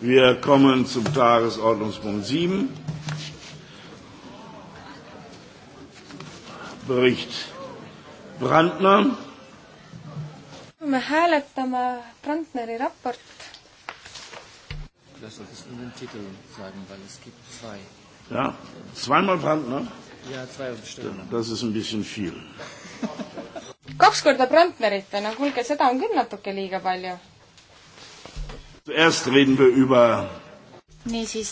Wir kommen zum Tagesordnungspunkt 7. Bericht Brandner. Me hääletame Brandneri raport. Das solltest du den Titel sagen, weil es gibt zwei. Ja, zweimal Brandner? Ja, zwei Stimmen. Das ist ein bisschen viel. kaks korda Brandnerit, no kuulge, seda on küll natuke liiga palju niisiis,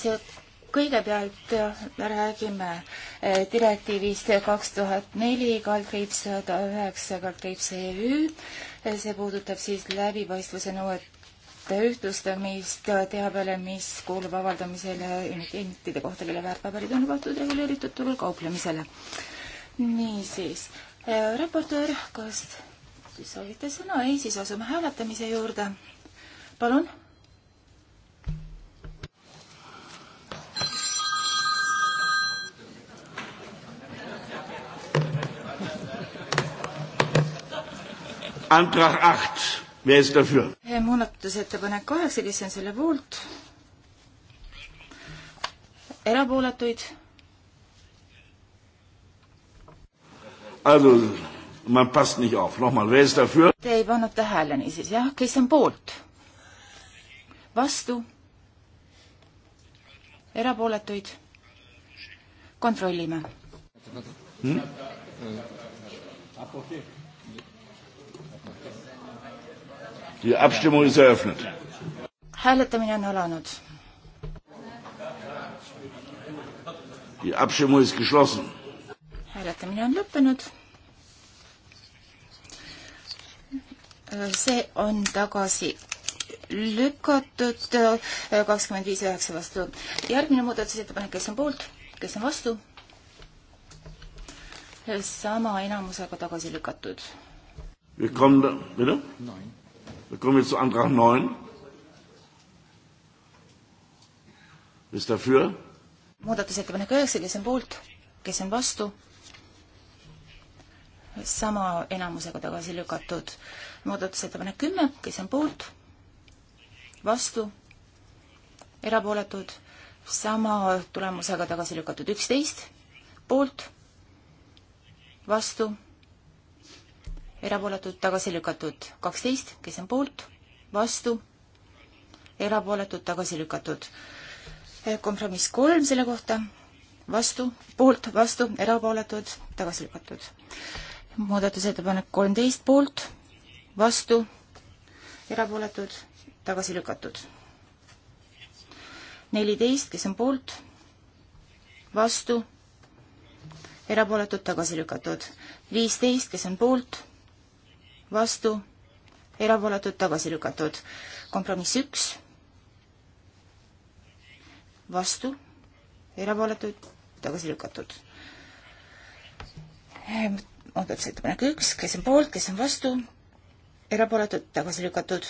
kõigepealt räägime eh, direktiivist kaks tuhat neli, kaldkriips sada üheksa, kaldkriips EÜ. Eh, see puudutab siis läbipaistvuse nõuete ühtlustamist teabele, mis kuulub avaldamisele emitentide kohta, kelle väärtpaberid on lubatud reguleeritud turul kauplemisele. niisiis, eh, raportöör, kas te soovite sõna? ei, siis asume hääletamise juurde. palun Antrag acht, wer ist dafür? Äh, muudatusettepanek kaheksa, kes on selle poolt? erapooletuid? Also, man passt nicht auf. Nochmal, wer ist dafür? Te ei pannud tähele niisiis, jah, kes on poolt? vastu? erapooletuid? kontrollime hmm?. Hm? Die Abstimmung ist eröffnet. hääletamine on alanud. Die Abstimmung ist geschlossen. hääletamine on lõppenud. see on tagasi lükatud äh, kakskümmend viis üheksa vastu. järgmine muudatusettepanek, kes on poolt, kes on vastu? sama enamusega tagasi lükatud. Wir kommen jetzt zu Antrag 9. Wer ist dafür? muudatusettepanek üheksa, kes on poolt, kes on vastu? sama enamusega tagasi lükatud. muudatusettepanek kümme, kes on poolt, vastu, erapooletud, sama tulemusega tagasi lükatud. üksteist, poolt, vastu erapooletud, tagasi lükatud. kaksteist, kes on poolt, vastu, erapooletud, tagasi lükatud. kompromiss kolm selle kohta, vastu, poolt, vastu, erapooletud, tagasi lükatud. muudatusettepanek kolmteist, poolt, vastu, erapooletud, tagasi lükatud. neliteist, kes on poolt, vastu, erapooletud, tagasi lükatud. viisteist, kes on poolt, vastu, erapooletud, tagasi lükatud. kompromiss üks, vastu, erapooletud, tagasi lükatud. muudatusettepanek üks, kes on poolt, kes on vastu, erapooletud, tagasi lükatud.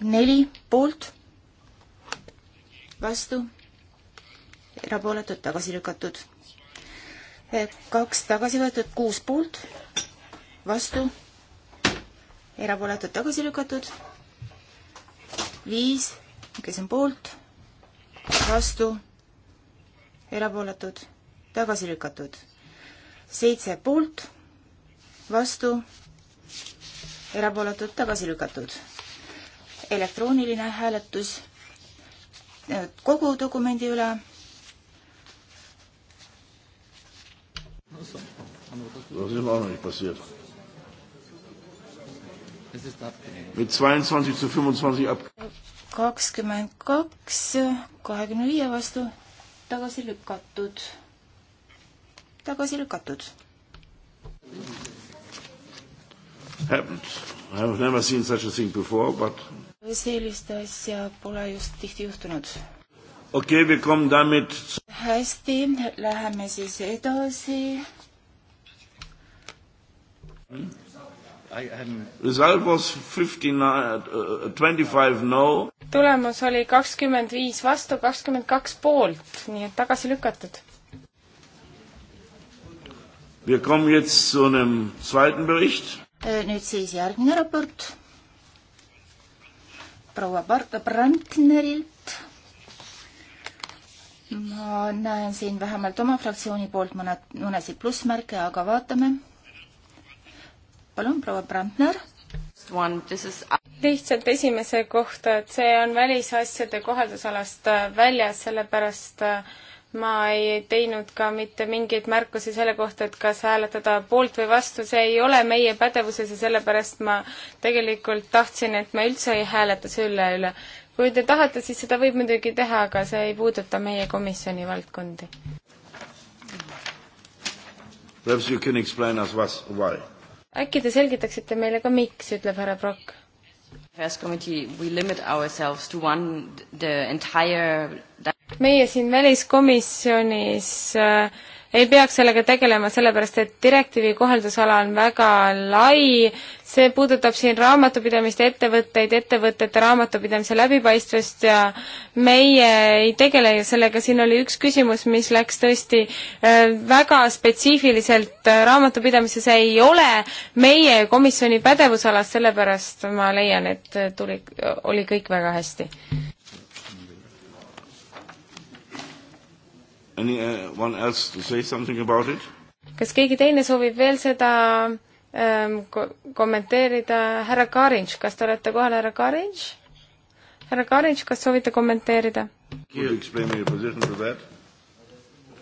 neli poolt, vastu, erapooletud, tagasi lükatud. kaks tagasi võetud, kuus poolt, vastu erapooletud tagasi lükatud. viis, kes on poolt, vastu, erapooletud, tagasi lükatud. seitse poolt, vastu, erapooletud, tagasi lükatud. elektrooniline hääletus äh, kogu dokumendi üle. Das ist auch noch nicht passiert mit 22 zu 25 ab. kakskümmend kaks, kahekümne viie vastu tagasi lükatud, tagasi lükatud. Happened. I have never seen such a thing before, but. sellist asja pole just tihti juhtunud. okei okay,, me kommen damit. hästi, läheme siis edasi hmm?. I, I'm... Result was 59, uh, 25 no. tulemus oli kakskümmend viis vastu, kakskümmend kaks poolt, nii et tagasi lükatud. Wir kommen jetzt zu einem zweiten Bericht. Äh, nüüd siis järgmine raport proua Brandnerilt. ma näen siin vähemalt oma fraktsiooni poolt mõned, mõnesid plussmärke, aga vaatame palun, proua Brandner. lihtsalt esimese kohta, et see on välisasjade kohaldusalast äh, väljas, sellepärast äh, ma ei teinud ka mitte mingeid märkusi selle kohta, et kas hääletada poolt või vastu, see ei ole meie pädevuses ja sellepärast ma tegelikult tahtsin, et ma üldse ei hääleta selle üle. kui te tahate, siis seda võib muidugi teha, aga see ei puuduta meie komisjoni valdkondi. Perhaps you can explain us why? äkki te selgitaksite meile ka, miks, ütleb härra Brock. Affairs Committee, we limit ourselves to one, the entire meie siin väliskomisjonis äh, ei peaks sellega tegelema, sellepärast et direktiivi kohaldusala on väga lai, see puudutab siin raamatupidamist, ettevõtteid, ettevõtete raamatupidamise läbipaistvust ja meie ei tegele ju sellega, siin oli üks küsimus, mis läks tõesti äh, väga spetsiifiliselt äh, raamatupidamise, see ei ole meie komisjoni pädevusalas, sellepärast ma leian, et äh, tuli, oli kõik väga hästi Anyone uh, else to say something about it? kas keegi teine soovib veel seda ähm, ko kommenteerida? härra Karinš, kas te olete kohal, härra Karinš? härra Karinš, kas soovite kommenteerida? Uh,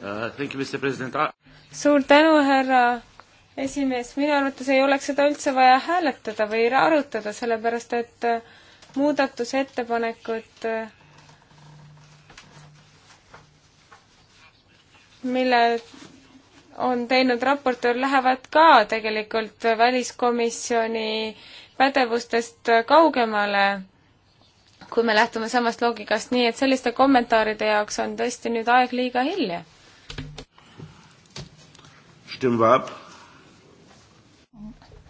uh, suur tänu, härra esimees, minu arvates ei oleks seda üldse vaja hääletada või arutada, sellepärast et äh, muudatusettepanekud äh, mille on teinud raportöör, lähevad ka tegelikult väliskomisjoni pädevustest kaugemale, kui me lähtume samast loogikast, nii et selliste kommentaaride jaoks on tõesti nüüd aeg liiga hilja.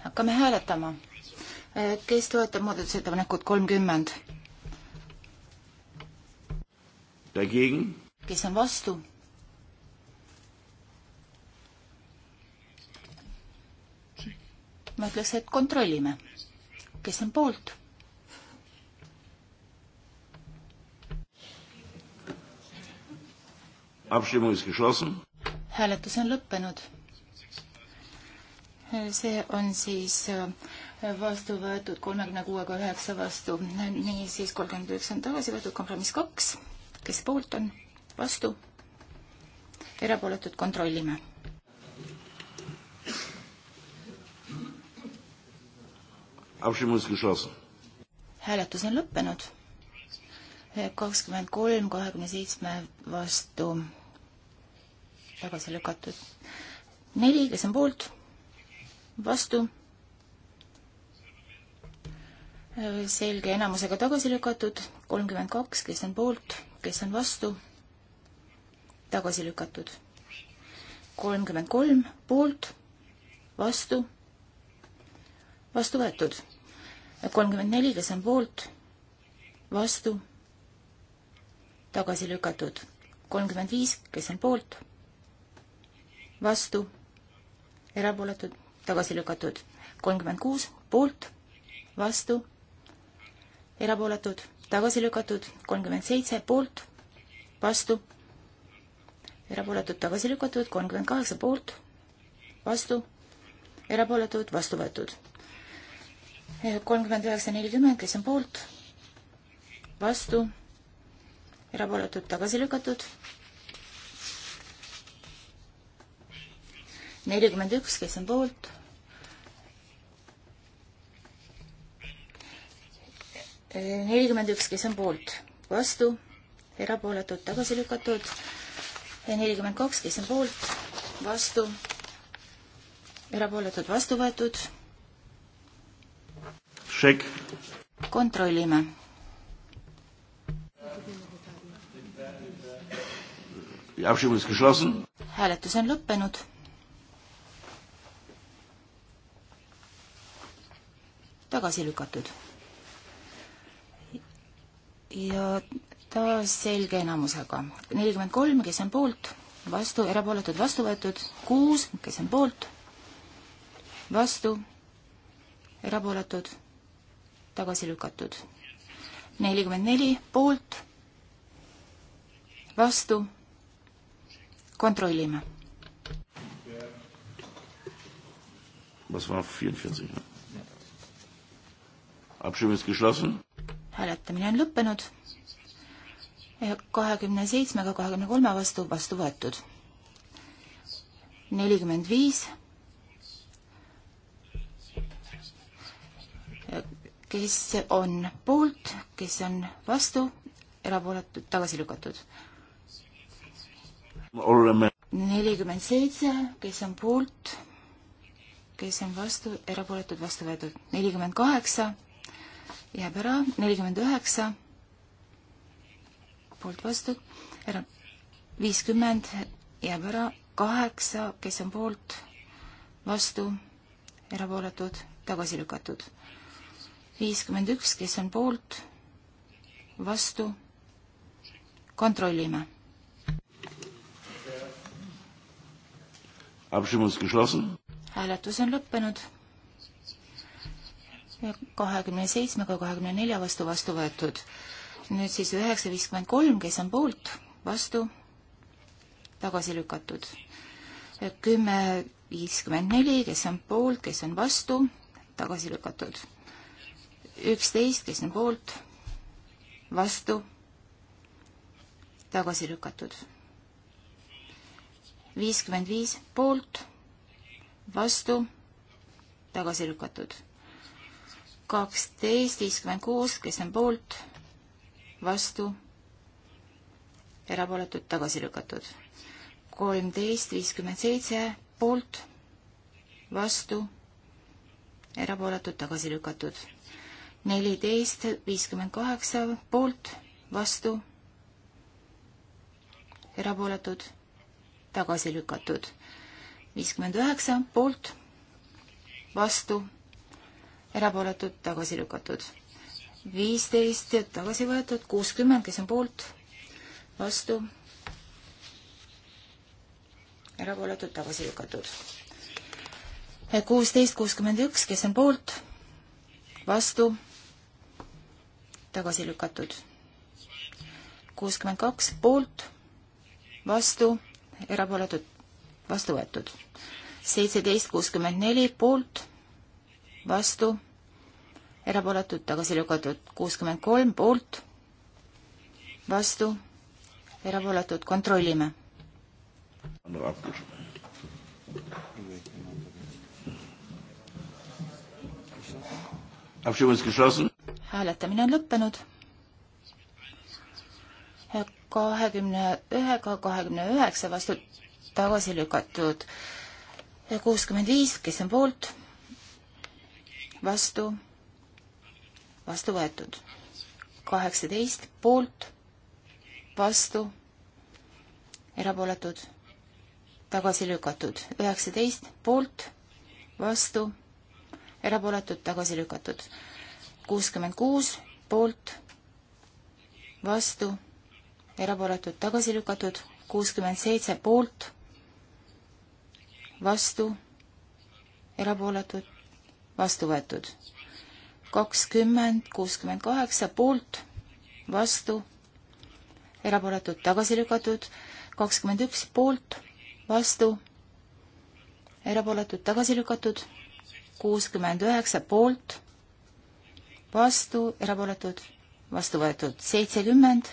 hakkame hääletama. kes toetab muudatusettepanekut kolmkümmend? kes on vastu? ma ütleks, et kontrollime, kes on poolt. hääletus on lõppenud. see on siis äh, vastu võetud kolmekümne kuuega üheksa vastu, niisiis kolmkümmend üheksa on tagasi võetud, kompromiss kaks, kes poolt on, vastu, erapooletud kontrollime hääletus on lõppenud. kakskümmend kolm, kahekümne seitsme vastu tagasi lükatud. neli, kes on poolt, vastu, selge enamusega tagasi lükatud, kolmkümmend kaks, kes on poolt, kes on vastu, tagasi lükatud. kolmkümmend kolm poolt, vastu, vastu võetud kolmkümmend neli, kes on poolt, vastu, tagasi lükatud. kolmkümmend viis, kes on poolt, vastu, erapooletud, tagasi lükatud. kolmkümmend kuus, poolt, vastu, erapooletud, tagasi lükatud. kolmkümmend seitse, poolt, vastu, erapooletud, tagasi lükatud. kolmkümmend kaheksa, poolt, vastu, erapooletud, vastu võetud kolmkümmend üheksa, nelikümmend, kes on poolt, vastu, erapooletud, tagasi lükatud. nelikümmend üks, kes on poolt. nelikümmend üks, kes on poolt, vastu, erapooletud, tagasi lükatud. nelikümmend kaks, kes on poolt, vastu, erapooletud, vastu võetud check. kontrollime. hääletus on lõppenud. tagasi lükatud. ja taas selge enamusega. nelikümmend kolm, kes on poolt, vastu, erapooletud, vastu võetud, kuus, kes on poolt, vastu, erapooletud tagasi lükatud. nelikümmend neli poolt, vastu, kontrollime. hääletamine on lõppenud. kahekümne seitsmega kahekümne kolme vastu, vastu võetud. nelikümmend viis kes on poolt, kes on vastu, erapooletud, tagasi lükatud. nelikümmend seitse, kes on poolt, kes on vastu, erapooletud, vastu võetud. nelikümmend kaheksa jääb ära, nelikümmend üheksa poolt vastu, ära viiskümmend jääb ära, kaheksa, kes on poolt, vastu, erapooletud, tagasi lükatud viiskümmend üks, kes on poolt, vastu, kontrollime. hääletus on lõppenud. kahekümne seitsmega kahekümne nelja vastu vastu võetud. nüüd siis üheksa viiskümmend kolm, kes on poolt, vastu, tagasi lükatud. kümme viiskümmend neli, kes on poolt, kes on vastu, tagasi lükatud üksteist, kes on poolt, vastu, tagasi lükatud. viiskümmend viis poolt, vastu, tagasi lükatud. kaksteist, viiskümmend kuus, kes on poolt, vastu, erapooletud, tagasi lükatud. kolmteist, viiskümmend seitse poolt, vastu, erapooletud, tagasi lükatud neliteist viiskümmend kaheksa poolt, vastu, erapooletud, tagasi lükatud. viiskümmend üheksa poolt, vastu, erapooletud, tagasi lükatud. viisteist tagasi võetud, kuuskümmend, kes on poolt, vastu, erapooletud, tagasi lükatud. kuusteist, kuuskümmend üks, kes on poolt, vastu tagasi lükatud. kuuskümmend kaks poolt, vastu, erapooletud, vastu võetud. seitseteist kuuskümmend neli poolt, vastu, erapooletud, tagasi lükatud. kuuskümmend kolm poolt, vastu, erapooletud, kontrollime andere abgestimmt. Abstimmung ist geschlossen hääletamine on lõppenud. kahekümne ühega kahekümne üheksa vastu tagasi lükatud kuuskümmend viis, kes on poolt, vastu, vastu võetud. kaheksateist poolt, vastu, erapooletud, tagasi lükatud. üheksateist poolt, vastu, erapooletud, tagasi lükatud kuuskümmend kuus poolt, vastu, erapooletud, tagasi lükatud, kuuskümmend seitse poolt, vastu, erapooletud, vastu võetud. kakskümmend, kuuskümmend kaheksa poolt, vastu, erapooletud, tagasi lükatud, kakskümmend üks poolt, vastu, erapooletud, tagasi lükatud, kuuskümmend üheksa poolt vastu, erapooletud, vastu võetud seitsekümmend,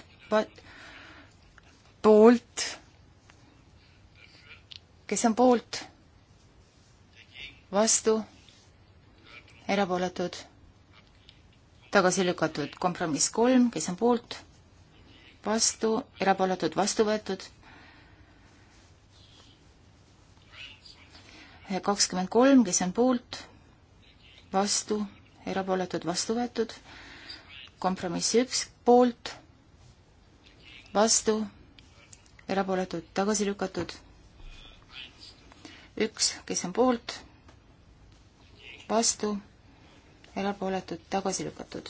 poolt, kes on poolt, vastu, erapooletud, tagasi lükatud, kompromiss kolm, kes on poolt, vastu, erapooletud, vastu võetud, kakskümmend kolm, kes on poolt, vastu erapooletud, vastu võetud. kompromiss üks, poolt, vastu, erapooletud, tagasi lükatud. üks, kes on poolt, vastu, erapooletud, tagasi lükatud.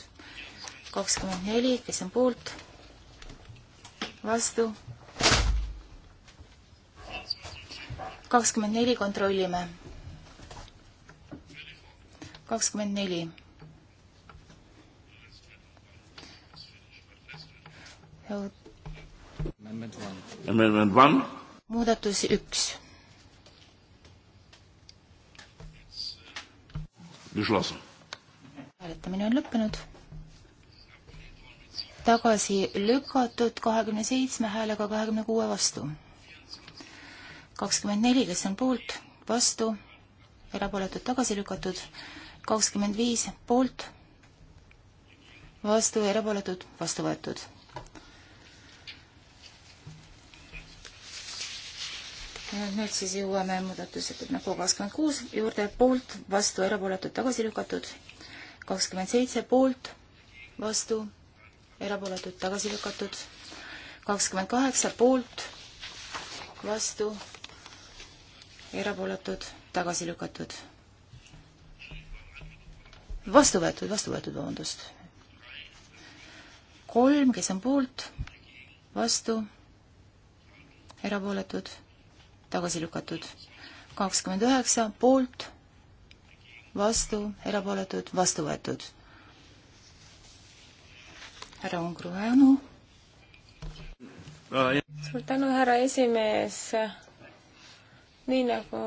kakskümmend neli, kes on poolt, vastu, kakskümmend neli kontrollime. kakskümmend neli Amendment one. muudatus üks. hääletamine on lõppenud. tagasi lükatud kahekümne seitsme häälega kahekümne kuue vastu. kakskümmend neli, kes on poolt, vastu, erapooletud tagasi lükatud, kakskümmend viis poolt, vastu, erapooletud, vastu võetud nüüd siis jõuame muudatusettepaneku kakskümmend kuus juurde, poolt, vastu, erapooletud, tagasi lükatud. kakskümmend seitse poolt, vastu, erapooletud, tagasi lükatud. kakskümmend kaheksa poolt, vastu, erapooletud, tagasi lükatud. vastu võetud, vastu võetud, vabandust. kolm, kes on poolt, vastu, erapooletud tagasi lükatud. kakskümmend üheksa poolt, vastu, erapooletud, vastu võetud. härra Ungruanu. suur tänu, härra esimees. nii nagu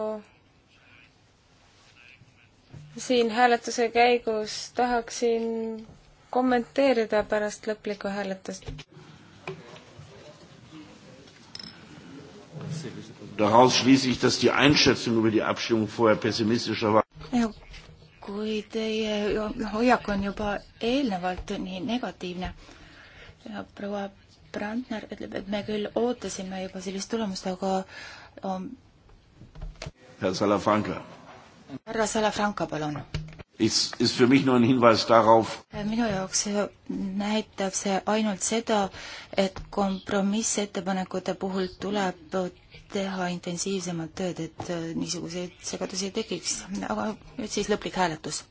siin hääletuse käigus tahaksin kommenteerida pärast lõplikku hääletust. Daraus schließe ich, dass die Einschätzung über die Abstimmung vorher pessimistischer war. Ja, kui teie hoiak on juba eelnevalt nii negatiivne ja proua Brandner ütleb, et me küll ootasime juba sellist tulemust, aga um, Herr Salafranca. härra Salafranca, palun. Ist, ist für mich nur ein Hinweis darauf. minu jaoks näitab see ainult seda, et kompromissettepanekute puhul tuleb teha intensiivsemat tööd, et äh, niisuguseid segadusi ei tekiks, aga nüüd siis lõplik hääletus.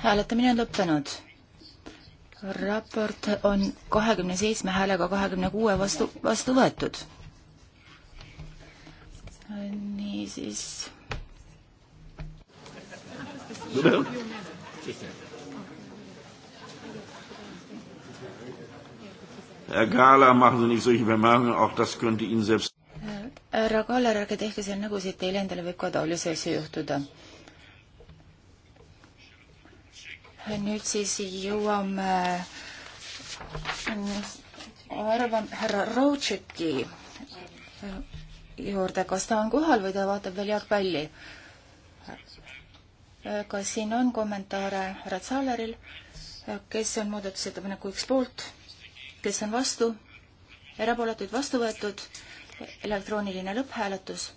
hääletamine on lõppenud raport on kahekümne seitsme häälega kahekümne kuue vastu, vastu võetud. niisiis. Herr Gala, machen Sie nicht solche Bemerkungen, auch das könnte Ihnen selbst härra Kallar, ärge tehke seal nägusid, teile endale võib ka taolisi asju juhtuda. nüüd siis jõuame äh, arvan härra Rootšeki äh, juurde, kas ta on kohal või ta vaatab veel jalgpalli? Äh, kas siin on kommentaare härra Zahleril, kes on muudatusettepaneku üks poolt, kes on vastu, erapooletuid vastu võetud, elektrooniline lõpphääletus,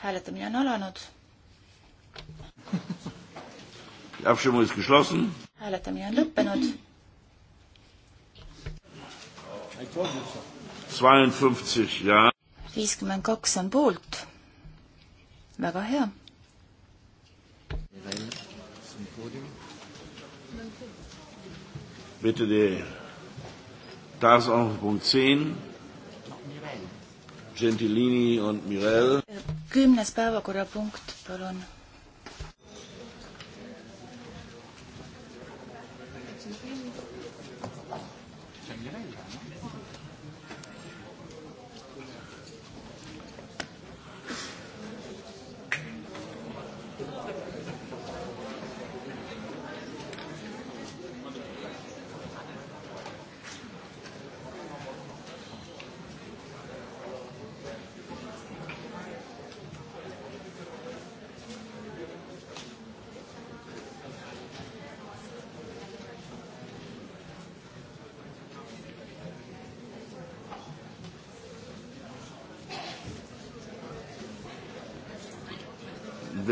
hääletamine on alanud hääletamine on lõppenud. viiskümmend kaks on poolt. väga hea. Bitte die Tagesordnungspunkt 10, Gentilini und Mirel. Kümnes päevakorrapunkt, palun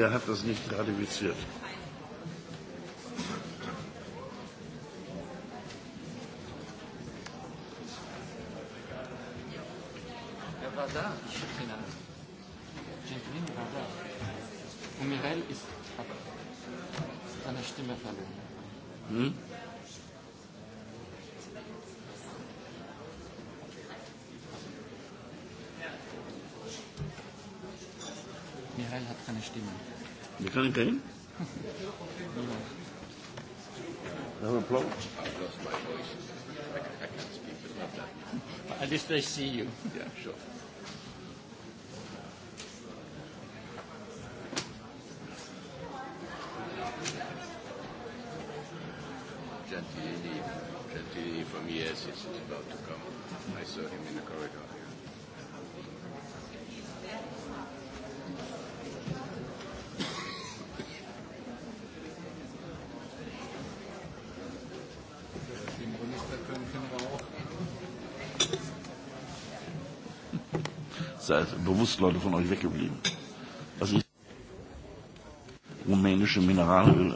wer hat das nicht ratifiziert? John Green? No applause? I've lost my voice. I, I can't speak, but not that much. At least I see you. Yeah, sure. Gentilini, Gentilini from ES is about to come. I saw him in the corridor. sei es er bewusst Leute von euch weggeblieben. Das ist rumänische Mineralöl,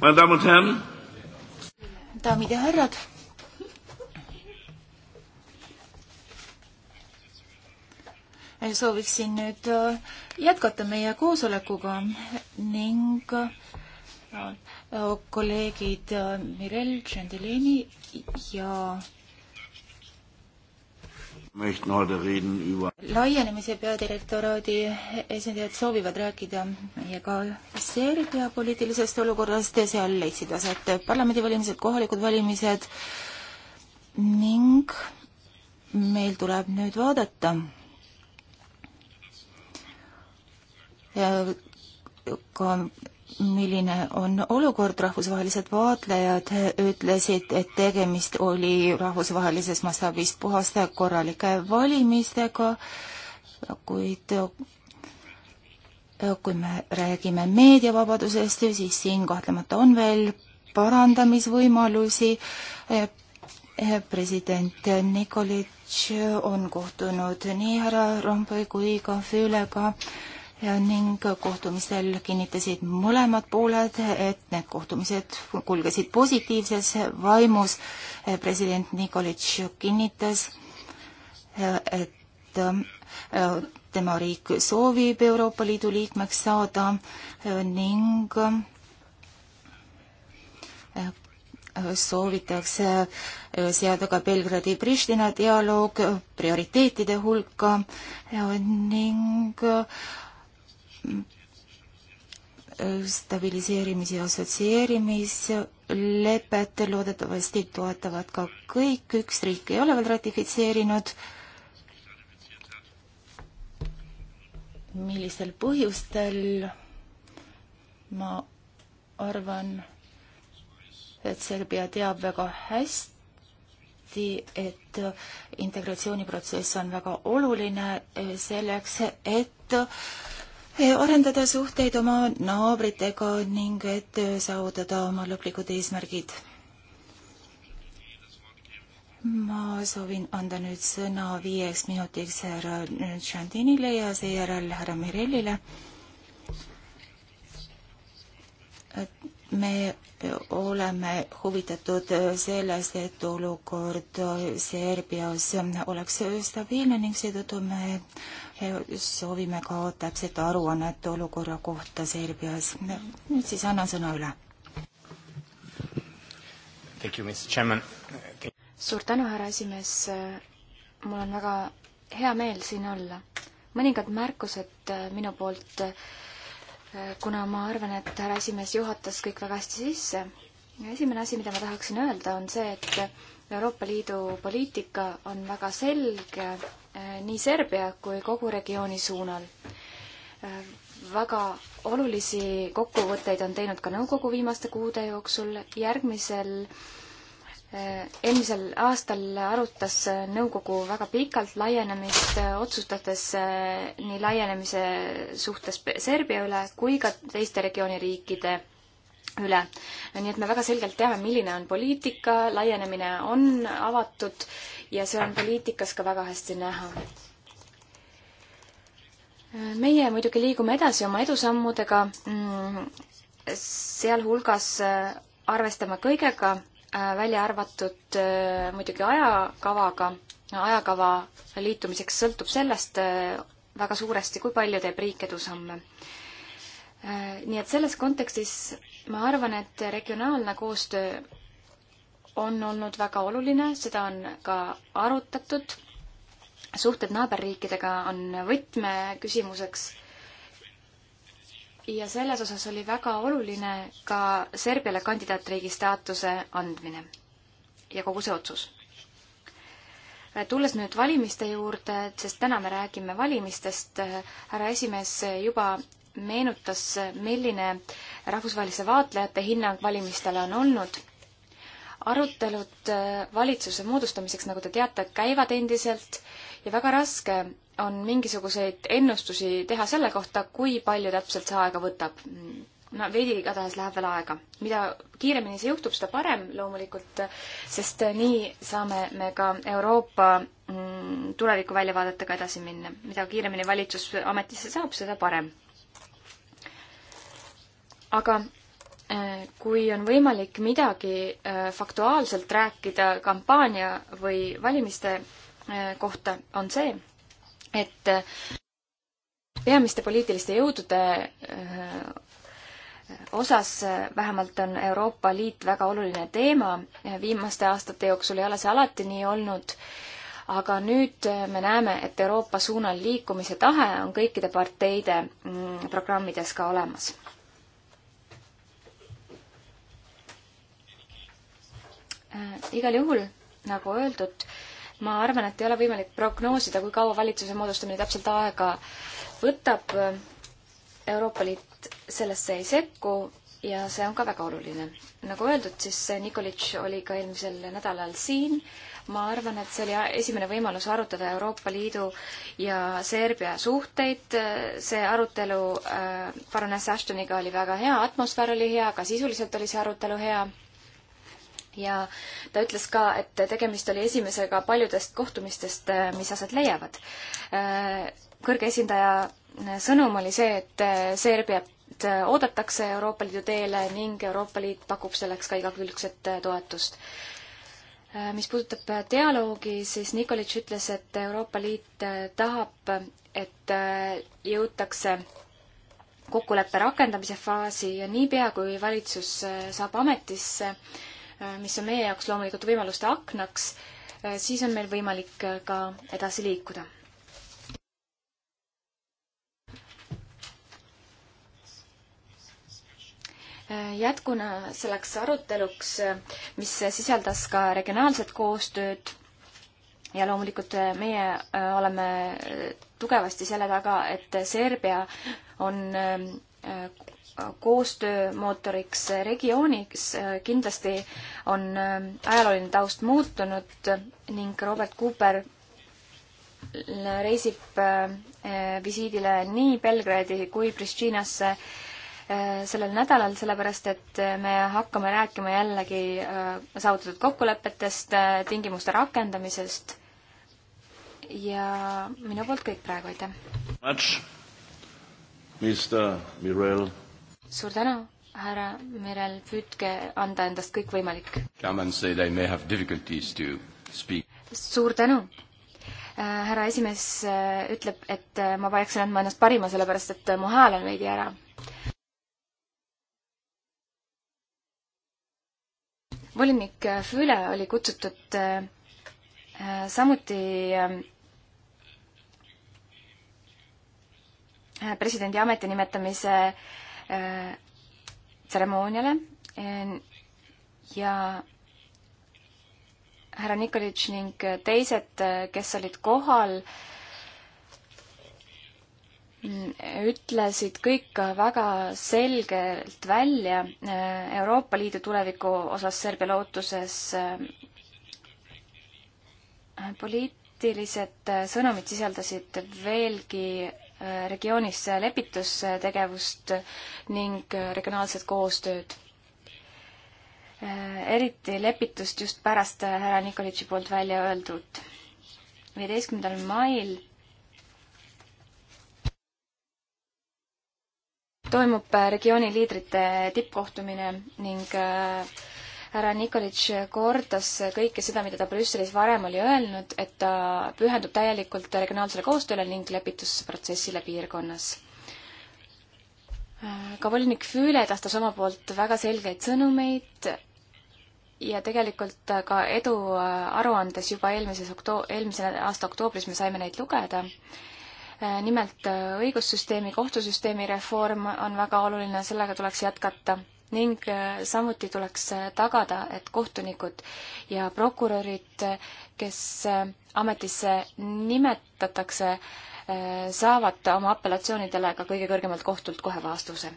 Meine Damen und Herren. Daamid ja härrad. sooviksin nüüd äh, jätkata meie koosolekuga ning äh, kolleegid äh, Mirel Gentilini ja laienemise peadirektoraadi esindajad soovivad rääkida meiega Serbia poliitilisest olukorrast ja seal leidsid aset parlamendivalimised, kohalikud valimised ning meil tuleb nüüd vaadata äh, ka milline on olukord, rahvusvahelised vaatlejad ütlesid, et tegemist oli rahvusvahelises mastaabis puhaste korralike valimistega, kuid kui me räägime meediavabadusest, siis siin kahtlemata on veel parandamisvõimalusi. president Nikolitš on kohtunud nii härra Rompuy kui ka Füülega ning kohtumistel kinnitasid mõlemad pooled, et need kohtumised kulgesid positiivses vaimus. president Nikolitš kinnitas, et äh, tema riik soovib Euroopa Liidu liikmeks saada ning äh, soovitakse äh, seada ka Belgradi-Pristina dialoog prioriteetide hulka ning stabiliseerimis- ja assotsieerimislepet loodetavasti toetavad ka kõik, üks riik ei ole veel ratifitseerinud. millistel põhjustel ma arvan, et Serbia teab väga hästi, et integratsiooniprotsess on väga oluline selleks, et Eh, arendada suhteid oma naabritega ning et eh, saavutada oma lõplikud eesmärgid. ma soovin anda nüüd sõna viieks minutiks härra Šandinile ja seejärel härra Mirellile. me oleme huvitatud eh, sellest, et olukord Serbias oleks stabiilne ning seetõttu me soovime ka täpset aruannet olukorra kohta Serbias. nüüd siis annan sõna üle. suur tänu, härra esimees. mul on väga hea meel siin olla. mõningad märkused minu poolt, kuna ma arvan, et härra esimees juhatas kõik väga hästi sisse. esimene asi, mida ma tahaksin öelda, on see, et Euroopa Liidu poliitika on väga selge Äh, nii Serbia kui kogu regiooni suunal. Äh, väga olulisi kokkuvõtteid on teinud ka nõukogu viimaste kuude jooksul, järgmisel äh, eelmisel aastal arutas nõukogu väga pikalt laienemist, otsustades nii laienemise suhtes Serbia üle kui ka teiste regiooni riikide üle. nii et me väga selgelt teame, milline on poliitika, laienemine on avatud ja see on poliitikas ka väga hästi näha. meie muidugi liigume edasi oma edusammudega, mm, sealhulgas äh, arvestame kõigega, äh, välja arvatud äh, muidugi ajakavaga, ajakava liitumiseks sõltub sellest väga suuresti, kui palju teeb riik edusamme. nii et selles kontekstis ma arvan, et regionaalne koostöö on olnud väga oluline, seda on ka arutatud. suhted naaberriikidega on võtmeküsimuseks. ja selles osas oli väga oluline ka Serbiale kandidaatriigi staatuse andmine ja kogu see otsus tulles nüüd valimiste juurde, sest täna me räägime valimistest, härra esimees juba meenutas, milline rahvusvahelise vaatlejate hinnang valimistele on olnud arutelud äh, valitsuse moodustamiseks, nagu te teate, käivad endiselt ja väga raske on mingisuguseid ennustusi teha selle kohta, kui palju täpselt see aega võtab. no veidi igatahes läheb veel aega. mida kiiremini see juhtub, seda parem loomulikult, sest äh, nii saame me ka Euroopa mm, tuleviku väljavaadetega edasi minna. mida kiiremini valitsus ametisse saab, seda parem. aga Äh, kui on võimalik midagi äh, faktuaalselt rääkida kampaania või valimiste äh, kohta, on see, et peamiste poliitiliste jõudude osas vähemalt on Euroopa Liit väga oluline teema, viimaste aastate jooksul ei ole see alati nii olnud, aga nüüd me näeme, et Euroopa suunal liikumise tahe on kõikide parteide mm, programmides ka olemas Äh, igal juhul, nagu öeldud, ma arvan, et ei ole võimalik prognoosida, kui kaua valitsuse moodustamine täpselt aega võtab. Euroopa Liit sellesse ei sekku ja see on ka väga oluline. nagu öeldud, siis Nikolitš oli ka eelmisel nädalal siin. ma arvan, et see oli esimene võimalus arutada Euroopa Liidu ja Serbia suhteid. see arutelu äh, baroness Ashtoniga oli väga hea, atmosfäär oli hea, ka sisuliselt oli see arutelu hea ja ta ütles ka, et tegemist oli esimesega paljudest kohtumistest, äh, mis aset leiavad. Äh, kõrge esindaja äh, sõnum oli see, et Serbiat oodatakse Euroopa Liidu teele ning Euroopa Liit pakub selleks ka igakülgset toetust. mis puudutab dialoogi, siis Nikolitš ütles, et Euroopa Liit tahab, et jõutakse kokkuleppe rakendamise faasi ja niipea, kui valitsus saab ametisse, Äh, mis on meie jaoks loomulikult võimaluste aknaks, äh, siis on meil võimalik äh, ka edasi liikuda. jätkuna selleks aruteluks, mis sisaldas ka regionaalset koostööd ja loomulikult meie oleme tugevasti selle taga, et Serbia on koostöömootoriks regiooniks. Äh, kindlasti on äh, ajalooline taust muutunud ning Robert Cooper reisib äh, visiidile nii Belgradi kui Pristinasse sellel nädalal, sellepärast et me hakkame rääkima jällegi saavutatud kokkulepetest, tingimuste rakendamisest ja minu poolt kõik praegu, aitäh! Mr Mirel suur tänu, härra Merel, püüdke anda endast kõikvõimalik. suur tänu äh, härra esimees äh, ütleb, et äh, ma peaksin andma ennast parima, sellepärast et mu hääl on veidi ära. volinik Füle oli kutsutud samuti ähm, presidendi ametinimmetamise Äh, tseremooniale ja härra Nikolitš ning teised, äh, kes olid kohal, mm, ütlesid kõik väga selgelt välja äh, Euroopa Liidu tuleviku osas Serbia lootuses poliitilised sõnumid sisaldasid veelgi regioonis lepitustegevust ning regionaalset koostööd. eriti lepitust just pärast härra Nikolitši poolt välja öeldut. viieteistkümnendal mail toimub regiooni liidrite tippkohtumine ning äh, härra Nikolitš kordas kõike seda, mida ta Brüsselis varem oli öelnud, et ta pühendub täielikult regionaalsele koostööle ning lepitusprotsessile piirkonnas. ka volinik Füüle edastas oma poolt väga selgeid sõnumeid ja tegelikult ka edu aruandes juba eelmises okto-, eelmise aasta oktoobris me saime neid lugeda nimelt õigussüsteemi, kohtusüsteemi reform on väga oluline, sellega tuleks jätkata ning äh, samuti tuleks äh, tagada, et kohtunikud ja prokurörid, äh, kes ametisse nimetatakse, saavad oma apellatsioonidele ka kõige kõrgemalt kohtult kohe vastuse.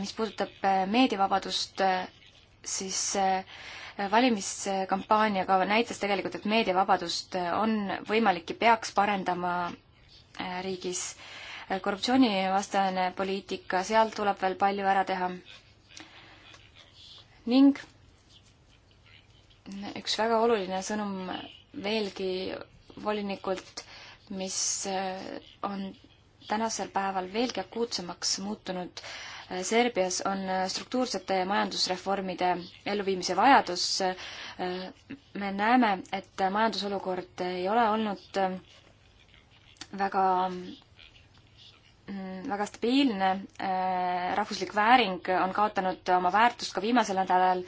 mis puudutab meediavabadust, siis valimiskampaania ka näitas tegelikult, et meediavabadust on võimalik ja peaks parendama riigis äh, korruptsioonivastane poliitika, seal tuleb veel palju ära teha. ning üks väga oluline sõnum veelgi volinikult, mis eh, on tänasel päeval veelgi akuutsemaks muutunud eh, Serbias on eh, struktuursete majandusreformide elluviimise vajadus. me näeme, et majandusolukord ei ole olnud väga Mm, väga stabiilne äh, rahvuslik vääring on kaotanud oma väärtust ka viimasel nädalal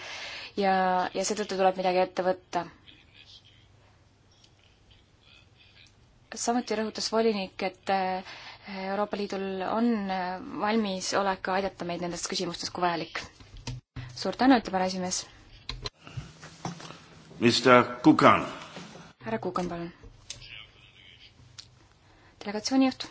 ja, ja seetõttu tuleb midagi ette võtta. samuti rõhutas volinik, et äh, Euroopa Liidul on äh, valmisolek aidata meid nendes küsimustes, kui vajalik. suur tänu, ütleb härra esimees. Mr Kukan. härra Kukan, palun. delegatsiooni juht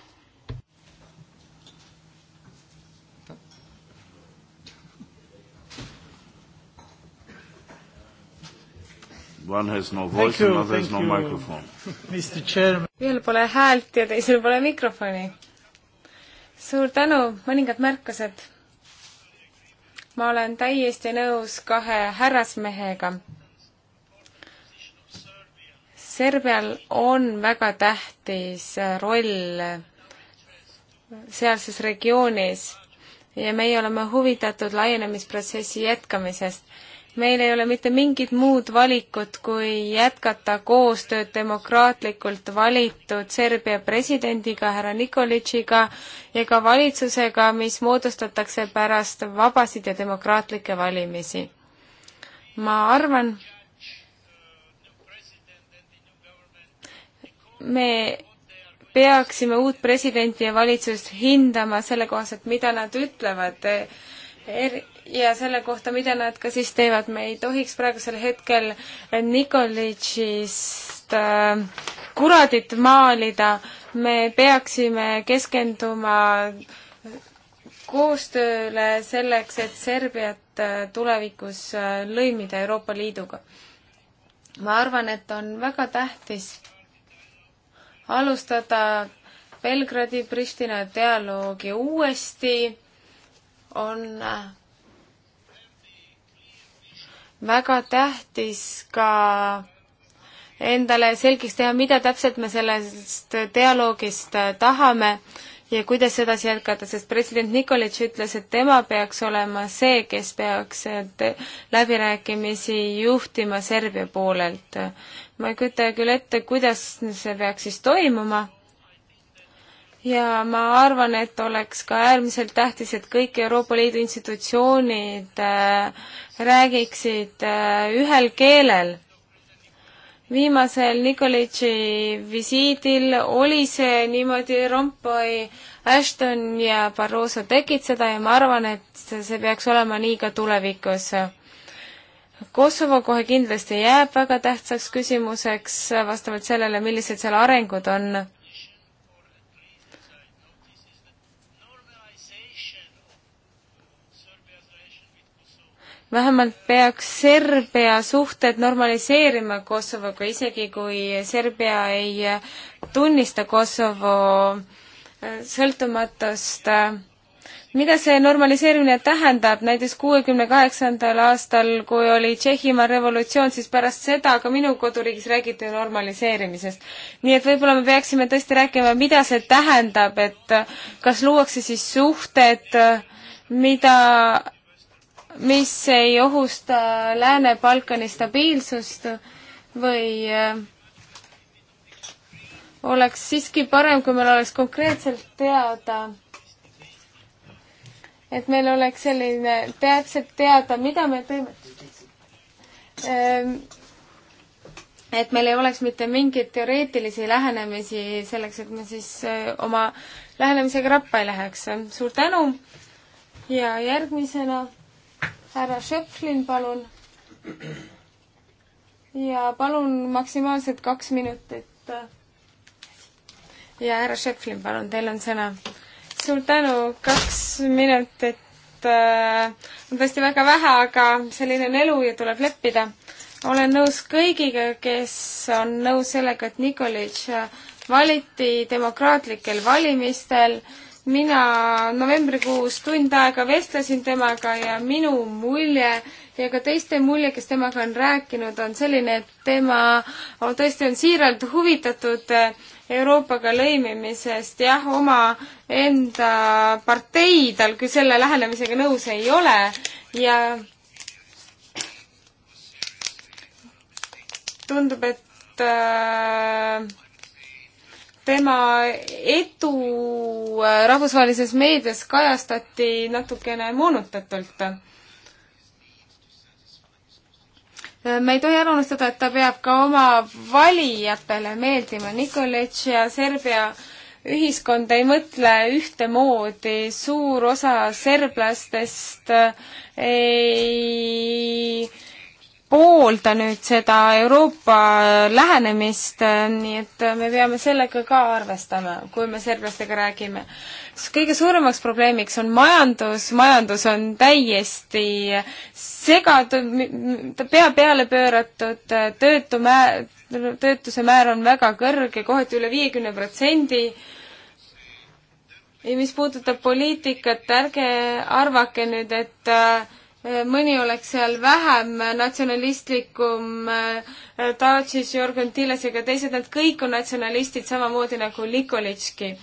One has no voice, you, another has no you, microphone. ühel pole häält ja teisel pole mikrofoni. suur tänu, mõningad märkused. ma olen täiesti nõus kahe härrasmehega. Serbial on väga tähtis roll sealses regioonis ja meie oleme huvitatud laienemisprotsessi jätkamisest meil ei ole mitte mingit muud valikut, kui jätkata koostööd demokraatlikult valitud Serbia presidendiga härra Nikolitšiga ja ka valitsusega, mis moodustatakse pärast vabasid ja demokraatlikke valimisi. ma arvan, me peaksime uut presidenti ja valitsust hindama selle kohaselt, mida nad ütlevad er- ja selle kohta, mida nad ka siis teevad, me ei tohiks praegusel hetkel Nikolitšist äh, kuradit maalida, me peaksime keskenduma koostööle selleks, et Serbiat äh, tulevikus äh, lõimida Euroopa Liiduga. ma arvan, et on väga tähtis alustada Belgradi-Pristina dialoogi uuesti on äh, väga tähtis ka endale selgeks teha, mida täpselt me sellest dialoogist äh, tahame ja kuidas edasi jätkata, sest president Nikolitš ütles, et tema peaks olema see, kes peaks äh, läbirääkimisi juhtima Serbia poolelt. ma ei kujuta küll ette, kuidas see peaks siis toimuma, ja ma arvan, et oleks ka äärmiselt tähtis, et kõik Euroopa Liidu institutsioonid äh, räägiksid äh, ühel keelel. viimasel Nikolitši visiidil oli see niimoodi, Rompuy, Ashton ja Barroso tegid seda ja ma arvan, et see peaks olema nii ka tulevikus Kosovo kohe kindlasti jääb väga tähtsaks küsimuseks vastavalt sellele, millised seal arengud on. vähemalt peaks Serbia suhted normaliseerima Kosovoga, isegi kui Serbia ei tunnista Kosovo äh, sõltumatust. mida see normaliseerimine tähendab, näiteks kuuekümne kaheksandal aastal, kui oli Tšehhimaa revolutsioon, siis pärast seda ka minu koduriigis räägiti normaliseerimisest. nii et võib-olla me peaksime tõesti rääkima, mida see tähendab, et kas luuakse siis suhted, äh, mida mis ei ohusta Lääne-Balkani stabiilsust või äh, oleks siiski parem, kui meil oleks konkreetselt teada, et meil oleks selline, täpselt teada, mida me tõime. Äh, et meil ei oleks mitte mingeid teoreetilisi lähenemisi selleks, et me siis äh, oma lähenemisega rappa ei läheks. suur tänu ja järgmisena härra Šeflin, palun. ja palun maksimaalselt kaks minutit. ja härra Šeflin, palun, teil on sõna. suur tänu, kaks minutit äh, on tõesti väga vähe, aga selline on elu ja tuleb leppida. olen nõus kõigiga, kes on nõus sellega, et Nikolitš valiti demokraatlikel valimistel mina novembrikuus tund aega vestlesin temaga ja minu mulje ja ka teiste mulje, kes temaga on rääkinud, on selline, et tema on tõesti on siiralt huvitatud eh, Euroopaga lõimimisest, jah, oma enda partei tal küll selle lähenemisega nõus ei ole ja tundub, et äh, tema edu äh, rahvusvahelises meedias kajastati natukene moonutatult. Äh, me ei tohi ära unustada, et ta peab ka oma valijatele meeldima. Nikolitš ja Serbia ühiskond ei mõtle ühtemoodi, suur osa serblastest ei poolda nüüd seda Euroopa lähenemist, nii et me peame sellega ka arvestama, kui me serblastega räägime. kõige suuremaks probleemiks on majandus, majandus on täiesti segatud, pea peale pööratud, töötu määr, töötuse määr on väga kõrge, kohati üle viiekümne protsendi ja mis puudutab poliitikat, ärge arvake nüüd, et äh, mõni oleks seal vähem natsionalistlikum, äh, Tadžis, Jörgen Tilles ja ka teised, nad kõik on natsionalistid samamoodi nagu Likolitški.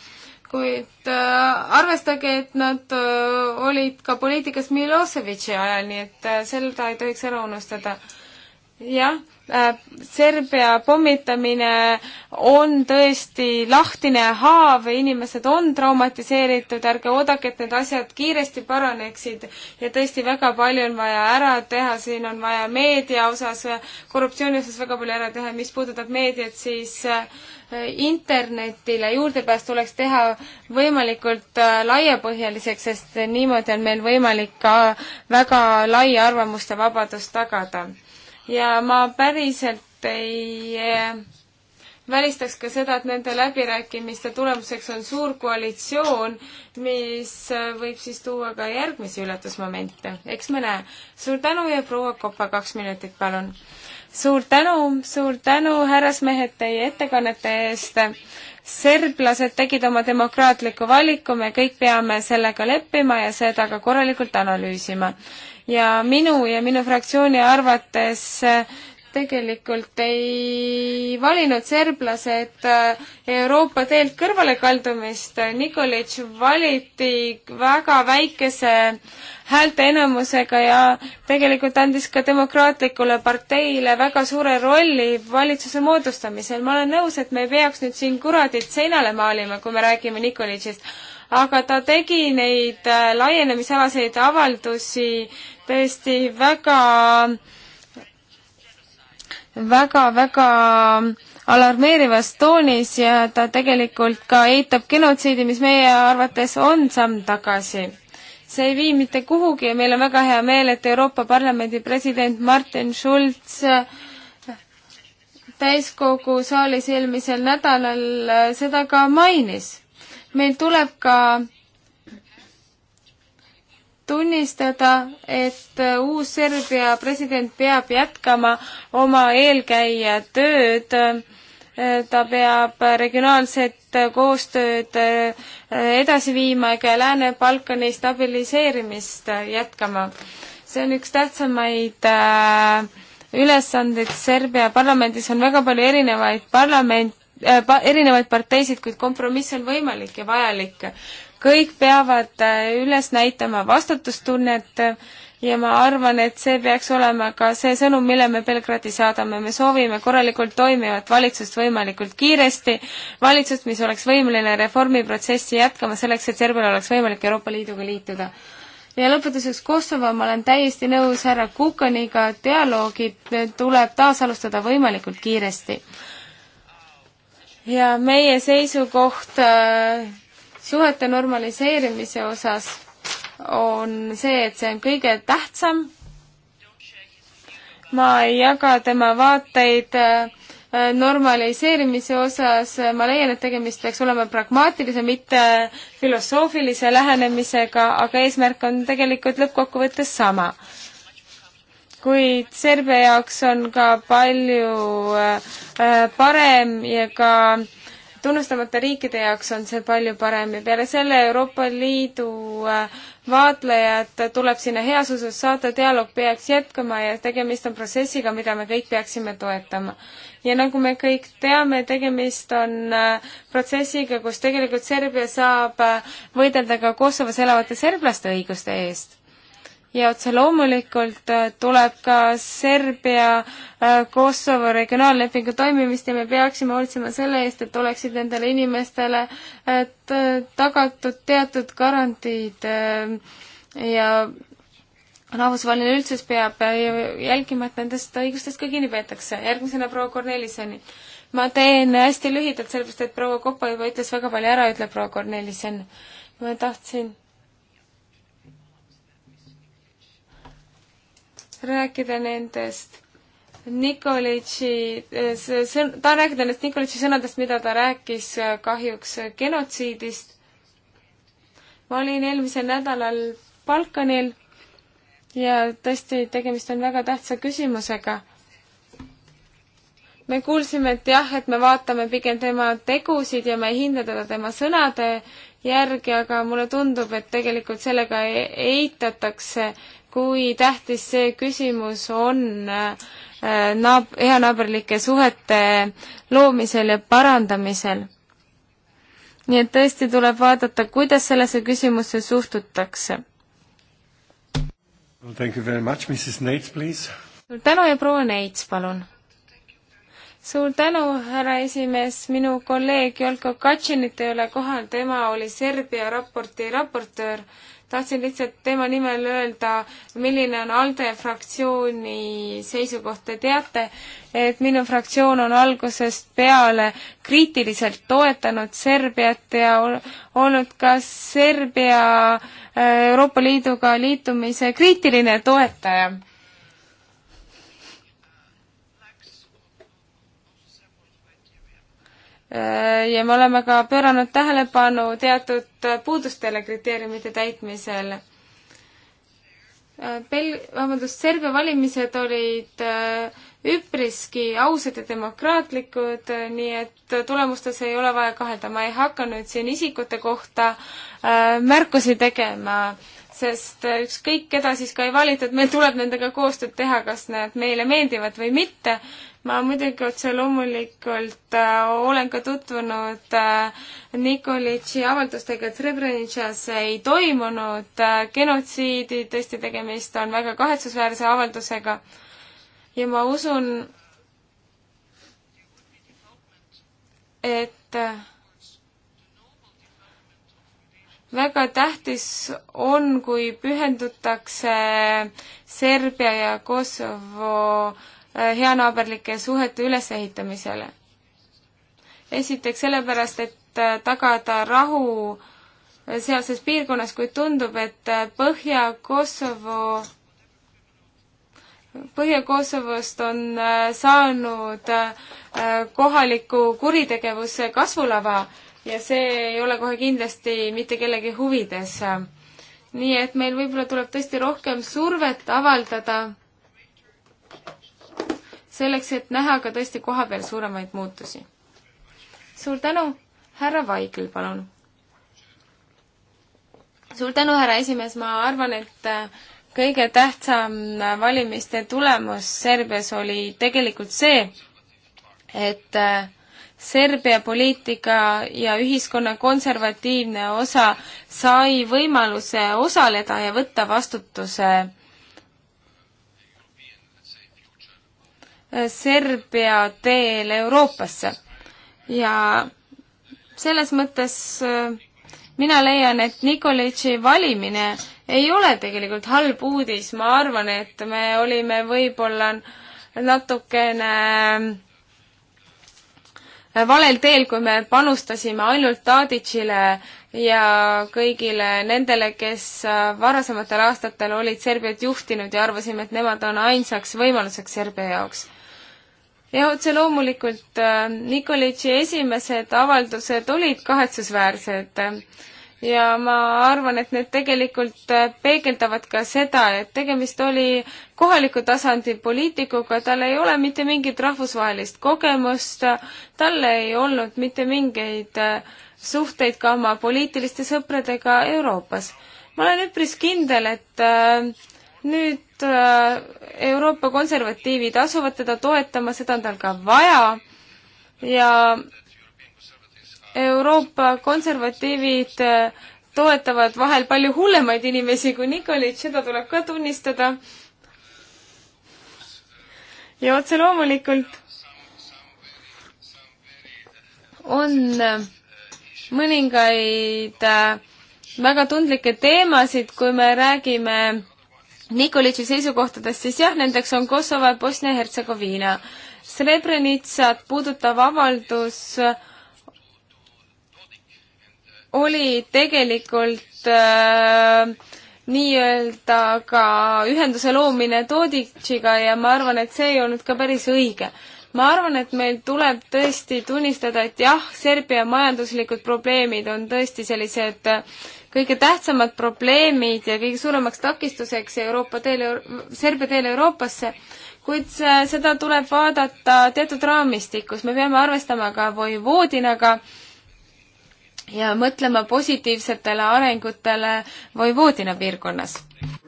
kuid äh, arvestage, et nad äh, olid ka poliitikas Miloševitši ajal, nii et seda ei tohiks ära unustada jah äh,, Serbia pommitamine on tõesti lahtine haav, inimesed on traumatiseeritud, ärge oodake, et need asjad kiiresti paraneksid ja tõesti väga palju on vaja ära teha, siin on vaja meedia osas, korruptsiooni osas väga palju ära teha, mis puudutab meediat, siis äh, internetile juurdepääs tuleks teha võimalikult äh, laiapõhjaliseks, sest niimoodi on meil võimalik ka väga lai arvamuste vabadus tagada ja ma päriselt ei eh, välistaks ka seda, et nende läbirääkimiste tulemuseks on suur koalitsioon, mis eh, võib siis tuua ka järgmisi üllatusmomente. eks me näe. suur tänu ja proua Kopa, kaks minutit, palun. suur tänu, suur tänu, härrasmehed, teie ettekannete eest. serblased tegid oma demokraatliku valiku, me kõik peame sellega leppima ja seda ka korralikult analüüsima ja minu ja minu fraktsiooni arvates äh, tegelikult ei valinud serblased äh, Euroopa teelt kõrvalekaldumist. Nikolitš valiti väga väikese häälteenamusega ja tegelikult andis ka demokraatlikule parteile väga suure rolli valitsuse moodustamisel. ma olen nõus, et me ei peaks nüüd siin kuradit seinale maalima, kui me räägime Nikolitšist aga ta tegi neid äh, laienemisalaseid avaldusi tõesti väga väga-väga alarmeerivas toonis ja ta tegelikult ka eitab genotsiidi, mis meie arvates on samm tagasi. see ei vii mitte kuhugi ja meil on väga hea meel, et Euroopa Parlamendi president Martin Schulz äh, täiskogu saalis eelmisel nädalal äh, seda ka mainis meil tuleb ka tunnistada, et uus Serbia president peab jätkama oma eelkäija tööd. ta peab regionaalset koostööd edasi viima ja Lääne-Balkani stabiliseerimist jätkama. see on üks tähtsamaid äh, ülesandeid Serbia parlamendis, on väga palju erinevaid parlamente, Äh, erinevaid parteisid, kuid kompromiss on võimalik ja vajalik. kõik peavad äh, üles näitama vastutustunnet ja ma arvan, et see peaks olema ka see sõnum, mille me Belgradi saadame. me soovime korralikult toimivat valitsust võimalikult kiiresti, valitsust, mis oleks võimeline reformiprotsessi jätkama selleks, et Serbial oleks võimalik Euroopa Liiduga liituda. ja lõpetuseks Kosovo, ma olen täiesti nõus härra Kukaniga, dialoogid tuleb taasalustada võimalikult kiiresti ja meie seisukoht äh, suhete normaliseerimise osas on see, et see on kõige tähtsam. ma ei jaga tema vaateid äh, normaliseerimise osas, ma leian, et tegemist peaks olema pragmaatilise, mitte filosoofilise lähenemisega, aga eesmärk on tegelikult lõppkokkuvõttes sama kuid Serbia jaoks on ka palju äh, äh, parem ja ka tunnustamata riikide jaoks on see palju parem ja peale selle Euroopa Liidu äh, vaatlejad tuleb sinna heas usus saata, dialoog peaks jätkama ja tegemist on protsessiga, mida me kõik peaksime toetama. ja nagu me kõik teame, tegemist on protsessiga, kus tegelikult Serbia saab võidelda ka Kosovos elavate serblaste õiguste eest ja otse loomulikult äh, tuleb ka Serbia äh, Kosovo regionaallepingu toimimist ja me peaksime hoolitsema selle eest, et oleksid nendele inimestele et äh, tagatud teatud garantiid ja rahvusvaheline üldsus peab jälgima, et nendest õigustest ka kinni peetakse. järgmisena proua Korneliseni. ma teen hästi lühidalt, sellepärast et proua Kopa juba ütles väga palju ära, ütleb proua Kornelisen. ma tahtsin rääkida nendest Nikolitši, eh, ta on rääkinud nendest Nikolitši sõnadest, mida ta rääkis eh, kahjuks eh, genotsiidist. ma olin eelmisel nädalal Balkanil ja tõesti, tegemist on väga tähtsa küsimusega. me kuulsime, et jah, et me vaatame pigem tema tegusid ja me ei hinda teda tema sõnade järgi, aga mulle tundub, et tegelikult sellega e-, eitatakse kui tähtis see küsimus on äh, naab-, heanaaberlike suhete loomisel ja parandamisel. nii et tõesti tuleb vaadata, kuidas sellesse küsimusse suhtutakse. suur tänu ja proua Neits, palun! suur tänu, härra esimees, minu kolleeg Jolko Katšinit ei ole kohal, tema oli Serbia raporti raportöör tahtsin lihtsalt tema nimel öelda, milline on ALDE fraktsiooni seisukoht. Te teate, et minu fraktsioon on algusest peale kriitiliselt toetanud Serbiat ja olnud ka Serbia äh, Euroopa Liiduga liitumise kriitiline toetaja Äh, ja me oleme ka pööranud tähelepanu teatud puudustele kriteeriumite täitmisel. Äh, Bel-, vabandust, Serbia valimised olid äh, üpriski ausad ja demokraatlikud, nii et tulemustes ei ole vaja kahelda. ma ei hakka nüüd siin isikute kohta märkusi tegema, sest ükskõik keda siis ka ei valitud, meil tuleb nendega koostööd teha, kas nad meile meeldivad või mitte ma muidugi otse loomulikult äh, olen ka tutvunud äh, Nikolitši avaldustega, et Srebrenitšas ei toimunud äh, genotsiidi, tõesti tegemist on väga kahetsusväärse avaldusega. ja ma usun, et äh, väga tähtis on, kui pühendutakse Serbia ja Kosovo Äh, heanaaberlike suhete ülesehitamisele. esiteks sellepärast, et äh, tagada rahu äh, sealses piirkonnas, kuid tundub, et Põhja-Kosovo, Põhja-Kosovost on saanud kohaliku kuritegevuse kasvulava ja see ei ole kohe kindlasti mitte kellegi huvides. nii et meil võib-olla tuleb tõesti rohkem survet avaldada selleks, et näha ka tõesti kohapeal suuremaid muutusi. suur tänu, härra Vaigel, palun! suur tänu, härra esimees, ma arvan, et äh, kõige tähtsam äh, valimiste tulemus Serbias oli tegelikult see, et äh, Serbia poliitika ja ühiskonna konservatiivne osa sai võimaluse osaleda ja võtta vastutuse Äh, Serbia teel Euroopasse. ja selles mõttes äh, mina leian, et Nikolitši valimine ei ole tegelikult halb uudis, ma arvan, et me olime võib-olla natukene äh, valel teel, kui me panustasime ainult Taditšile ja kõigile nendele, kes varasematel aastatel olid Serbiat juhtinud ja arvasime, et nemad on ainsaks võimaluseks Serbia jaoks ja otse loomulikult äh, Nikolitši esimesed avaldused olid kahetsusväärsed ja ma arvan, et need tegelikult äh, peegeldavad ka seda, et tegemist oli kohaliku tasandi poliitikuga, tal ei ole mitte mingit rahvusvahelist kogemust, tal ei olnud mitte mingeid äh, suhteid ka oma poliitiliste sõpradega Euroopas. ma olen üpris kindel, et äh, nüüd äh, Euroopa konservatiivid asuvad teda toetama, seda on tal ka vaja ja Euroopa konservatiivid äh, toetavad vahel palju hullemaid inimesi kui Nikolitš, seda tuleb ka tunnistada. ja otse loomulikult on äh, mõningaid väga tundlikke teemasid, kui me räägime Nikolitši seisukohtadest, siis jah, nendeks on Kosovo ja Bosnia-Hertsegoviina. Srebrenitsat puudutav avaldus oli tegelikult äh, nii-öelda ka ühenduse loomine Toditšiga ja ma arvan, et see ei olnud ka päris õige. ma arvan, et meil tuleb tõesti tunnistada, et jah, Serbia majanduslikud probleemid on tõesti sellised äh, kõige tähtsamad probleemid ja kõige suuremaks takistuseks Euroopa teel, Serbia teel Euroopasse, kuid seda tuleb vaadata teatud raamistikus, me peame arvestama ka Vojvodinaga ja mõtlema positiivsetele arengutele Vojvodina piirkonnas.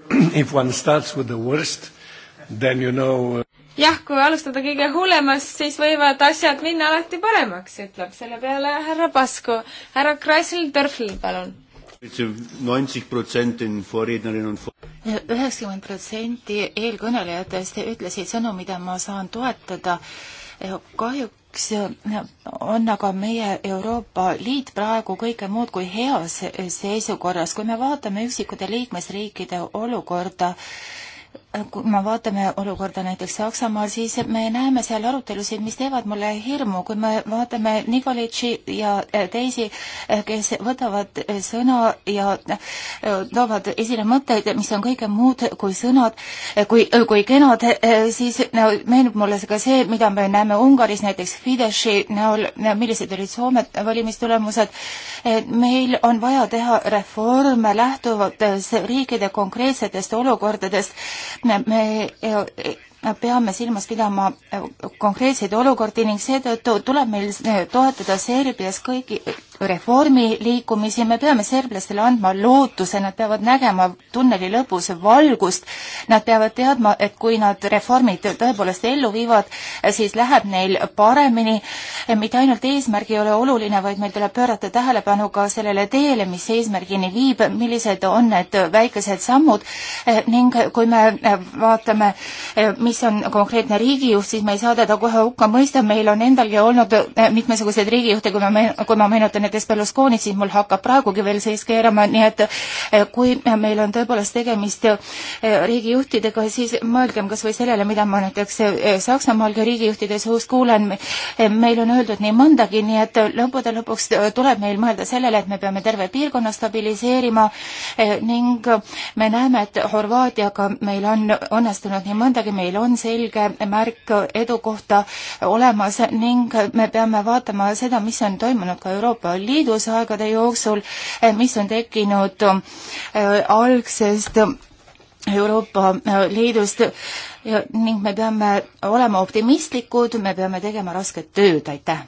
If one starts with the worst, then you know uh, jah, kui alustada kõige hullemast, siis võivad asjad minna alati paremaks, ütleb selle peale härra Pasku. härra Kreisel-Dörfl, palun üheksakümmend protsenti eelkõnelejatest ütlesid sõnu, mida ma saan toetada. kahjuks on aga meie Euroopa Liit praegu kõike muud kui heas seisukorras, kui me vaatame üksikute liikmesriikide olukorda, kui me vaatame olukorda näiteks Saksamaal, siis me näeme seal arutelusid, mis teevad mulle hirmu, kui me vaatame Nikolitši ja äh, teisi, äh, kes võtavad äh, sõna ja toovad esile mõtteid, mis on kõige muud kui sõnad, kui, kui kenad, siis no, meenub mulle ka see, mida me näeme Ungaris näiteks Fideszi näol, millised olid Soome valimistulemused. meil on vaja teha reforme lähtuvalt riikide konkreetsetest olukordadest lihtne, me e, e, peame silmas pidama e, konkreetseid olukordi ning seetõttu tuleb meil toetada Serbias kõigi, reformiliikumisi, me peame serblastele andma lootuse, nad peavad nägema tunneli lõpus valgust, nad peavad teadma, et kui nad reformid tõepoolest ellu viivad, siis läheb neil paremini, mitte ainult eesmärk ei ole oluline, vaid meil tuleb pöörata tähelepanu ka sellele teele, mis eesmärgini viib, millised on need väikesed sammud ning kui me vaatame, mis on konkreetne riigijuht, siis me ei saa teda kohe hukka mõista, meil on endalgi olnud mitmesuguseid riigijuhte, kui ma, kui ma meenutan, et alates Berlusconit, siis mul hakkab praegugi veel seis keerama, nii et eh, kui meil on tõepoolest tegemist eh, riigijuhtidega, siis mõelgem kas või sellele, mida ma näiteks eh, Saksamaal ka riigijuhtide suust kuulen, meil on öeldud nii mõndagi, nii et lõppude lõpuks tuleb meil mõelda sellele, et me peame terve piirkonna stabiliseerima ning me näeme, et Horvaatiaga meil on õnnestunud nii mõndagi, meil on selge märk edu kohta olemas ning me peame vaatama seda, mis on toimunud ka Euroopa Liidus aegade jooksul, eh, mis on tekkinud eh, algsest eh, Euroopa Liidust ja ning me peame olema optimistlikud, me peame tegema rasket tööd, aitäh!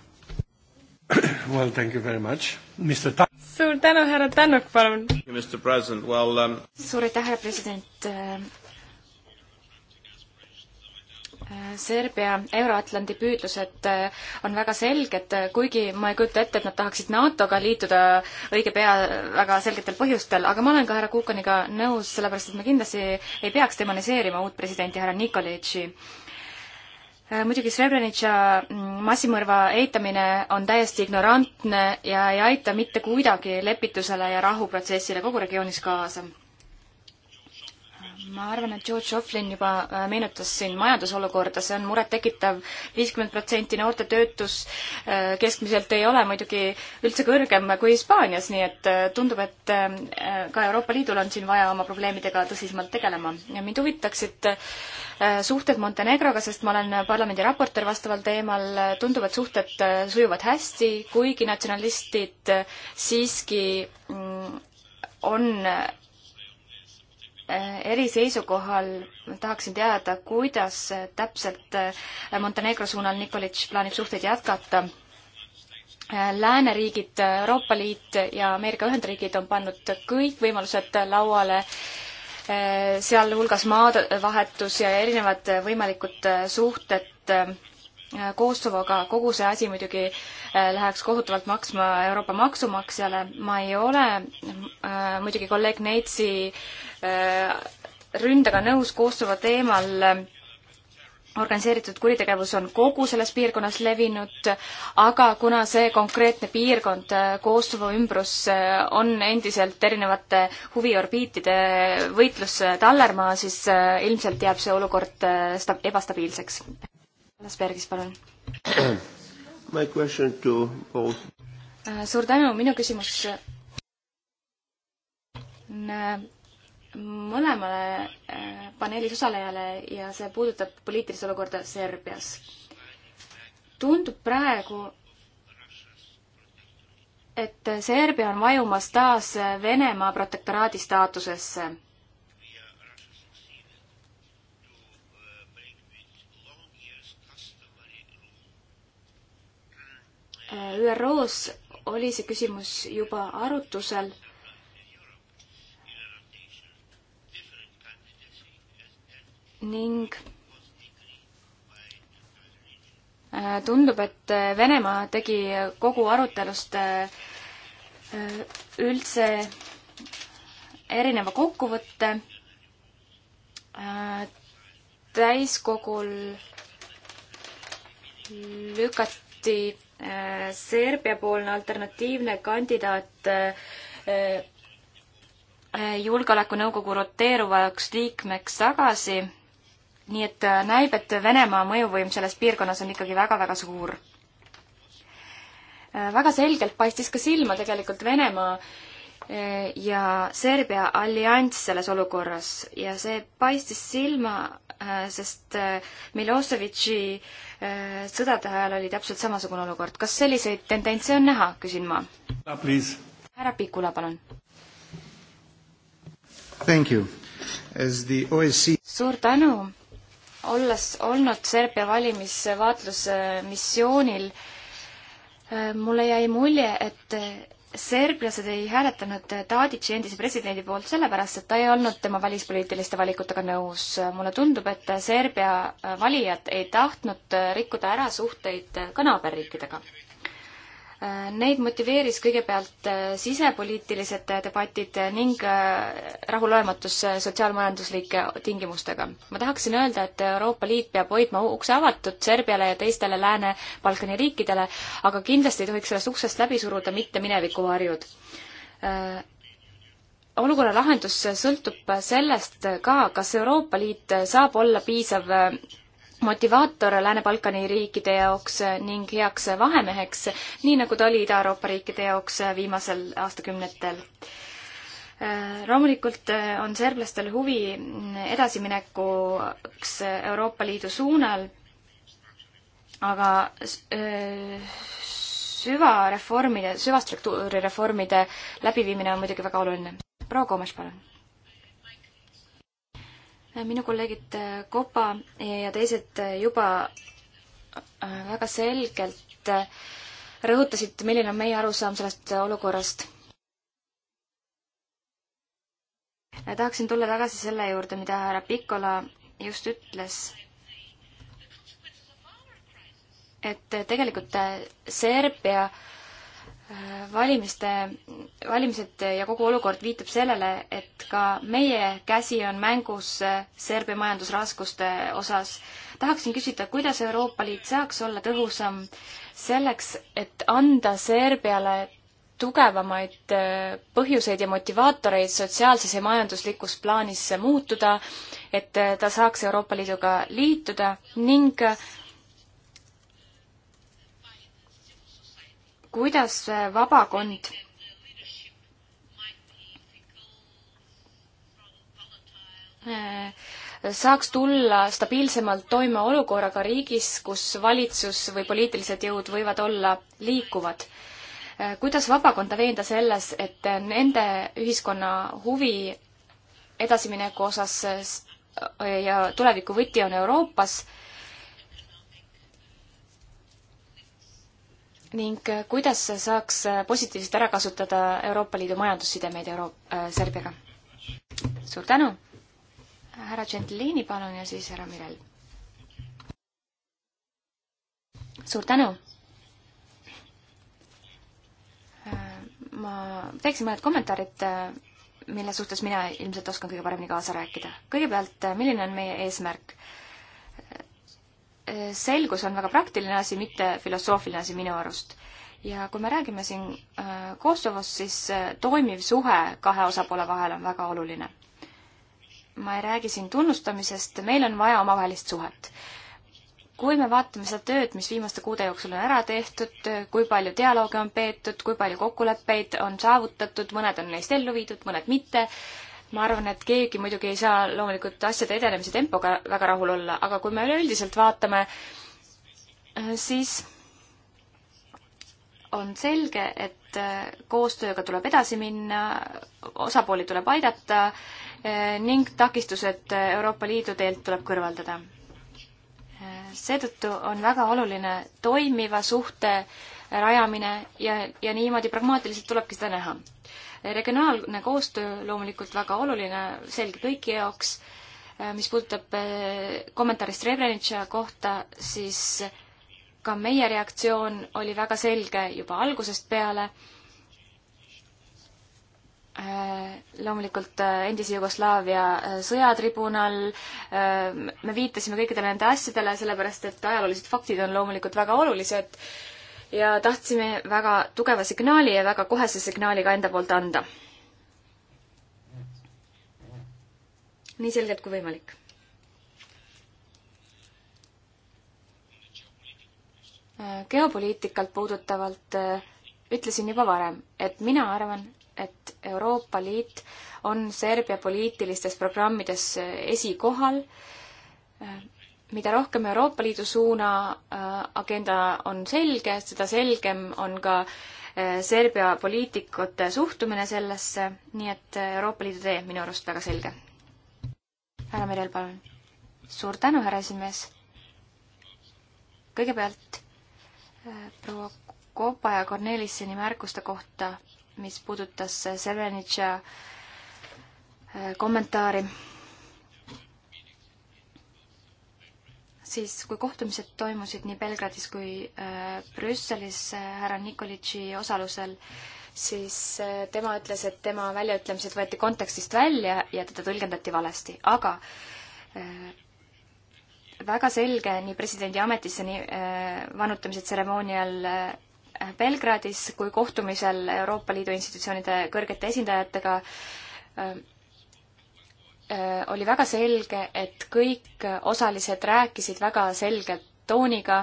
Well, thank you very much. Mr. Ta-. suur tänu, härra Tannuk, palun! Well, um... suur aitäh, härra president! Serbia Euro-Atlandi püüdlused äh, on väga selged, kuigi ma ei kujuta ette, et nad tahaksid NATO-ga liituda õige pea väga selgetel põhjustel, aga ma olen ka härra Kukaniga nõus, sellepärast et me kindlasti ei peaks demoniseerima uut presidenti, härra Nikolitši. Äh, muidugi Srebrenica mm, massimõrva eitamine on täiesti ignorantne ja ei aita mitte kuidagi lepitusele ja rahuprotsessile kogu regioonis kaasa ma arvan, et George Shoflin juba äh, meenutas siin majandusolukorda, see on murettekitav, viiskümmend protsenti noorte töötus äh, keskmiselt ei ole muidugi üldse kõrgem kui Hispaanias, nii et äh, tundub, et ka Euroopa Liidul on siin vaja oma probleemidega tõsisemalt tegelema. ja mind huvitaksid suhted Montenegroga, sest ma olen parlamendi raportöör vastaval teemal, tundub, et suhted sujuvad hästi, kuigi natsionalistid siiski mm, on Eh, eriseisukohal, tahaksin teada, kuidas täpselt eh, Montenegro suunal Nikolitš plaanib suhteid jätkata. Eh, lääneriigid, Euroopa Liit ja Ameerika Ühendriigid on pannud kõik võimalused lauale, sealhulgas maadevahetus ja erinevad võimalikud suhted Kosovoga, kogu see asi muidugi läheks kohutavalt maksma Euroopa maksumaksjale. ma ei ole muidugi kolleeg Neitsi Äh, ründega nõus koostuva teemal äh, organiseeritud kuritegevus on kogu selles piirkonnas levinud, aga kuna see konkreetne piirkond, äh, Kosovo ümbrus, on endiselt erinevate huviorbiitide võitlus tallermaa, siis ilmselt jääb see olukord sta-, ebastabiilseks. Lasbergis, palun. suur tänu, minu küsimus on mõlemale äh, paneelis osalejale ja see puudutab poliitilist olukorda Serbias. tundub praegu, et Serbia on vajumas taas Venemaa protektoraadi staatusesse. Äh, ÜRO-s oli see küsimus juba arutusel ning äh, tundub, et äh, Venemaa tegi kogu arutelust äh, üldse erineva kokkuvõtte. täiskogul lükati Serbia-poolne alternatiivne kandidaat julgeolekunõukogu roteeruvaks liikmeks tagasi nii et äh, näib, et Venemaa mõjuvõim selles piirkonnas on ikkagi väga-väga suur. Äh, väga selgelt paistis ka silma tegelikult Venemaa äh, ja Serbia allianss selles olukorras ja see paistis silma, sest Miloševitši sõdade ajal oli täpselt samasugune olukord. kas selliseid tendentse on näha, küsin ma? härra Pikula, palun. suur tänu olles olnud Serbia valimisvaatlusmissioonil, äh, mulle jäi mulje, et serblased ei hääletanud Tadici endise presidendi poolt sellepärast, et ta ei olnud tema välispoliitiliste valikutega nõus. mulle tundub, et Serbia valijad ei tahtnud rikkuda ära suhteid ka naaberriikidega Neid motiveeris kõigepealt äh, sisepoliitilised debatid ning äh, rahulolematus äh, sotsiaalmajanduslike tingimustega. ma tahaksin öelda, et Euroopa Liit peab hoidma ukse avatud Serbiale ja teistele Lääne-Balkani riikidele, aga kindlasti ei tohiks sellest uksest läbi suruda mitte minevikuvarjud olukorra lahendus sõltub sellest ka, kas Euroopa Liit saab olla piisav motivaator Lääne-Balkani riikide jaoks ning heaks vahemeheks, nii nagu ta oli Ida-Euroopa riikide jaoks viimasel aastakümnetel. loomulikult on serblastel huvi edasiminekuks Euroopa Liidu suunal, aga süvareformide, süvastruktuurireformide läbiviimine on muidugi väga oluline. proua Koomes, palun minu kolleegid äh, Kopa ja teised äh, juba äh, väga selgelt rõhutasid, milline on meie arusaam sellest olukorrast. tahaksin tulla tagasi selle juurde, mida härra Pikola just ütles et tegelikult Serbia äh, valimiste, valimised ja kogu olukord viitab sellele, et ka meie käsi on mängus Serbia majandusraskuste osas. tahaksin küsida, kuidas Euroopa Liit saaks olla tõhusam selleks, et anda Serbiale tugevamaid äh, põhjuseid ja motivaatoreid sotsiaalses ja majanduslikus plaanis muutuda, et äh, ta saaks Euroopa Liiduga liituda ning äh, kuidas vabakond äh, saaks tulla stabiilsemalt toime olukorraga riigis, kus valitsus või poliitilised jõud võivad olla liikuvad äh, kuidas vabakonda veenda selles, et nende ühiskonna huvi edasimineku osas äh, ja tuleviku võti on Euroopas ning äh, kuidas saaks äh, positiivselt ära kasutada Euroopa Liidu majandussidemeid Euro- äh,, Serbiaga? suur tänu! härra Gentilini, palun, ja siis härra Mirel. suur tänu! Äh, ma teeksin mõned kommentaarid, mille suhtes mina ilmselt oskan kõige paremini kaasa rääkida. kõigepealt, milline on meie eesmärk? selgus on väga praktiline asi, mitte filosoofiline asi minu arust. ja kui me räägime siin äh, Kosovost, siis äh, toimiv suhe kahe osapoole vahel on väga oluline. ma ei räägi siin tunnustamisest, meil on vaja omavahelist suhet kui me vaatame seda tööd, mis viimaste kuude jooksul on ära tehtud, kui palju dialoogi on peetud, kui palju kokkuleppeid on saavutatud, mõned on neist ellu viidud, mõned mitte, ma arvan, et keegi muidugi ei saa loomulikult asjade edenemise tempoga väga rahul olla, aga kui me üleüldiselt vaatame, äh, siis on selge, et äh, koostööga tuleb edasi minna, osapooli tuleb aidata äh, ning takistused Euroopa Liidu teelt tuleb kõrvaldada. seetõttu on väga oluline toimiva suhte rajamine ja, ja niimoodi pragmaatiliselt tulebki seda näha regionaalne koostöö loomulikult väga oluline, selge kõigi jaoks, äh, mis puudutab äh, kommentaari Srebrenica kohta, siis ka meie reaktsioon oli väga selge juba algusest peale äh, loomulikult endise Jugoslaavia sõjatribunal, me viitasime kõikidele nende asjadele, sellepärast et ajaloolised faktid on loomulikult väga olulised ja tahtsime väga tugeva signaali ja väga kohese signaali ka enda poolt anda. nii selgelt kui võimalik. geopoliitikalt puudutavalt äh, ütlesin juba varem, et mina arvan, et Euroopa Liit on Serbia poliitilistes programmides äh, esikohal äh, mida rohkem Euroopa Liidu suuna äh, agenda on selge, seda selgem on ka äh, Serbia poliitikute suhtumine sellesse, nii et äh, Euroopa Liidu tee minu arust väga selge. härra Merel, palun. suur tänu, härra esimees. kõigepealt proua Kopa ja Kornelisseni märkuste kohta, mis puudutas Serenitša kommentaari siis kui kohtumised toimusid nii Belgradis kui äh, Brüsselis äh, härra Nikolitši osalusel, siis äh, tema ütles, et tema väljaütlemised võeti kontekstist välja ja teda tõlgendati valesti, aga väga selge nii presidendi ametisse nii vanutamise tseremoonial Belgradis kui kohtumisel Euroopa Liidu institutsioonide kõrgete esindajatega Äh, oli väga selge, et kõik osalised rääkisid väga selge tooniga,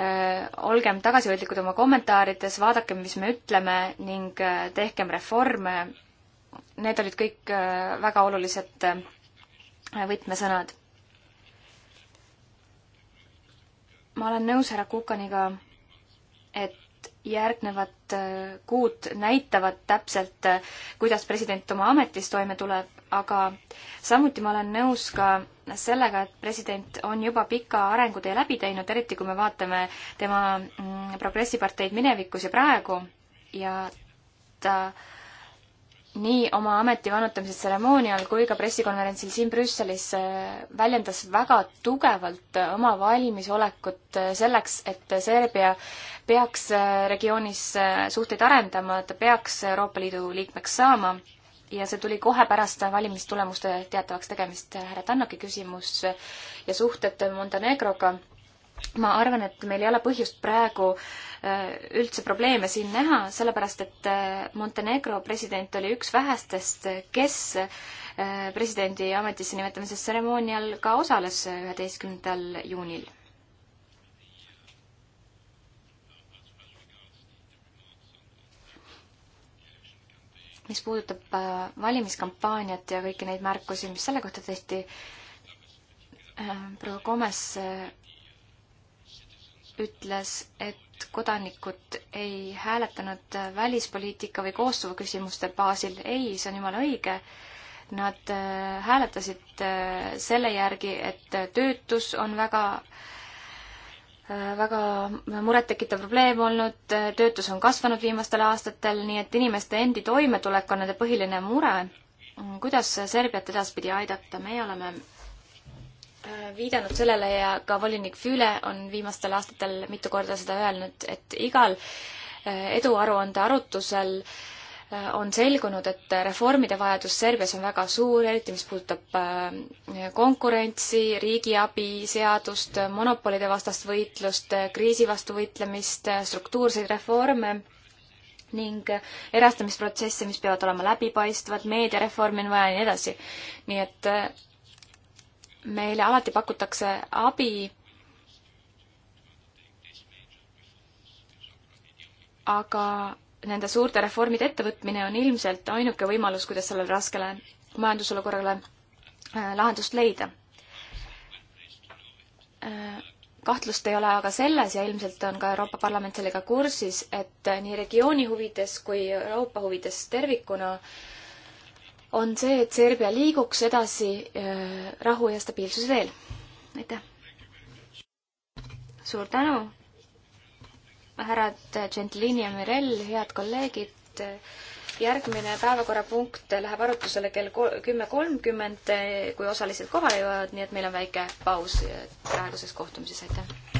äh, olgem tagasihoidlikud oma kommentaarides, vaadakem, mis me ütleme ning äh, tehkem reforme. Need olid kõik väga olulised võtmesõnad. ma olen nõus härra Kukaniga, et järgnevad äh, kuud näitavad täpselt, äh, kuidas president oma ametis toime tuleb, aga samuti ma olen nõus ka sellega, et president on juba pika arengutee läbi teinud, eriti kui me vaatame tema mm, progressiparteid minevikus ja praegu ja ta äh, nii oma ameti vannutamise tseremoonial kui ka pressikonverentsil siin Brüsselis äh, väljendas väga tugevalt äh, oma valmisolekut äh, selleks, et Serbia peaks regioonis suhteid arendama, ta peaks Euroopa Liidu liikmeks saama ja see tuli kohe pärast valimistulemuste teatavaks tegemist. härra Tannoki küsimus ja suhted Montenegroga ma arvan, et meil ei ole põhjust praegu äh, üldse probleeme siin näha, sellepärast et äh, Montenegro president oli üks vähestest, kes äh, presidendi ametisse nimetamise tseremoonial ka osales üheteistkümnendal juunil. mis puudutab valimiskampaaniat ja kõiki neid märkusi, mis selle kohta tehti, proua Gomes ütles, et kodanikud ei hääletanud välispoliitika või Kosovo küsimuste baasil. ei, see on jumala õige. Nad äh, hääletasid äh, selle järgi, et töötus on väga äh, väga murettekitav probleem olnud, töötus on kasvanud viimastel aastatel, nii et inimeste endi toimetulek on nende põhiline mure. kuidas Serbiat edaspidi aidata, meie oleme viidanud sellele ja ka volinik Füüle on viimastel aastatel mitu korda seda öelnud, et igal eh, eduaruande arutusel eh, on selgunud, et reformide vajadus Serbias on väga suur, eriti mis puudutab eh, konkurentsi, riigiabi seadust, monopolide vastast võitlust, kriisi vastu võitlemist, struktuurseid reforme ning erastamisprotsesse, mis peavad olema läbipaistvad, meediareformi on vaja ja nii edasi. nii et meile alati pakutakse abi, aga nende suurte reformide ettevõtmine on ilmselt ainuke võimalus, kuidas sellele raskele majandusolukorrale äh, lahendust leida. Äh, kahtlust ei ole aga selles ja ilmselt on ka Euroopa Parlament sellega kursis, et nii regiooni huvides kui Euroopa huvides tervikuna äh, on see, et Serbia liiguks edasi äh, rahu ja stabiilsuse teel. aitäh! suur tänu, härrad Gentilini ja Mirel, head kolleegid! järgmine päevakorrapunkt läheb arutusele kell kümme kolmkümmend, kui osalised kohale jõuavad, nii et meil on väike paus praeguses kohtumises, aitäh!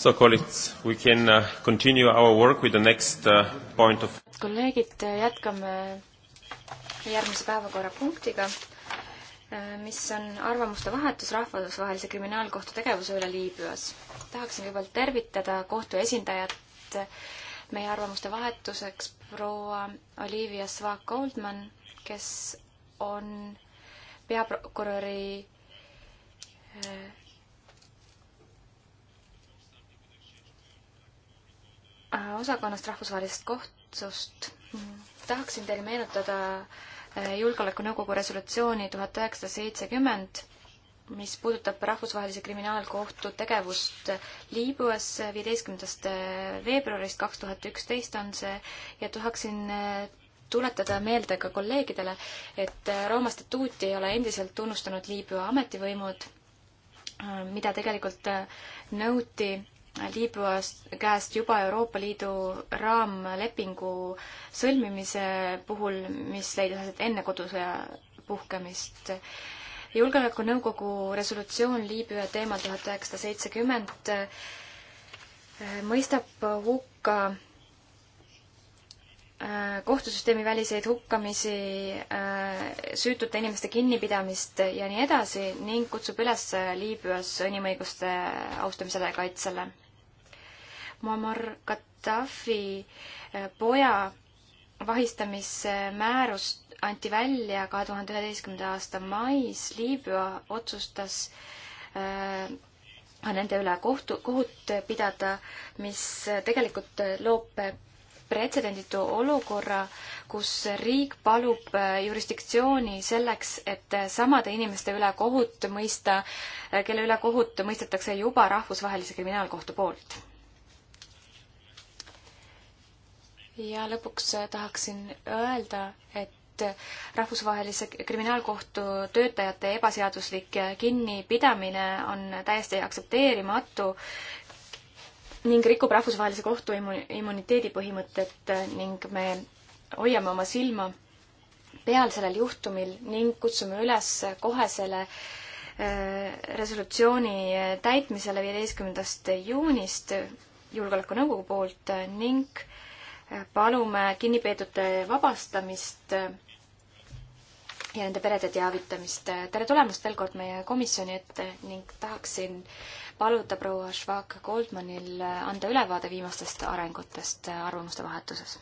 So colleagues, we can uh, continue our work with the next uh, point of kolleegid, äh, jätkame järgmise päevakorrapunktiga, äh, mis on arvamuste vahetus rahvusvahelise kriminaalkohtu tegevuse üle Liibüas. tahaksin kõigepealt tervitada kohtu esindajat äh, meie arvamuste vahetuseks, proua Olivia Svak-Goldman, kes on peaprokuröri Äh, osakonnast rahvusvahelisest kohtust tahaksin teile meenutada äh, Julgeolekunõukogu resolutsiooni tuhat üheksasada seitsekümmend, mis puudutab Rahvusvahelise Kriminaalkohtu tegevust Liibüas viieteistkümnendast äh, veebruarist kaks tuhat üksteist on see ja tahaksin tuletada meelde ka kolleegidele, et Rooma statuuti ei ole endiselt tunnustanud Liibüa ametivõimud, mida tegelikult nõuti Liibüas käest juba Euroopa Liidu raamlepingu sõlmimise puhul, mis leidis aset enne kodusõja puhkemist. julgeolekunõukogu resolutsioon Liibüa teemal tuhat üheksasada seitsekümmend äh, mõistab hukka Äh, kohtusüsteemi väliseid hukkamisi, äh, süütute inimeste kinnipidamist ja nii edasi ning kutsub üles Liibüas inimõiguste austamisele ja kaitsele. Muammar Gaddafi äh, poja vahistamismäärust anti välja kahe tuhande üheteistkümnenda aasta mais, Liibüa otsustas äh, nende üle kohtu, kohut pidada, mis tegelikult loob pretsedenditu olukorra, kus riik palub äh, jurisdiktsiooni selleks, et äh, samade inimeste üle kohut mõista, äh, kelle üle kohut mõistetakse juba Rahvusvahelise Kriminaalkohtu poolt. ja lõpuks tahaksin öelda, et rahvusvahelise kriminaalkohtu töötajate ebaseaduslik kinnipidamine on täiesti aktsepteerimatu ning rikub rahvusvahelise kohtu immuniteedi põhimõtet äh, ning me hoiame oma silma peal sellel juhtumil ning kutsume üles kohesele äh, resolutsiooni äh, täitmisele viieteistkümnendast juunist Julgeolekunõukogu poolt ning palume kinnipeetute vabastamist ja nende perede teavitamist. tere tulemast veel kord meie komisjoni ette ning tahaksin paluda proua Švak Goldmanil anda ülevaade viimastest arengutest arvamuste vahetuses.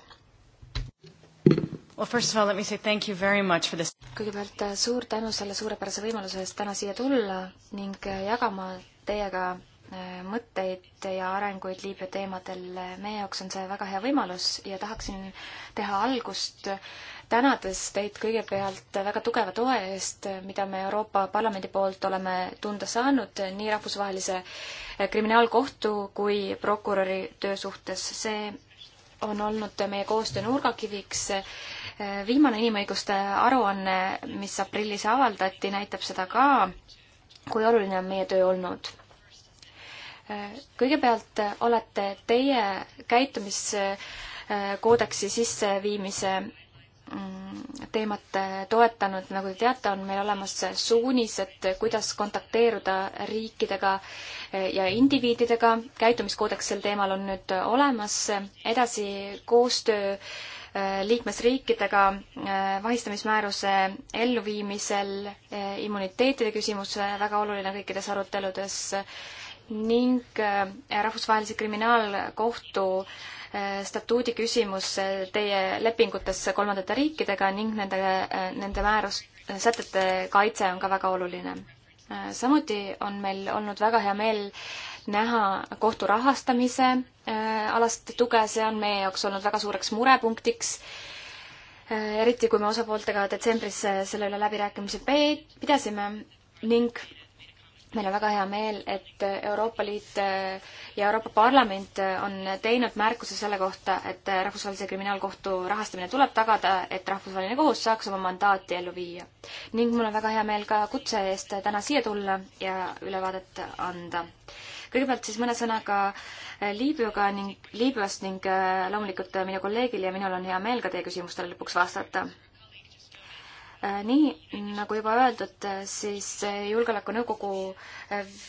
Well, first of all, let me say thank you very much for this. kõigepealt äh, suur tänu selle suurepärase võimaluse eest täna siia tulla ning äh, jagama teiega äh, mõtteid ja arenguid Liibüa teemadel. meie jaoks on see väga hea võimalus ja tahaksin teha algust äh, tänades teid kõigepealt väga tugeva toe eest, mida me Euroopa Parlamendi poolt oleme tunda saanud nii rahvusvahelise eh, kriminaalkohtu kui prokuröri töö suhtes. see on olnud meie koostöö nurgakiviks. Eh, viimane inimõiguste aruanne, mis aprillis avaldati, näitab seda ka, kui oluline on meie töö olnud eh, kõigepealt olete teie käitumiskoodeksi sisseviimise Mm, teemat toetanud, nagu te teate, on meil olemas suunised, kuidas kontakteeruda riikidega eh, ja indiviididega. käitumiskoodeks sel teemal on nüüd olemas. edasi koostöö eh, liikmesriikidega eh, vahistamismääruse elluviimisel, immuniteetide küsimus väga oluline kõikides aruteludes ning Rahvusvahelise Kriminaalkohtu äh, Äh, statuudi küsimus äh, teie lepingutes kolmandate riikidega ning nende, äh, nende määrus, sätete kaitse on ka väga oluline. samuti on meil olnud väga hea meel näha kohtu rahastamise alast tuge, see on meie jaoks olnud väga suureks murepunktiks eriti kui me osapooltega detsembris selle üle läbirääkimisi pidasime ning meil on väga hea meel, et Euroopa Liit äh, ja Euroopa Parlament äh, on teinud märkuse selle kohta, et äh, Rahvusvahelise Kriminaalkohtu rahastamine tuleb tagada, et Rahvusvaheline Kohus saaks oma mandaati ellu viia. ning mul on väga hea meel ka kutse eest täna siia tulla ja ülevaadet anda. kõigepealt siis mõne sõnaga Liibüaga ning Liibüast ning loomulikult minu kolleegil ja minul on hea meel ka teie küsimustele lõpuks vastata Äh, nii, nagu juba öeldud, äh, siis äh, Julgeolekunõukogu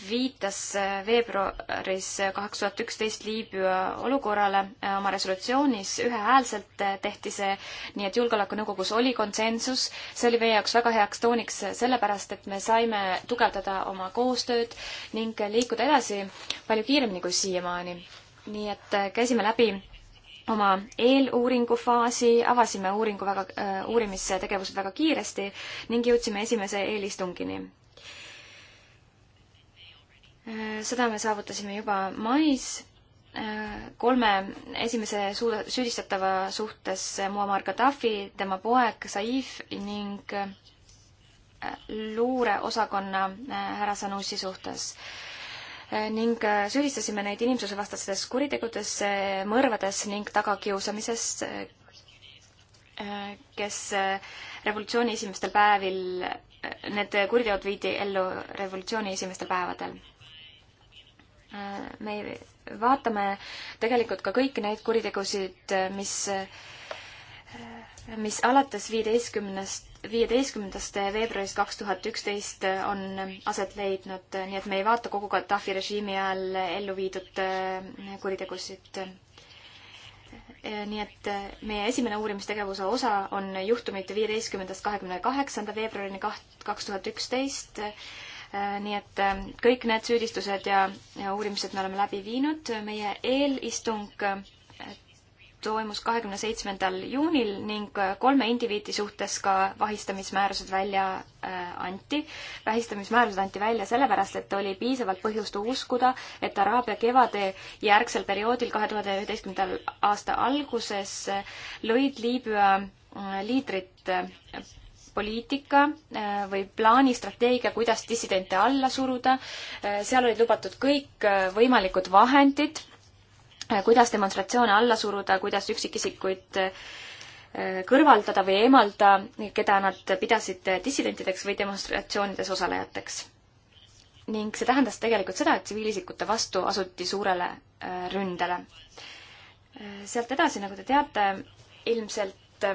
viitas veebruaris kaks tuhat üksteist Liibüa olukorrale oma resolutsioonis, ühehäälselt tehti see, nii et Julgeolekunõukogus oli konsensus, see oli meie jaoks väga heaks tooniks, sellepärast et me saime tugevdada oma koostööd ning liikuda edasi palju kiiremini kui siiamaani. nii et käisime läbi oma eeluuringu faasi, avasime uuringu väga äh,, uurimistegevused väga kiiresti ning jõudsime esimese eelistungini. Äh, seda me saavutasime juba mais äh, kolme esimese suuda, süüdistatava suhtes Muammar Gaddafi, tema poeg Saif ning äh, luureosakonna härra Sanusi suhtes äh, ning äh, süüdistasime neid inimsusevastastes kuritegudes, äh, mõrvades ning tagakiusamises, äh, kes revolutsiooni esimestel päevil, need kuriteod viidi ellu revolutsiooni esimestel päevadel. me vaatame tegelikult ka kõiki neid kuritegusid, mis mis alates viieteistkümnest, viieteistkümnendast veebruarist kaks tuhat üksteist äh, on aset leidnud, äh, nii et me ei vaata kogu Gaddafi režiimi ajal äh, ellu viidud kuritegusid. nii et meie esimene uurimistegevuse osa on juhtumid viieteistkümnendast kahekümne kaheksanda veebruarini kaht-, kaks tuhat üksteist, nii et kõik need süüdistused ja, ja uurimised me oleme läbi viinud, meie eelistung toimus kahekümne seitsmendal juunil ning kolme indiviidi suhtes ka vahistamismäärused välja äh, anti. vahistamismäärused anti välja sellepärast, et oli piisavalt põhjust uskuda, et Araabia kevade järgsel perioodil kahe tuhande üheteistkümnendal aasta alguses lõid Liibüa äh, liidrid äh, poliitika või plaani, strateegia, kuidas dissidente alla suruda. seal olid lubatud kõik võimalikud vahendid Äh, kuidas demonstratsioone alla suruda, kuidas üksikisikuid äh, kõrvaldada või eemalda, keda nad pidasid dissidentideks või demonstratsioonides osalejateks. ning see tähendas tegelikult seda, et tsiviilisikute vastu asuti suurele äh, ründele. sealt edasi, nagu te teate, ilmselt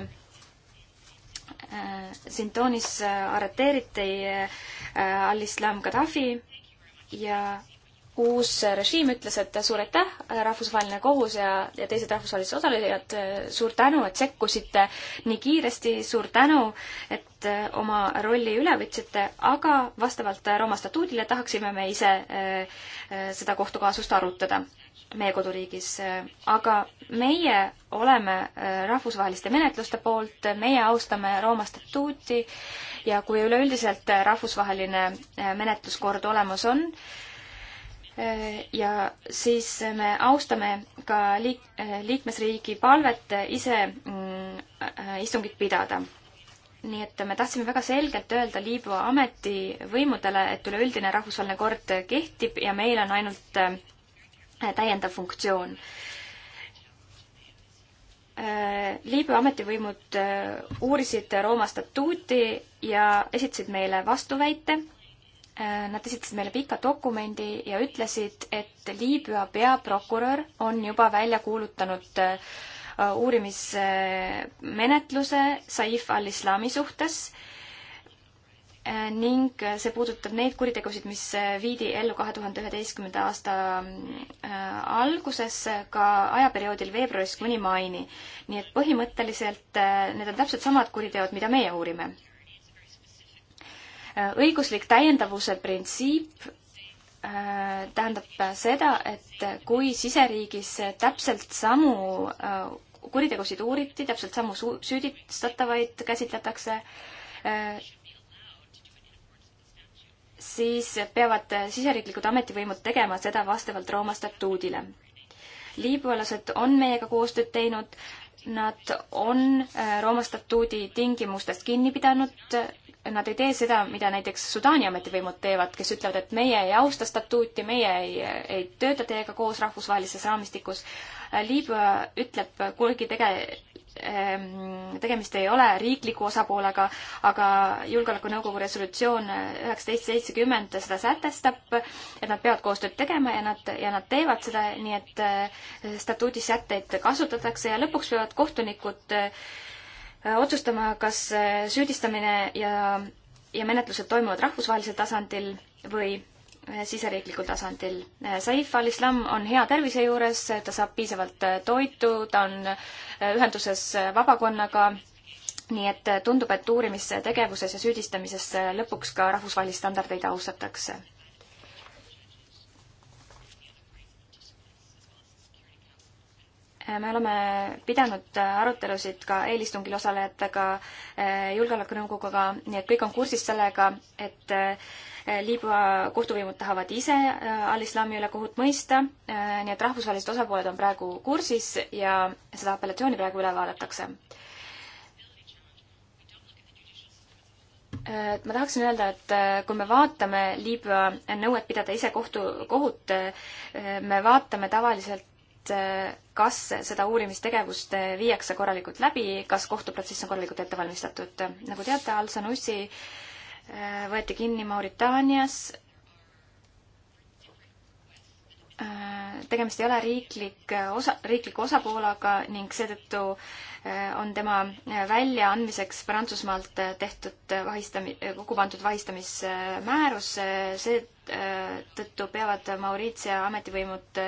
Sintoonis arreteeriti al-Islam Gaddafi ja uus režiim ütles, et suur aitäh, rahvusvaheline kohus ja, ja teised rahvusvahelised osalejad, suur tänu, et sekkusite nii kiiresti, suur tänu, et oma rolli üle võtsite, aga vastavalt Rooma statuudile tahaksime me ise äh, seda kohtukaasust arutada meie koduriigis. aga meie oleme eh, rahvusvaheliste menetluste poolt, meie austame Rooma statuuti ja kui üleüldiselt rahvusvaheline menetluskord olemas on, Äh, ja siis me austame ka liik-, äh, liikmesriigi palvet ise mm, äh, istungit pidada. nii et me tahtsime väga selgelt öelda Liibüa ametivõimudele, et üleüldine rahvusvaheline kord kehtib ja meil on ainult täiendav funktsioon. Liibüa ametivõimud uurisid Rooma statuuti ja esitasid meile vastuväite Äh, nad esitasid meile pika dokumendi ja ütlesid, et Liibüa peaprokurör on juba välja kuulutanud äh, uurimismenetluse Saif al-Islami suhtes äh, ning see puudutab neid kuritegusid, mis viidi ellu kahe tuhande üheteistkümnenda aasta alguses ka ajaperioodil veebruarist kuni maini. nii et põhimõtteliselt need on täpselt samad kuriteod, mida meie uurime õiguslik täiendavuse printsiip äh, tähendab seda, et kui siseriigis täpselt samu äh, kuritegusid uuriti, täpselt samu süüdistatavaid käsitletakse, äh, siis peavad siseriiklikud ametivõimud tegema seda vastavalt Rooma statuudile. liibüalased on meiega koostööd teinud, nad on Rooma statuudi tingimustest kinni pidanud nad ei tee seda, mida näiteks Sudaani ametivõimud teevad, kes ütlevad, et meie ei austa statuuti, meie ei, ei tööta teiega koos rahvusvahelises raamistikus. Liibüa ütleb, kuigi tege-, ehm, tegemist ei ole riikliku osapoolega, aga Julgeolekunõukogu resolutsioon üheksateist seitsekümmend seda sätestab, et nad peavad koostööd tegema ja nad, ja nad teevad seda, nii et eh, statuudi sätteid kasutatakse ja lõpuks peavad kohtunikud eh, Äh, otsustama, kas äh, süüdistamine ja, ja menetlused toimuvad rahvusvahelisel tasandil või äh, siseriiklikul tasandil. Saif al-Islam on hea tervise juures, ta saab piisavalt toitu, ta on ühenduses vabakonnaga, nii et tundub, et uurimistegevuses ja süüdistamises lõpuks ka rahvusvahelisi standardeid austatakse Äh, me oleme pidanud äh, arutelusid ka eelistungil osalejatega, äh, Julgeolekunõukoguga, nii et kõik on kursis sellega, et Liibüa kohtuvõimud tahavad ise al-Islami üle kohut mõista, nii et rahvusvahelised osapooled on praegu kursis ja seda apellatsiooni praegu üle vaadatakse. ma tahaksin öelda, et kui me vaatame Liibüa nõuet pidada ise kohtu, kohut, me vaatame tavaliselt kas seda uurimistegevust viiakse korralikult läbi, kas kohtuprotsess on korralikult ette valmistatud. nagu teate, Al-Sanussi äh, võeti kinni Mauritaanias. Äh, tegemist ei ole riiklik äh, osa, riikliku osapoolaga ning seetõttu on tema väljaandmiseks Prantsusmaalt tehtud vahistami-, kokku pandud vahistamismäärus, seetõttu peavad Mauriitsia ametivõimud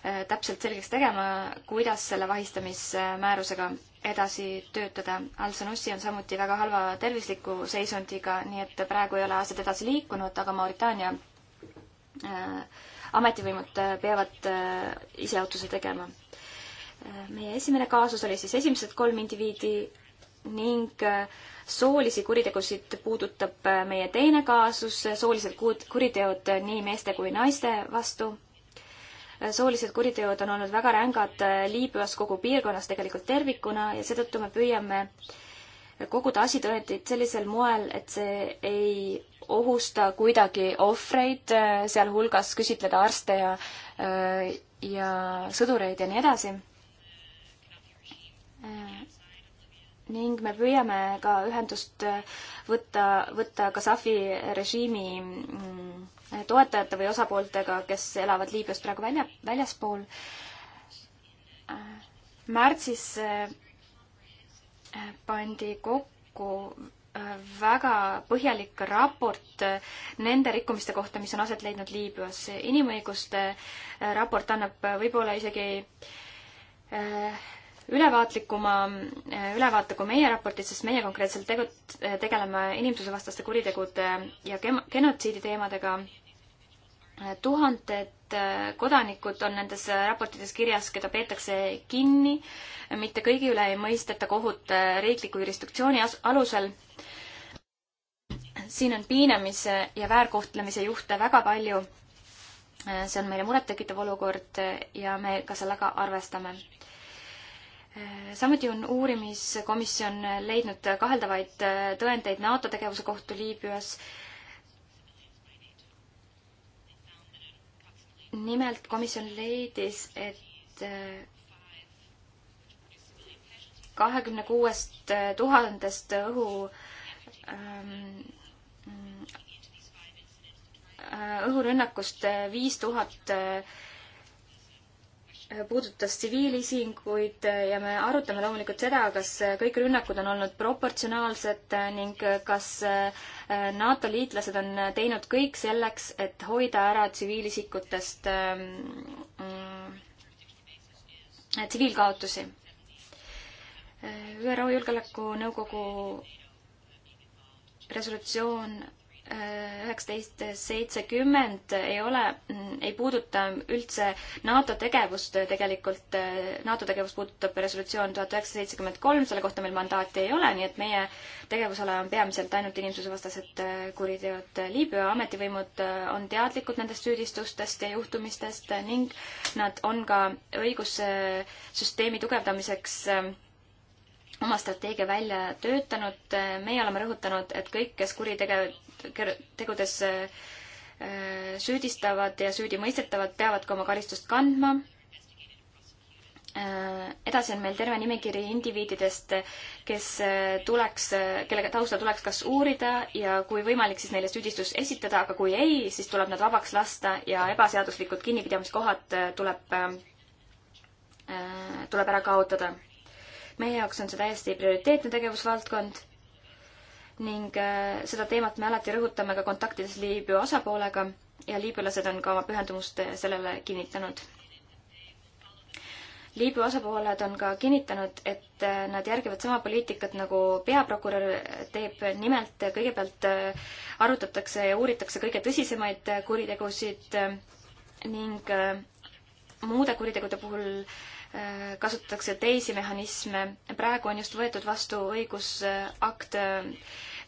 Äh, täpselt selgeks tegema, kuidas selle vahistamismäärusega edasi töötada. Al-Sanussi on samuti väga halva tervisliku seisundiga, nii et praegu ei ole asjad edasi liikunud, aga Mauritaania äh, ametivõimud äh, peavad ise otsuse tegema. meie esimene kaasus oli siis esimesed kolm indiviidi ning soolisi kuritegusid puudutab meie teine kaasus, soolised kuriteod nii meeste kui naiste vastu soolised kuriteod on olnud väga rängad äh, Liibüas kogu piirkonnas tegelikult tervikuna ja seetõttu me püüame koguda asitõendeid sellisel moel, et see ei ohusta kuidagi ohvreid, äh, sealhulgas küsitleda arste ja, äh, ja sõdureid ja nii edasi. ning me püüame ka ühendust võtta, võtta Kasahvi režiimi mm, toetajate või osapooltega, kes elavad Liibüast praegu välja, väljaspool. märtsis äh, pandi kokku äh, väga põhjalik raport äh, nende rikkumiste kohta, mis on aset leidnud Liibüas. inimõiguste raport annab võib-olla isegi ülevaatlikuma ülevaate kui meie raportid, sest meie konkreetselt tegut-, tegeleme inimsusevastaste kuritegude ja genotsiidi teemadega tuhanded äh, kodanikud on nendes raportites kirjas, keda peetakse kinni, mitte kõigi üle ei mõisteta kohut äh, riikliku jurisdiktsiooni alusel. siin on piinamise ja väärkohtlemise juhte väga palju. Äh, see on meile murettekitav olukord ja me ka sellega arvestame. samuti on uurimiskomisjon leidnud kaheldavaid tõendeid NATO tegevuse kohta Liibüas nimelt komisjon leidis, et äh, kahekümne kuuest äh, tuhandest õhu ähm, äh, õhurünnakust viis tuhat puudutas tsiviilisinguid ja me arutame loomulikult seda, kas kõik rünnakud on olnud proportsionaalsed ning kas äh, NATO liitlased on teinud kõik selleks, et hoida ära tsiviilisikutest ähm, äh, tsiviilkaotusi. Äh, ÜRO Julgeolekunõukogu resolutsioon üheksateist seitsekümmend ei ole, ei puuduta üldse NATO tegevust tegelikult, NATO tegevust puudutab resolutsioon tuhat üheksasada seitsekümmend kolm, selle kohta meil mandaati ei ole, nii et meie tegevusala on peamiselt ainult inimsusevastased kuriteod. Liibüa ametivõimud on teadlikud nendest süüdistustest ja juhtumistest ning nad on ka õigussüsteemi tugevdamiseks oma strateegia välja töötanud. meie oleme rõhutanud, et kõik, kes kuritegevust tegudes äh, süüdistavad ja süüdimõistetavad peavad ka oma karistust kandma. Äh, edasi on meil terve nimekiri indiviididest, kes äh, tuleks, kelle tausta tuleks kas uurida ja kui võimalik, siis neile süüdistus esitada, aga kui ei, siis tuleb nad vabaks lasta ja ebaseaduslikud kinnipidamiskohad tuleb, tuleb ära kaotada meie jaoks on see täiesti prioriteetne tegevusvaldkond ning äh, seda teemat me alati rõhutame ka kontaktides Liibüa osapoolega ja liibüalased on ka oma pühendumust äh, sellele kinnitanud. Liibüa osapooled on ka kinnitanud, et äh, nad järgivad sama poliitikat, nagu peaprokurör teeb, nimelt kõigepealt arutatakse ja uuritakse kõige tõsisemaid kuritegusid ning muude kuritegude puhul kasutatakse teisi mehhanisme. praegu on just võetud vastu õigusakt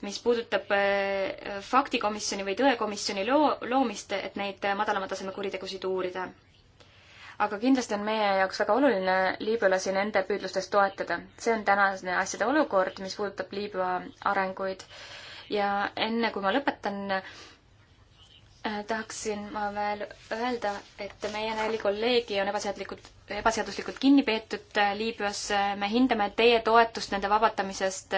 mis puudutab äh, faktikomisjoni või tõekomisjoni loo, loomist, et neid äh, madalama taseme kuritegusid uurida. aga kindlasti on meie jaoks väga oluline liibüalasi nende püüdlustes toetada. see on tänane asjade olukord, mis puudutab Liibüa arenguid. ja enne, kui ma lõpetan, Äh, tahaksin ma veel öelda, et meie neli kolleegi on ebaseaduslikult, ebaseaduslikult kinni peetud äh, Liibüas. Äh, me hindame teie toetust nende vabastamisest,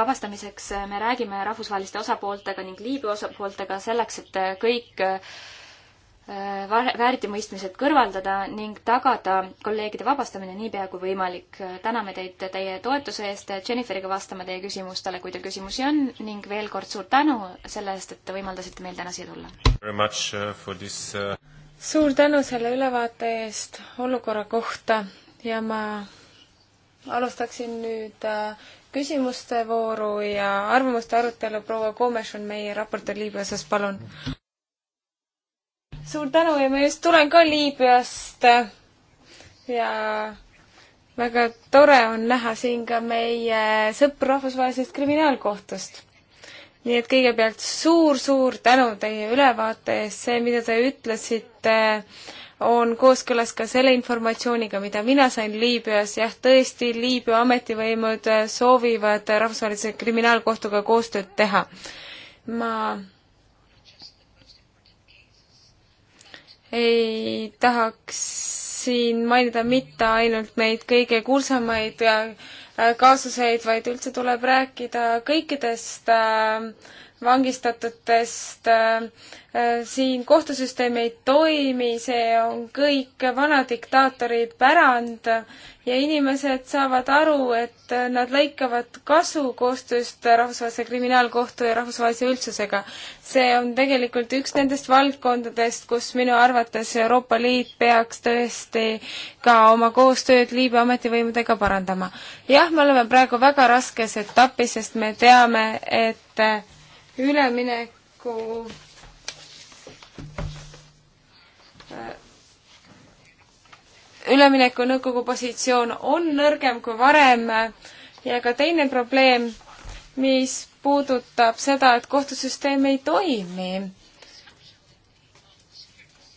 vabastamiseks. me räägime rahvusvaheliste osapooltega ning Liibüa osapooltega selleks, et kõik äh, Äh, väärtimõistmised kõrvaldada ning tagada kolleegide vabastamine niipea kui võimalik. täname teid teie toetuse eest, Jenniferiga vastame teie küsimustele, kui teil küsimusi on ning veel kord suur tänu selle eest, et te võimaldasite meil täna siia tulla. Uh, uh, suur tänu selle ülevaate eest olukorra kohta ja ma alustaksin nüüd uh, küsimuste vooru ja arvamuste arutelu. proua Koomes on meie raportöör Liibüasest, palun suur tänu ja ma just tulen ka Liibüast ja väga tore on näha siin ka meie sõpru Rahvusvahelisest Kriminaalkohtust. nii et kõigepealt suur-suur tänu teie ülevaate eest, see, mida te ütlesite, on kooskõlas ka selle informatsiooniga, mida mina sain Liibüas, jah, tõesti, Liibüa ametivõimud soovivad Rahvusvahelise Kriminaalkohtuga koostööd teha. ma ei tahaks siin mainida mitte ainult neid kõige kuulsamaid äh, kaasuseid, vaid üldse tuleb rääkida kõikidest äh, vangistatutest. Äh, äh, siin kohtusüsteem ei toimi, see on kõik vana diktaatori pärand ja inimesed saavad aru, et nad lõikavad kasu koostööst Rahvusvahelise Kriminaalkohtu ja rahvusvahelise üldsusega. see on tegelikult üks nendest valdkondadest, kus minu arvates Euroopa Liit peaks tõesti ka oma koostööd Liibüa ametivõimudega parandama. jah, me oleme praegu väga raskes etapis, sest me teame, et ülemineku äh, üleminekunõukogu positsioon on nõrgem kui varem ja ka teine probleem, mis puudutab seda, et kohtusüsteem ei toimi.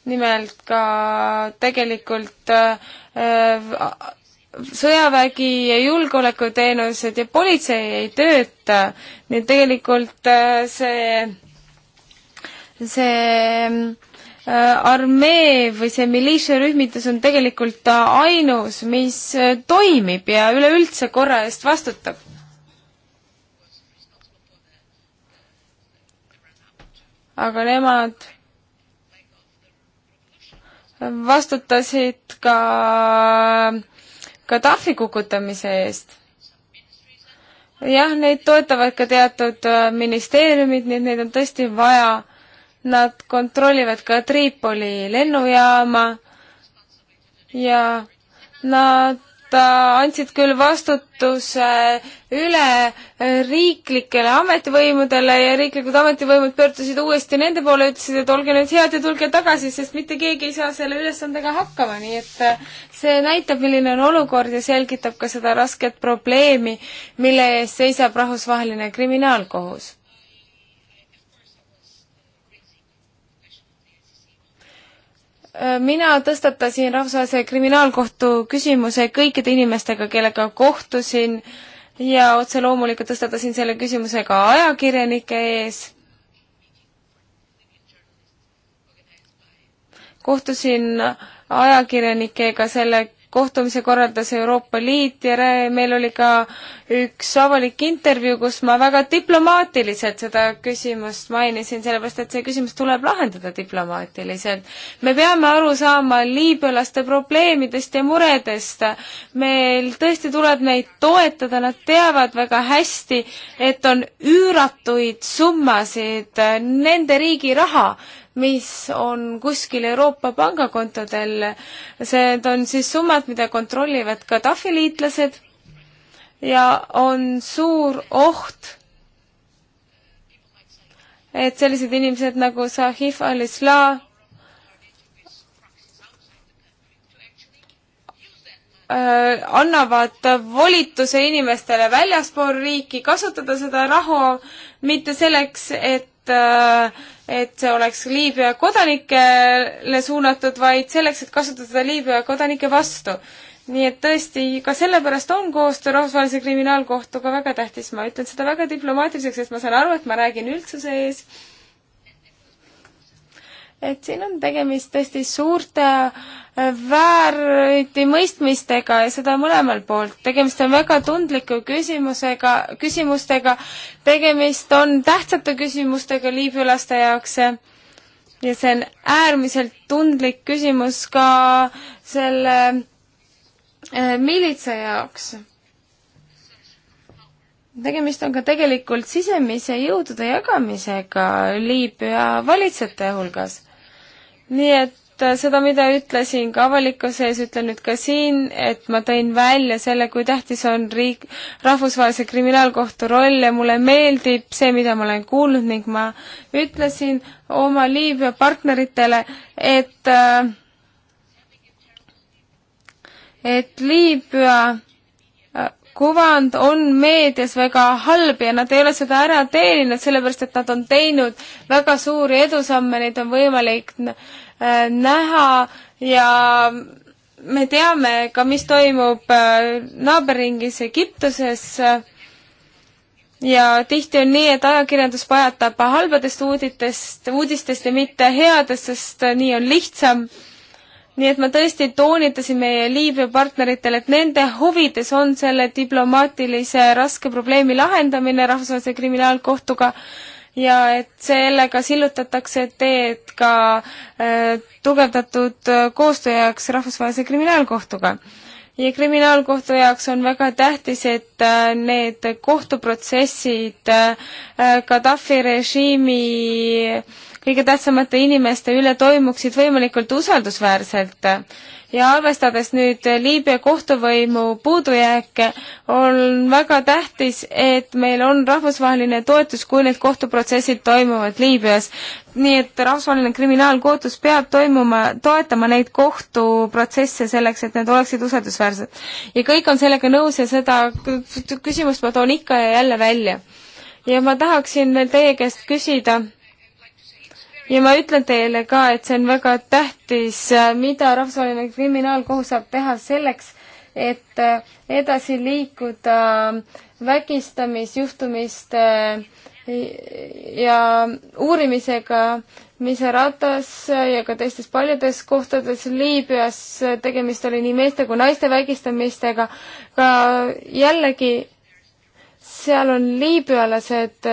nimelt ka tegelikult äh, äh sõjavägi ja julgeolekuteenused ja politsei ei tööta, nii et tegelikult äh, see, see äh, armee või see miliitiarühmitus on tegelikult ainus, mis äh, toimib ja üleüldse korra eest vastutab. aga nemad vastutasid ka äh, Gaddafi kukutamise eest. jah, neid toetavad ka teatud äh, ministeeriumid, nii et neid on tõesti vaja. Nad kontrollivad ka Tripoli lennujaama ja nad andsid küll vastutuse üle riiklikele ametivõimudele ja riiklikud ametivõimud pöördusid uuesti nende poole, ütlesid, et olge nüüd head ja tulge tagasi, sest mitte keegi ei saa selle ülesandega hakkama, nii et äh, see näitab, milline on olukord ja selgitab ka seda rasket probleemi, mille ees seisab rahvusvaheline kriminaalkohus Äh, mina tõstatasin Rahvusvahelise Kriminaalkohtu küsimuse kõikide inimestega, kellega kohtusin ja otse loomulikult tõstatasin selle küsimuse ka ajakirjanike ees. kohtusin ajakirjanikega selle kohtumise korraldas Euroopa Liit ja meil oli ka üks avalik intervjuu, kus ma väga diplomaatiliselt seda küsimust mainisin, sellepärast et see küsimus tuleb lahendada diplomaatiliselt. me peame aru saama liibüalaste probleemidest ja muredest. meil tõesti tuleb neid toetada, nad teavad väga hästi, et on üüratuid summasid nende riigi raha, mis on kuskil Euroopa pangakontodel. Need on siis summad, mida kontrollivad Gaddafi liitlased ja on suur oht, et sellised inimesed nagu Sahif al-Islah äh, annavad volituse inimestele väljaspool riiki kasutada seda raha mitte selleks, et äh, et see oleks Liibüa kodanikele suunatud, vaid selleks, et kasutada seda Liibüa kodanike vastu. nii et tõesti, ka sellepärast on koostöö Rahvusvahelise Kriminaalkohtuga väga tähtis, ma ütlen seda väga diplomaatiliseks, sest ma saan aru, et ma räägin üldsuse ees et siin on tegemist tõesti suurte äh, väärtimõistmistega ja seda mõlemal poolt. tegemist on väga tundliku küsimusega, küsimustega, tegemist on tähtsate küsimustega liibülaste jaoks ja see on äärmiselt tundlik küsimus ka selle äh, miilitsa jaoks. tegemist on ka tegelikult sisemise jõudude jagamisega Liibüa valitsejate hulgas nii et äh, seda, mida ütlesin ka avalikkuse ees, ütlen nüüd ka siin, et ma tõin välja selle, kui tähtis on riik, rahvusvahelise kriminaalkohtu roll ja mulle meeldib see, mida ma olen kuulnud ning ma ütlesin oma Liibüa partneritele, et äh, et Liibüa kuvand on meedias väga halb ja nad ei ole seda ära teeninud, sellepärast et nad on teinud väga suuri edusamme, neid on võimalik äh, näha ja me teame ka, mis toimub äh, naaberringis Egiptuses ja tihti on nii, et ajakirjandus pajatab halbadest uuditest, uudistest ja mitte headest, sest äh, nii on lihtsam nii et ma tõesti toonitasin meie Liibüa partneritele, et nende huvides on selle diplomaatilise raske probleemi lahendamine Rahvusvahelise Kriminaalkohtuga ja et sellega sillutatakse teed ka äh, tugevdatud äh, koostöö jaoks Rahvusvahelise Kriminaalkohtuga. ja Kriminaalkohtu jaoks on väga tähtis, et äh, need kohtuprotsessid äh, äh Gaddafi režiimi äh, kõige tähtsamate inimeste üle toimuksid võimalikult usaldusväärselt. ja arvestades nüüd Liibüa kohtuvõimu puudujääke, on väga tähtis, et meil on rahvusvaheline toetus, kui need kohtuprotsessid toimuvad Liibüas. nii et rahvusvaheline kriminaalkohtus peab toimuma, toetama neid kohtuprotsesse selleks, et need oleksid usaldusväärsed. ja kõik on sellega nõus ja seda küsimust ma toon ikka ja jälle välja ja ma tahaksin veel teie käest küsida, ja ma ütlen teile ka, et see on väga tähtis, äh, mida Rahvusvaheline Kriminaalkohus saab teha selleks, et äh, edasi liikuda äh, vägistamisjuhtumiste ja uurimisega, mis Ratas ja ka teistes paljudes kohtades Liibüas, tegemist oli nii meeste kui naiste vägistamistega, ka jällegi seal on liibüalased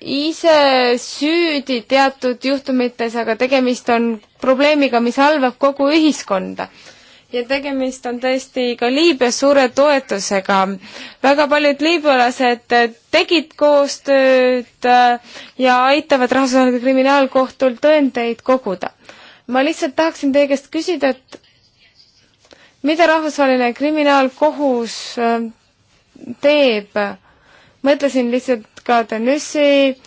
ise süüdi teatud juhtumites, aga tegemist on probleemiga, mis halvab kogu ühiskonda. ja tegemist on tõesti ka Liibüas suure toetusega. väga paljud liibüalased tegid koostööd äh, ja aitavad Rahvusvahelisel Kriminaalkohtul tõendeid koguda. ma lihtsalt tahaksin teie käest küsida, et mida Rahvusvaheline Kriminaalkohus äh, teeb? mõtlesin lihtsalt ka Denüsi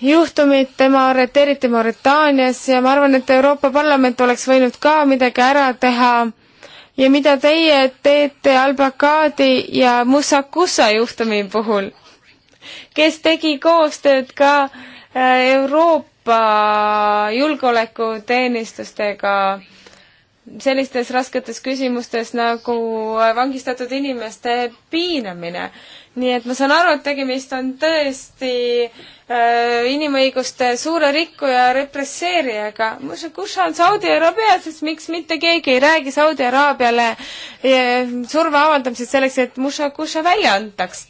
juhtumit, tema arreteeriti Mauritaanias ja ma arvan, et Euroopa Parlament oleks võinud ka midagi ära teha ja mida teie teete Al-Bakadi ja Musakusa juhtumi puhul, kes tegi koostööd ka äh, Euroopa julgeolekuteenistustega sellistes rasketes küsimustes nagu vangistatud inimeste piinamine nii et ma saan aru, et tegemist on tõesti äh, inimõiguste suure rikkuja represseerijaga. kus on Saudi Araabia, sest miks mitte keegi ei räägi Saudi Araabiale äh, surve avaldamisest selleks, et Mushakusha välja antaks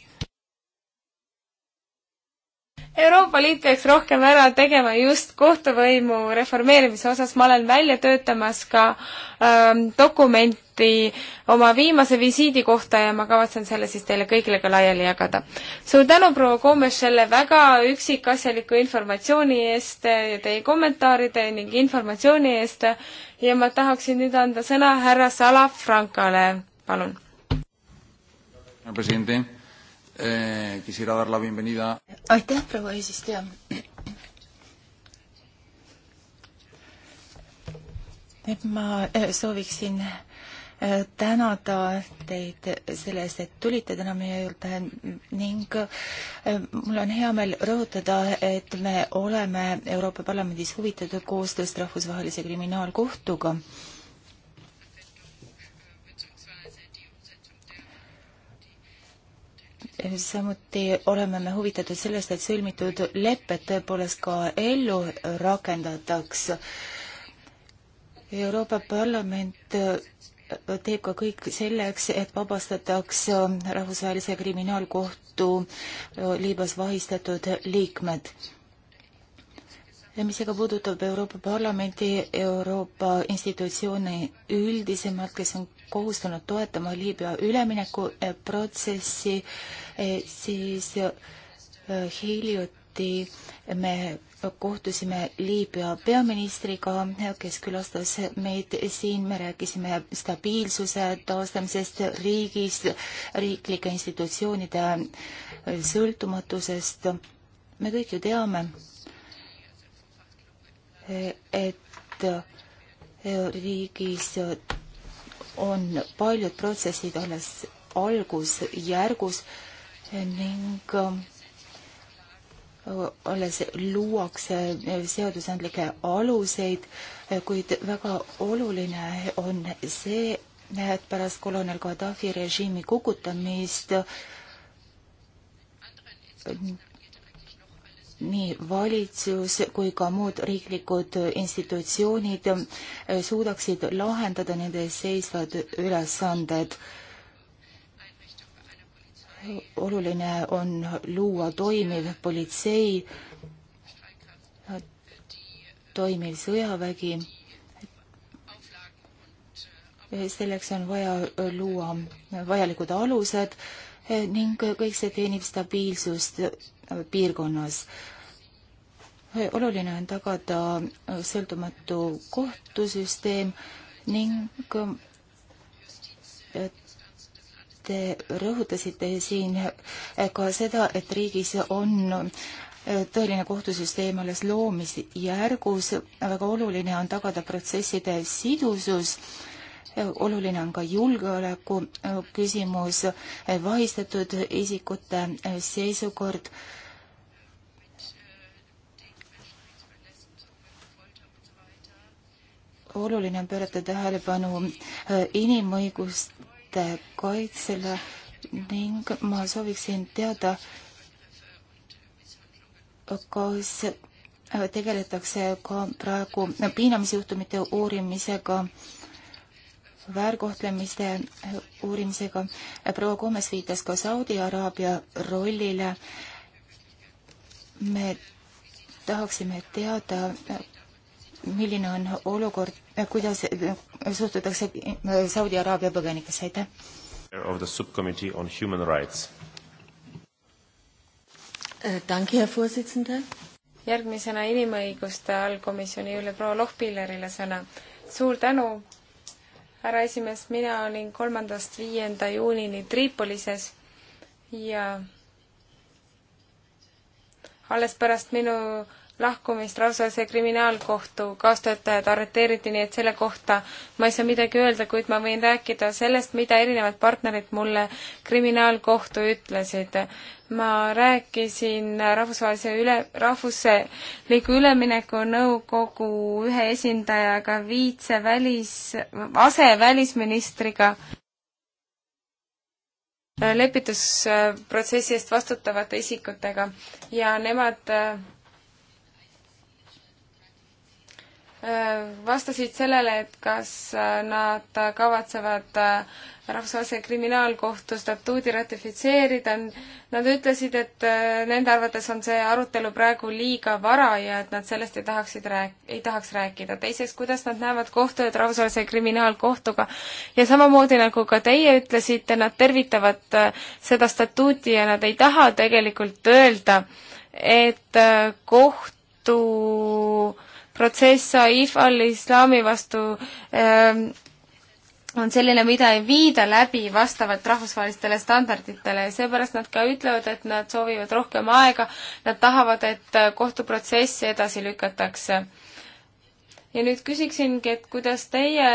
Euroopa Liit peaks rohkem ära tegema just kohtuvõimu reformeerimise osas, ma olen välja töötamas ka ähm, dokumenti oma viimase visiidi kohta ja ma kavatsen selle siis teile kõigile ka laiali jagada. suur tänu, proua Koomes, selle väga üksikasjaliku informatsiooni eest ja teie kommentaaride ning informatsiooni eest ja ma tahaksin nüüd anda sõna härra Salafrankale, palun. president eh,. Quisiera dar la bienvenida. aitäh, proua eesistuja. et ma eh, sooviksin eh, tänada teid selle eest, et tulite täna meie juurde ning eh, mul on hea meel rõhutada, et me oleme Euroopa Parlamendis huvitatud koostööst Rahvusvahelise Kriminaalkohtuga samuti oleme me huvitatud sellest, et sõlmitud lepped tõepoolest ka ellu rakendataks. Euroopa Parlament teeb ka kõik selleks, et vabastataks Rahvusvahelise Kriminaalkohtu Liibas vahistatud liikmed ja mis aga puudutab Euroopa Parlamendi, Euroopa institutsioone üldisemalt, kes on kohustunud toetama Liibüa üleminekuprotsessi, eh, eh, siis eh, hiljuti me kohtusime Liibüa peaministriga, kes külastas meid siin, me rääkisime stabiilsuse taastamisest riigis, riiklike institutsioonide sõltumatusest. me kõik ju teame, et riigis on paljud protsessid alles algusjärgus ning äh, alles luuakse seadusandlikke aluseid, kuid väga oluline on see, et pärast kolonel Gaddafi režiimi kukutamist nii valitsus kui ka muud riiklikud institutsioonid eh, suudaksid lahendada nende ees seisvad ülesanded. oluline on luua toimiv politsei, toimiv sõjavägi. selleks on vaja luua vajalikud alused Eh, ning kõik see teenib stabiilsust eh, piirkonnas. Eh, oluline on tagada sõltumatu kohtusüsteem ning te rõhutasite siin ka seda, et riigis on tõeline kohtusüsteem alles loomisjärgus, väga oluline on tagada protsesside sidusus äh, oluline on ka julgeoleku äh, küsimus, äh, vahistatud isikute äh, seisukord oluline on pöörata tähelepanu inimõiguste kaitsele ning ma sooviksin teada, kas tegeletakse ka praegu piinamisjuhtumite uurimisega äh, väärkohtlemiste uurimisega. proua Gomes viitas ka Saudi Araabia rollile. me tahaksime teada, milline on olukord, kuidas suhtutakse Saudi Araabia põgenikesse, aitäh! of the subcommittee on human rights. Äh, danke, Herr Vorsitzender. järgmisena inimõiguste allkomisjoni üle proua Lohpillerile sõna. suur tänu, härra esimees, mina olin kolmandast viienda juunini Tripolises ja alles pärast minu lahkumist Rasvase kriminaalkohtu kaastöötajad arreteeriti, nii et selle kohta ma ei saa midagi öelda, kuid ma võin rääkida sellest, mida erinevad partnerid mulle kriminaalkohtu ütlesid. ma rääkisin rahvusvahelise üle, rahvusliku ülemineku nõukogu ühe esindajaga, viitse välis, asevälisministriga, lepitusprotsessi eest vastutavate isikutega ja nemad vastasid sellele, et kas äh, nad kavatsevad äh, rahvusvahelise kriminaalkohtu statuudi ratifitseerida. Nad ütlesid, et äh, nende arvates on see arutelu praegu liiga vara ja et nad sellest ei tahaksid rääk-, ei tahaks rääkida. teiseks, kuidas nad näevad kohtujad rahvusvahelise kriminaalkohtuga ja samamoodi nagu ka teie ütlesite, nad tervitavad seda statuuti ja nad ei taha tegelikult öelda, et kohtu protsess Saif al-Islami vastu ähm, on selline, mida ei viida läbi vastavalt rahvusvahelistele standarditele ja seepärast nad ka ütlevad, et nad soovivad rohkem aega, nad tahavad, et kohtuprotsessi edasi lükatakse. ja nüüd küsiksingi, et kuidas teie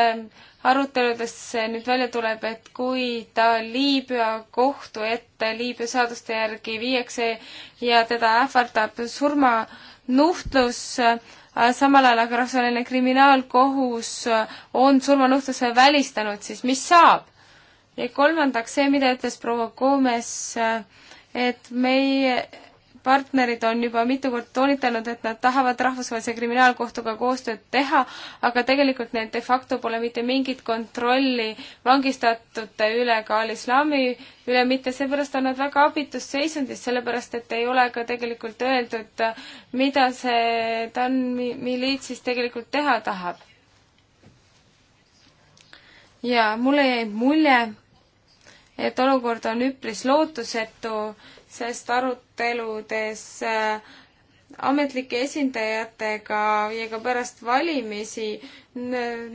aruteludes see nüüd välja tuleb, et kui ta Liibüa kohtu ette Liibüa seaduste järgi viiakse ja teda ähvardab surmanuhtlus, Äh, samal ajal aga rahvusvaheline kriminaalkohus äh, on surmanuhtluse välistanud, siis mis saab? ja kolmandaks see, mida ütles proua Gomes, äh, et meie partnerid on juba mitu korda toonitanud, et nad tahavad Rahvusvahelise Kriminaalkohtuga koostööd teha, aga tegelikult neil de facto pole mitte mingit kontrolli vangistatute üle ka al-islami üle, mitte seepärast on nad väga abitus seisundis, sellepärast et ei ole ka tegelikult öeldud, mida see Tanmi miliit siis tegelikult teha tahab. ja mulle jäi mulje, et olukord on üpris lootusetu, sest aruteludes äh, ametlike esindajatega ja ka pärast valimisi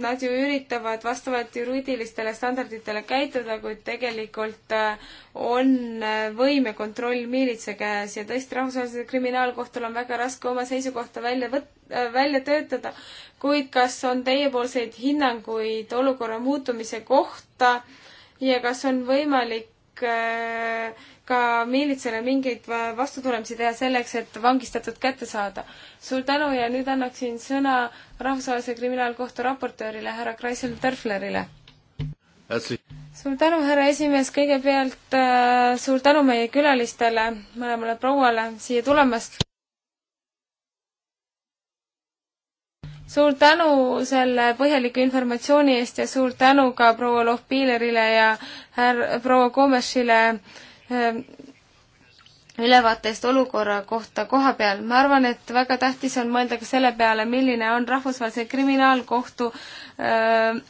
nad ju üritavad vastavalt juriidilistele standarditele käituda, kuid tegelikult äh, on äh, võimekontroll miilitsa käes ja tõesti, rahvusvahelisel kriminaalkohtul on väga raske oma seisukohta välja võt-, välja töötada, kuid kas on teiepoolseid hinnanguid olukorra muutumise kohta äh, ja kas on võimalik äh, ka miilitsale mingeid vastutulemusi teha selleks, et vangistatud kätte saada. suur tänu ja nüüd annaksin sõna Rahvusvahelise Kriminaalkohtu raportöörile härra Kreisel Dörflerile. suur tänu, härra esimees, kõigepealt äh, suur tänu meie külalistele, mõlemale prouale siia tulemast. suur tänu selle põhjaliku informatsiooni eest ja suur tänu ka proua Lohpiilerile ja härra proua Komešile ähm, ülevaate eest olukorra kohta koha peal. ma arvan, et väga tähtis on mõelda ka selle peale, milline on rahvusvahelise kriminaalkohtu öö, ähm,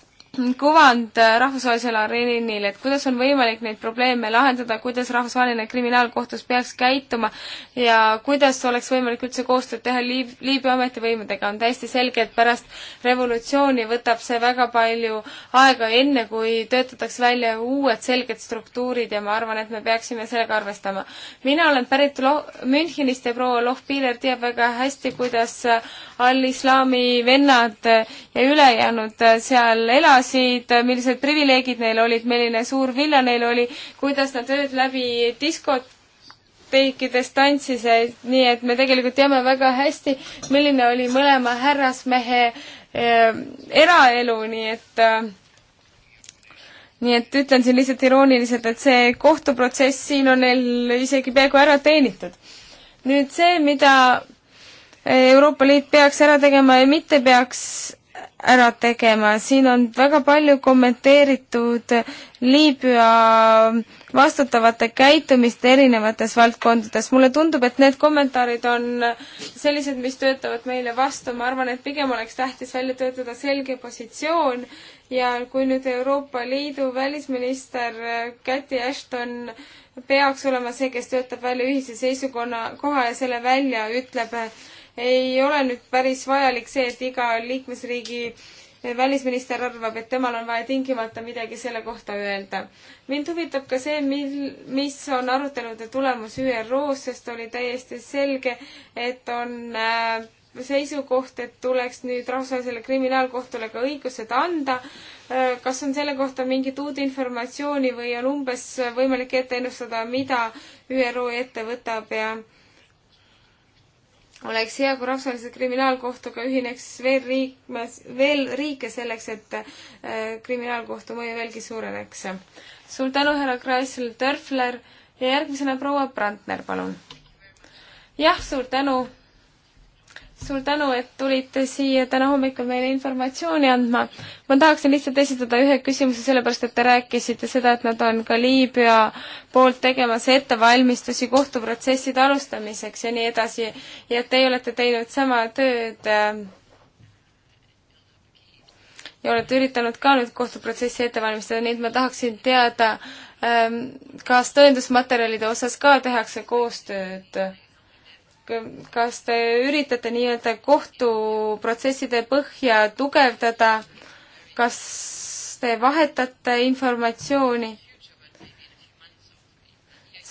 kuvand äh, rahvusvahelisel areenil, et kuidas on võimalik neid probleeme lahendada, kuidas rahvusvaheline kriminaalkohtus peaks käituma ja kuidas oleks võimalik üldse koostööd teha Liib-, Liibüa ametivõimudega, on täiesti selge, et pärast revolutsiooni võtab see väga palju aega, enne kui töötatakse välja uued selged struktuurid ja ma arvan, et me peaksime sellega arvestama. mina olen pärit Lo-, Münchenist ja proua Lohpiiler teab väga hästi, kuidas al-Islami vennad ja ülejäänud seal elasid, teemasid, millised privileegid neil olid, milline suur villa neil oli, kuidas nad ööd läbi diskot teikides tantsisid, nii et me tegelikult teame väga hästi, milline oli mõlema härrasmehe äh, eraelu, nii et äh, nii et ütlen siin lihtsalt irooniliselt, et see kohtuprotsess siin on neil isegi peaaegu ära teenitud. nüüd see, mida Euroopa Liit peaks ära tegema ja mitte peaks ära tegema, siin on väga palju kommenteeritud Liibüa vastutavate käitumist erinevates valdkondades. mulle tundub, et need kommentaarid on sellised, mis töötavad meile vastu, ma arvan, et pigem oleks tähtis välja töötada selge positsioon ja kui nüüd Euroopa Liidu välisminister Käti Ashton peaks olema see, kes töötab välja ühise seisukonna koha ja selle välja ütleb, ei ole nüüd päris vajalik see, et iga liikmesriigi välisminister arvab, et temal on vaja tingimata midagi selle kohta öelda. mind huvitab ka see, mil, mis on arutelude tulemus ÜRO-s, sest oli täiesti selge, et on äh, seisukoht, et tuleks nüüd rahvusvahelisele kriminaalkohtule ka õigused anda. Äh, kas on selle kohta mingit uut informatsiooni või on umbes võimalik ette ennustada, mida ÜRO ette võtab ja oleks hea, kui rahvusvahelise kriminaalkohtuga ühineks veel riikmes, veel riike selleks, et äh, kriminaalkohtu mõju veelgi suureneks. suur tänu, härra Kreisel, Dörfler ja järgmisena proua Brandner, palun. jah, suur tänu suur tänu, et tulite siia täna hommikul meile informatsiooni andma. ma tahaksin lihtsalt esitada ühe küsimuse, sellepärast et te rääkisite seda, et nad on ka Liibüa poolt tegemas ettevalmistusi kohtuprotsesside alustamiseks ja nii edasi ja teie olete teinud sama tööd äh, ja olete üritanud ka nüüd kohtuprotsessi ette valmistada, nii et ma tahaksin teada, ähm, kas tõendusmaterjalide osas ka tehakse koostööd kas te üritate nii-öelda kohtuprotsesside põhja tugevdada, kas te vahetate informatsiooni?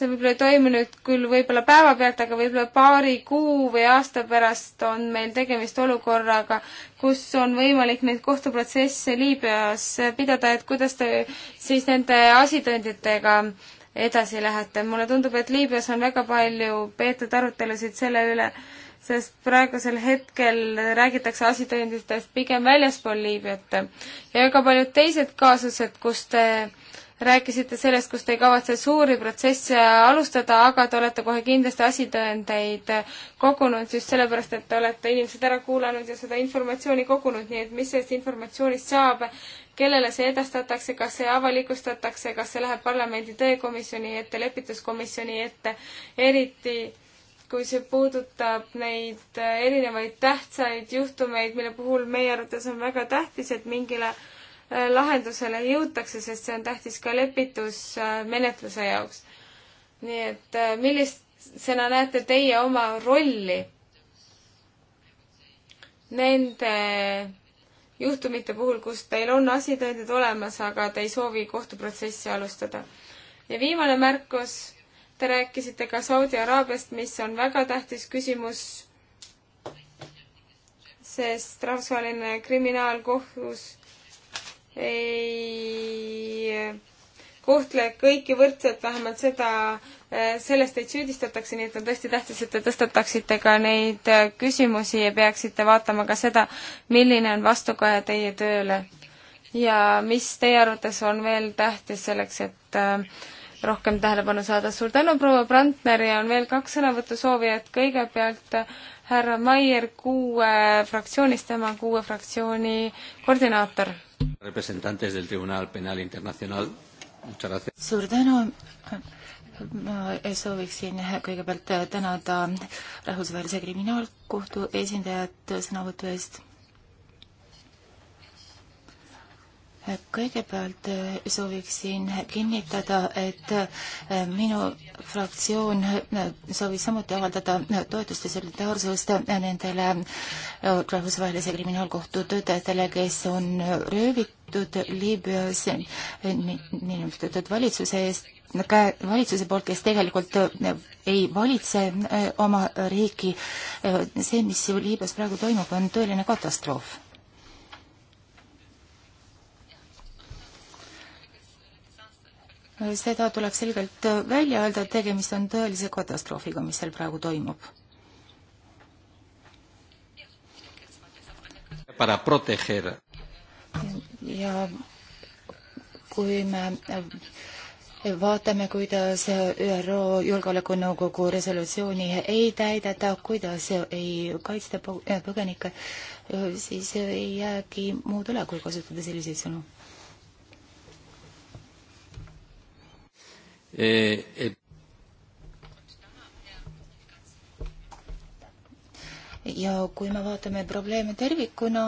see võib-olla ei toimu nüüd küll võib-olla päevapealt, aga võib-olla paari kuu või aasta pärast on meil tegemist olukorraga, kus on võimalik neid kohtuprotsesse Liibüas pidada, et kuidas te siis nende asitõenditega edasi lähete. mulle tundub, et Liibüas on väga palju peetud arutelusid selle üle, sest praegusel hetkel räägitakse asitõenditest pigem väljaspool Liibüat ja väga paljud teised kaasused, kus te rääkisite sellest, kus te ei kavatse suuri protsesse alustada, aga te olete kohe kindlasti asitõendeid kogunud just sellepärast, et te olete inimesed ära kuulanud ja seda informatsiooni kogunud, nii et mis sellest informatsioonist saab, kellele see edastatakse, kas see avalikustatakse, kas see läheb parlamendi tõekomisjoni ette, lepituskomisjoni ette, eriti kui see puudutab neid äh, erinevaid tähtsaid juhtumeid, mille puhul meie arvates on väga tähtis, et mingile äh, lahendusele jõutakse, sest see on tähtis ka lepitusmenetluse jaoks. nii et äh, millisena näete teie oma rolli nende juhtumite puhul, kus teil on asitõendid olemas, aga te ei soovi kohtuprotsessi alustada. ja viimane märkus, te rääkisite ka Saudi Araabiast, mis on väga tähtis küsimus, sest rahvusvaheline kriminaalkohus ei kohtle kõiki võrdselt, vähemalt seda Äh, sellest teid süüdistatakse, nii et on tõesti tähtis, et te tõstataksite ka neid äh, küsimusi ja peaksite vaatama ka seda, milline on vastukaja teie tööle. ja mis teie arvates on veel tähtis selleks, et äh, rohkem tähelepanu saada. suur tänu, proua Brandner ja on veel kaks sõnavõtusoovijat. kõigepealt härra Maier kuue fraktsioonist, tema kuue fraktsiooni koordinaator. representantes del Tribunal Penal Internacional suur tänu. ma sooviksin kõigepealt tänada Rahvusvahelise Kriminaalkohtu esindajat sõnavõtu eest kõigepealt eh, sooviksin kinnitada, et eh, minu fraktsioon eh, soovis samuti avaldada toetust ja solidaarsust nendele rahvusvahelise kriminaalkohtu töötajatele, kes on röövitud Liibüas niinimetatud valitsuse eest käe, valitsuse poolt, kes tegelikult ei valitse oma riiki. see, mis Liibüas praegu toimub, on tõeline katastroof seda tuleb selgelt välja öelda, et tegemist on tõelise katastroofiga, mis seal praegu toimub. ja kui me vaatame, kuidas ÜRO Julgeolekunõukogu resolutsiooni ei täideta, kuidas ei kaitsta põgenikke, siis ei jäägi muud üle, kui kasutada selliseid sõnu et eh, eh, ja kui me vaatame probleeme tervikuna,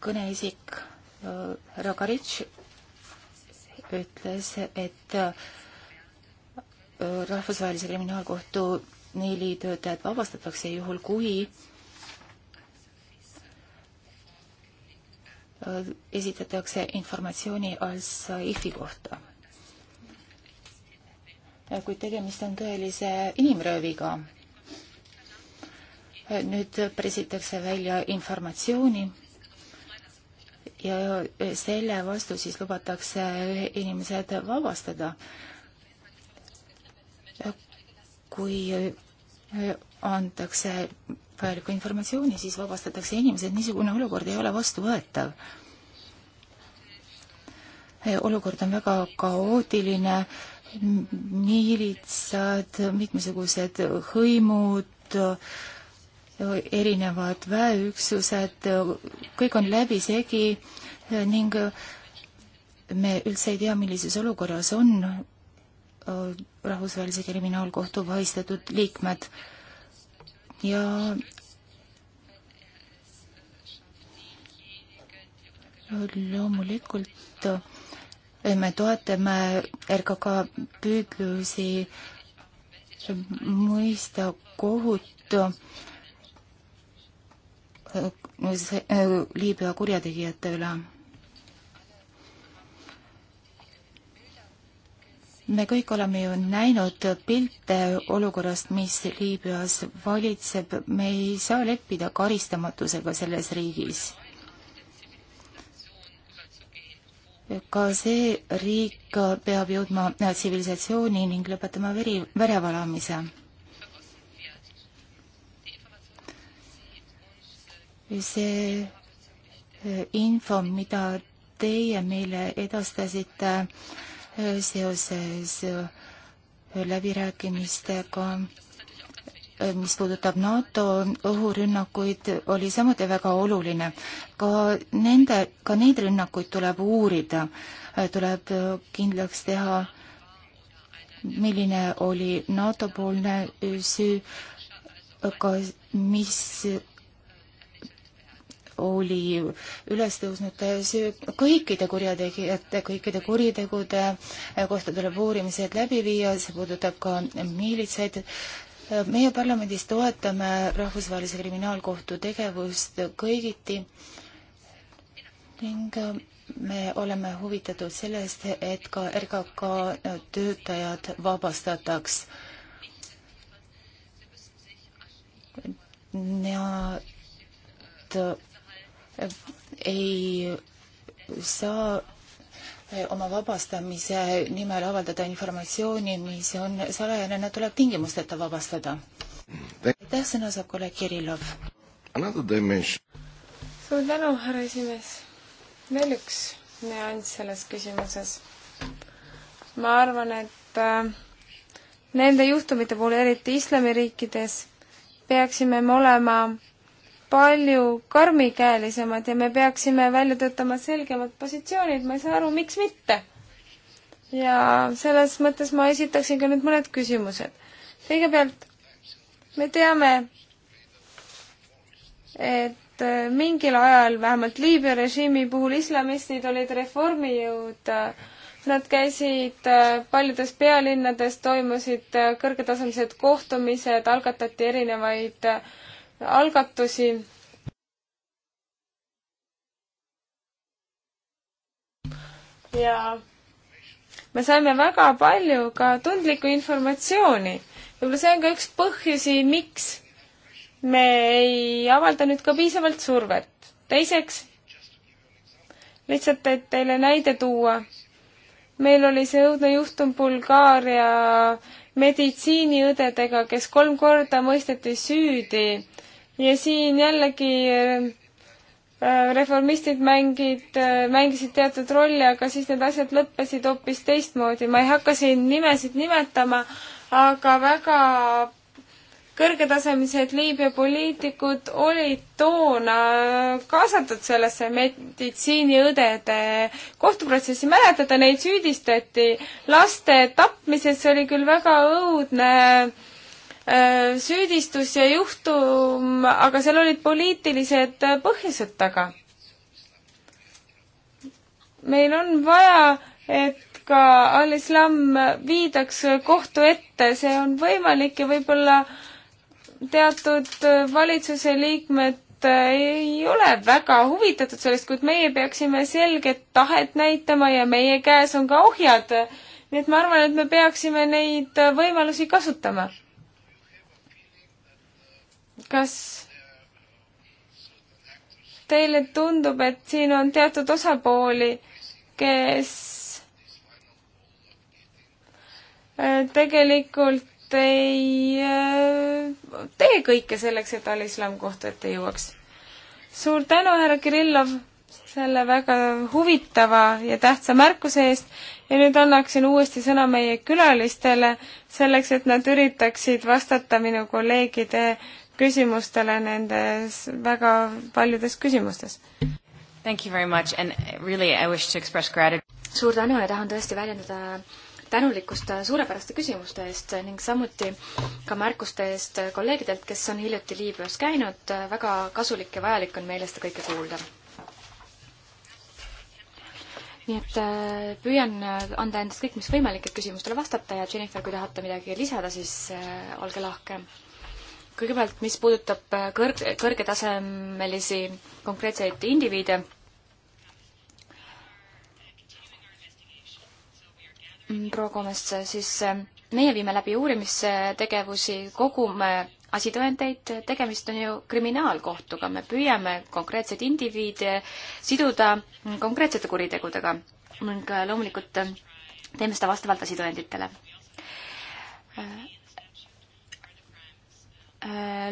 kõneisik äh, härra Karitš ütles, et äh, rahvusvahelise kriminaalkohtu neli töötajat vabastatakse juhul, kui Äh, esitatakse informatsiooni Al-Saifi kohta. kuid tegemist on tõelise inimrööviga. Äh, nüüd pressitakse välja informatsiooni ja äh, selle vastu siis lubatakse inimesed vabastada. kui antakse vajalikku informatsiooni, siis vabastatakse inimesed, niisugune olukord ei ole vastuvõetav. Äh, olukord on väga kaootiline, miilitsad, mitmesugused hõimud, erinevad väeüksused, kõik on läbisegi ning me üldse ei tea, millises olukorras on äh, rahvusvahelise kriminaalkohtu vahistatud liikmed ja loomulikult eh, me toetame RKK püüdlusi eh, mõista kohut eh, Liibüa kurjategijate üle me kõik oleme ju näinud pilte olukorrast, mis Liibüas valitseb, me ei saa leppida karistamatusega selles riigis. ka see riik peab jõudma tsivilisatsiooni ning lõpetama veri, verevalamise see info, mida teie meile edastasite, seoses äh, läbirääkimistega, äh, mis puudutab NATO õhurünnakuid, oli samuti väga oluline. ka nende, ka neid rünnakuid tuleb uurida, äh, tuleb kindlaks teha, milline oli NATO-poolne süü, aga mis oli üles tõusnud kõikide kurjategijate, kõikide kuritegude kohta tuleb uurimised läbi viia, see puudutab ka miilitsaid. meie parlamendis toetame Rahvusvahelise Kriminaalkohtu tegevust kõigiti ning me oleme huvitatud sellest, et ka RKK töötajad vabastataks. ja et ei saa eh, oma vabastamise nimel avaldada informatsiooni, mis on salajane, nad tuleb tingimusteta vabastada. aitäh, sõna saab kolleeg Kirillov. suur tänu, härra esimees. veel üks nüanss selles küsimuses. ma arvan, et eh, nende juhtumite puhul, eriti islamiriikides, peaksime me olema palju karmikäelisemad ja me peaksime välja töötama selgemad positsioonid, ma ei saa aru, miks mitte. ja selles mõttes ma esitaksin ka nüüd mõned küsimused. kõigepealt, me teame, et äh, mingil ajal, vähemalt Liibüa režiimi puhul, islamistid olid reformijõud, äh, nad käisid äh, paljudes pealinnades, toimusid kõrgetasemelised kohtumised, algatati erinevaid äh, algatusi. ja me saime väga palju ka tundlikku informatsiooni. võib-olla see on ka üks põhjusi, miks me ei avalda nüüd ka piisavalt survet. teiseks, lihtsalt, et teile näide tuua, meil oli see õudne juhtum Bulgaaria meditsiiniõdedega, kes kolm korda mõisteti süüdi ja siin jällegi äh, reformistid mängid, äh, mängisid teatud rolli, aga siis need asjad lõppesid hoopis teistmoodi. ma ei hakka siin nimesid nimetama, aga väga kõrgetasemelised Liibüa poliitikud olid toona kaasatud sellesse meditsiiniõdede kohtuprotsessi, mäletate, neid süüdistati laste tapmises, see oli küll väga õudne äh, süüdistus ja juhtum, aga seal olid poliitilised põhjused taga. meil on vaja, et ka al-Islam viidaks kohtu ette, see on võimalik ja võib-olla äh, teatud äh, valitsuse liikmed äh, ei ole väga huvitatud sellest, kuid meie peaksime selget tahet näitama ja meie käes on ka ohjad. nii et ma arvan, et me peaksime neid äh, võimalusi kasutama. kas teile tundub, et siin on teatud osapooli, kes tegelikult ei äh, tee kõike selleks, et al-islam kohtu ette jõuaks. suur tänu, härra Kirillov, selle väga huvitava ja tähtsa märkuse eest ja nüüd annaksin uuesti sõna meie külalistele, selleks et nad üritaksid vastata minu kolleegide küsimustele nendes väga paljudes küsimustes. Thank you very much and really I wish to express gratitude. suur tänu ja tahan tõesti väljendada tänulikkust suurepäraste küsimuste eest ning samuti ka märkuste eest kolleegidelt, kes on hiljuti Liibüas käinud. väga kasulik ja vajalik on meile seda kõike kuulda. nii et äh, püüan äh, anda endast kõik, mis võimalik, et küsimustele vastata ja Jennifer, kui tahate midagi lisada, siis äh, olge lahke kõigepealt, mis puudutab kõrg, kõrgetasemelisi konkreetseid indiviide Mm, proua Komes, siis äh, meie viime läbi uurimistegevusi, kogume asitõendeid, tegemist on ju kriminaalkohtuga, me püüame konkreetseid indiviide siduda mm, konkreetsete kuritegudega ning äh, loomulikult äh, teeme seda vastavalt asitõenditele.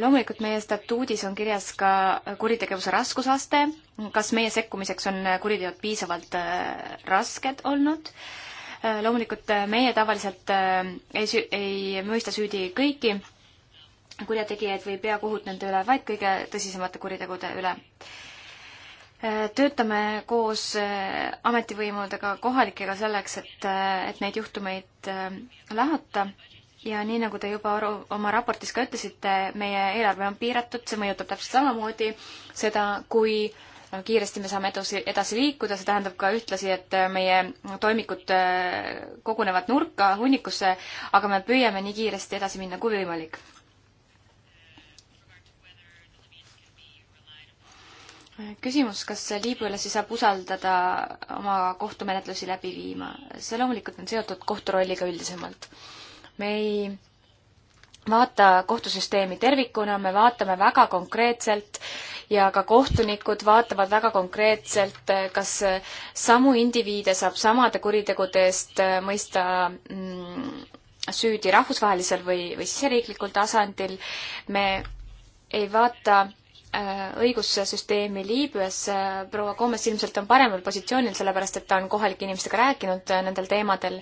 Loomulikult meie statuudis on kirjas ka kuritegevuse raskusaste, kas meie sekkumiseks on kuriteod piisavalt rasked olnud äh,, Äh, loomulikult äh, meie tavaliselt äh, ei, ei mõista süüdi kõiki kurjategijaid või ei pea kohut nende üle, vaid kõige tõsisemate kuritegude üle. töötame koos ametivõimudega, kohalikega selleks, et, et neid juhtumeid lahata ja nii, nagu te juba aru, oma raportis ka ütlesite, meie eelarve on piiratud, see mõjutab täpselt samamoodi seda, kui äh, kiiresti me saame edasi, edasi liikuda, see tähendab ka ühtlasi, et äh, meie toimikud äh, kogunevad nurka, hunnikusse, aga me püüame nii kiiresti edasi minna kui võimalik. küsimus, kas liibüalasi saab usaldada oma kohtumenetlusi läbi viima? see loomulikult on seotud kohtu rolliga üldisemalt. me ei vaata kohtusüsteemi tervikuna, me vaatame väga konkreetselt ja ka kohtunikud vaatavad väga konkreetselt, kas samu indiviide saab samade kuritegude eest äh, mõista mm, süüdi rahvusvahelisel või, või siseriiklikul tasandil. me ei vaata äh, õigussüsteemi Liibüas, äh, proua Gomes ilmselt on paremal positsioonil, sellepärast et ta on kohalike inimestega rääkinud nendel teemadel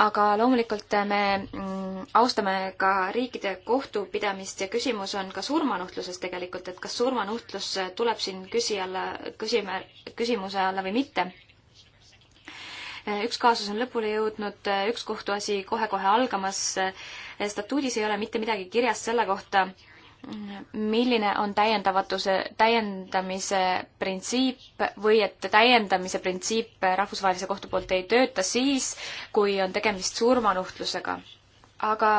aga loomulikult me mm, austame ka riikide kohtupidamist ja küsimus on ka surmanuhtluses tegelikult, et kas surmanuhtlus tuleb siin küsi alla, küsime, küsimuse alla või mitte. üks kaasus on lõpule jõudnud, üks kohtuasi kohe-kohe algamas. statuudis ei ole mitte midagi kirjas selle kohta, milline on täiendavatuse, täiendamise printsiip või et täiendamise printsiip rahvusvahelise kohtu poolt ei tööta siis, kui on tegemist surmanuhtlusega. aga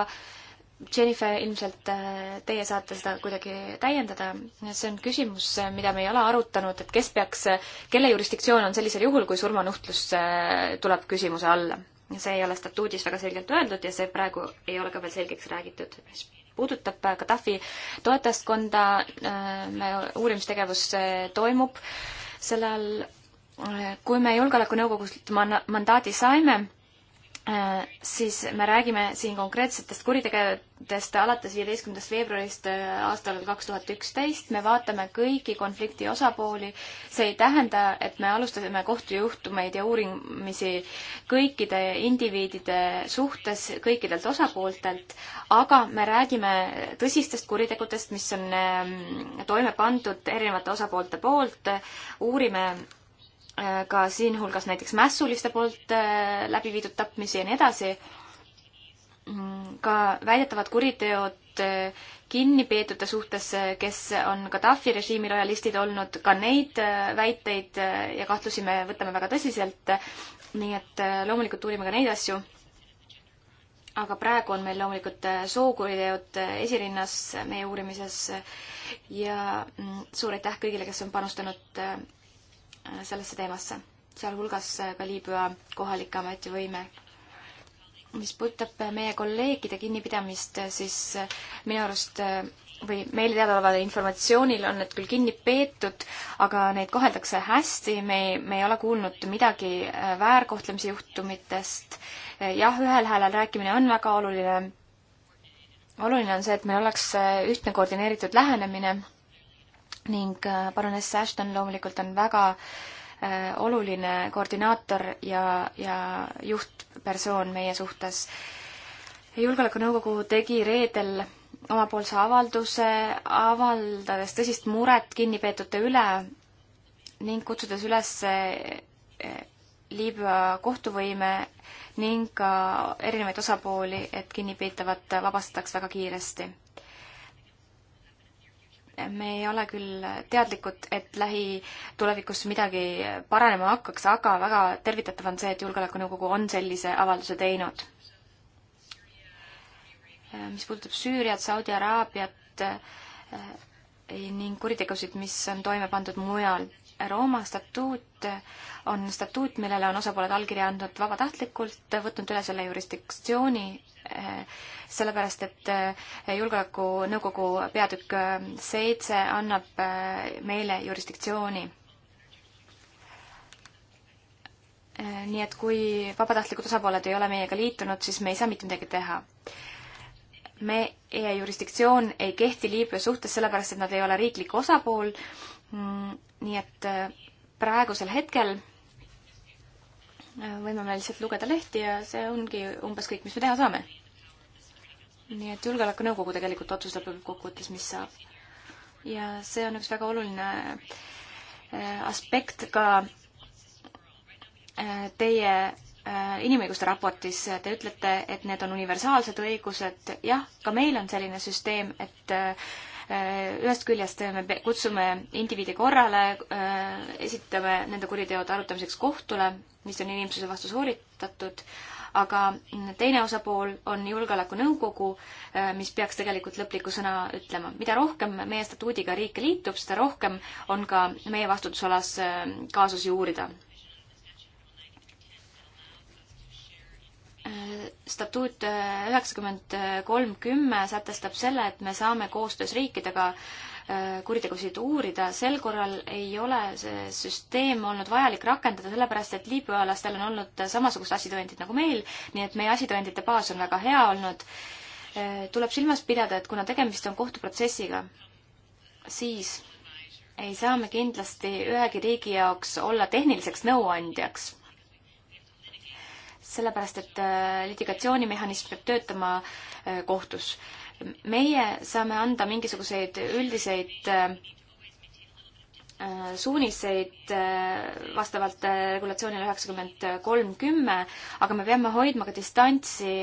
Jennifer, ilmselt äh, teie saate seda kuidagi täiendada. see on küsimus, mida me ei ole arutanud, et kes peaks, kelle jurisdiktsioon on sellisel juhul, kui surmanuhtlus äh, tuleb küsimuse alla. see ei ole statuudis väga selgelt öeldud ja see praegu ei ole ka veel selgeks räägitud puudutab Gaddafi toetajaskonda, uurimistegevus toimub selle all. kui me Julgeolekunõukogust mandaadi saime, Äh, siis me räägime siin konkreetsetest kuritegevusest alates viieteistkümnendast veebruarist äh, aastal kaks tuhat üksteist. me vaatame kõiki konflikti osapooli. see ei tähenda, et me alustasime kohtujuhtumeid ja uurimisi kõikide indiviidide suhtes kõikidelt osapooltelt, aga me räägime tõsistest kuritegudest, mis on ähm, toime pandud erinevate osapoolte poolt. uurime Äh, ka siinhulgas näiteks mässuliste poolt äh, läbi viidud tapmisi ja nii edasi. Mm, ka väidetavad kuriteod äh, kinnipeetute suhtes, kes on Gaddafi režiimi lojalistid olnud, ka neid väiteid ja kahtlusi me võtame väga tõsiselt. nii et loomulikult uurime ka neid asju. aga praegu on meil loomulikult sookuriteod esirinnas meie uurimises ja mm, suur aitäh kõigile, kes on panustanud sellesse teemasse, sealhulgas ka Liibüa kohalike ametivõime. mis puudutab meie kolleegide kinnipidamist, siis minu arust või meile teadaoleval informatsioonil on need küll kinni peetud, aga neid koheldakse hästi, me ei, me ei ole kuulnud midagi äh, väärkohtlemise juhtumitest. jah, ühel häälel rääkimine on väga oluline. oluline on see, et meil oleks äh, ühtne koordineeritud lähenemine ning baroness äh, Ashton loomulikult on väga äh, oluline koordinaator ja, ja juhtpersoon meie suhtes. julgeolekunõukogu tegi reedel omapoolse avalduse, avaldades tõsist muret kinnipeetute üle ning kutsudes üles äh, Liibüa kohtuvõime ning ka erinevaid osapooli, et kinnipeetavad vabastataks väga kiiresti me ei ole küll teadlikud, et lähitulevikus midagi paranema hakkaks, aga väga tervitatav on see, et Julgeolekunõukogu on sellise avalduse teinud. mis puudutab Süüriat, Saudi Araabiat eh, ning kuritegusid, mis on toime pandud mujal Rooma statuut on statuut, millele on osapooled allkirja andnud vabatahtlikult, võtnud üle selle jurisdiktsiooni, eh, sellepärast et eh, Julgeolekunõukogu peatükk eh, seitse annab meile jurisdiktsiooni. nii et kui vabatahtlikud osapooled ei ole meiega liitunud, siis me ei saa mitte midagi teha meie jurisdiktsioon ei kehti Liibüa suhtes, sellepärast et nad ei ole riiklik osapool Mm, nii et äh, praegusel hetkel äh, võime me lihtsalt lugeda lehti ja see ongi umbes kõik, mis me teha saame. nii et Julgeolekunõukogu tegelikult otsustab kokkuvõttes, mis saab. ja see on üks väga oluline äh, aspekt ka teie inimõiguste raportis te ütlete, et need on universaalsed õigused, jah, ka meil on selline süsteem, et Äh, ühest küljest me kutsume indiviidi korrale, äh, esitame nende kuriteod arutamiseks kohtule, mis on inimsuse vastu sooritatud, aga teine osapool on Julgeolekunõukogu, äh, mis peaks tegelikult lõpliku sõna ütlema. mida rohkem meie statuudiga riike liitub, seda rohkem on ka meie vastutusalas kaasusi uurida statuut üheksakümmend kolm kümme sätestab selle, et me saame koostöös riikidega äh, kuritegusid uurida, sel korral ei ole see süsteem olnud vajalik rakendada, sellepärast et liibüalastel on olnud samasugused asitõendid nagu meil, nii et meie asitõendite baas on väga hea olnud. Äh, tuleb silmas pidada, et kuna tegemist on kohtuprotsessiga, siis ei saa me kindlasti ühegi riigi jaoks olla tehniliseks nõuandjaks sellepärast et äh, litigatsioonimehhanism peab töötama äh, kohtus. meie saame anda mingisuguseid üldiseid äh, suuniseid vastavalt regulatsioonile üheksakümmend kolm kümme, aga me peame hoidma ka distantsi.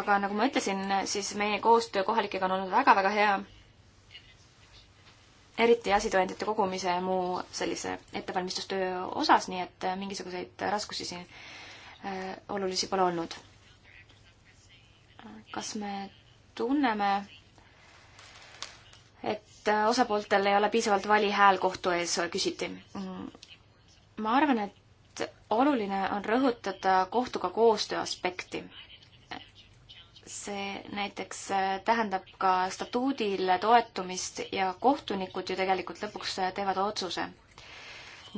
aga nagu ma ütlesin, siis meie koostöö kohalikega on olnud väga-väga hea. eriti asitõendite kogumise ja muu sellise ettevalmistustöö osas, nii et mingisuguseid raskusi siin Äh, olulisi pole olnud. kas me tunneme, et äh, osapooltel ei ole piisavalt vali hääl kohtu ees, küsiti. Mm, ma arvan, et oluline on rõhutada kohtuga koostöö aspekti. see näiteks äh, tähendab ka statuudile toetumist ja kohtunikud ju tegelikult lõpuks teevad otsuse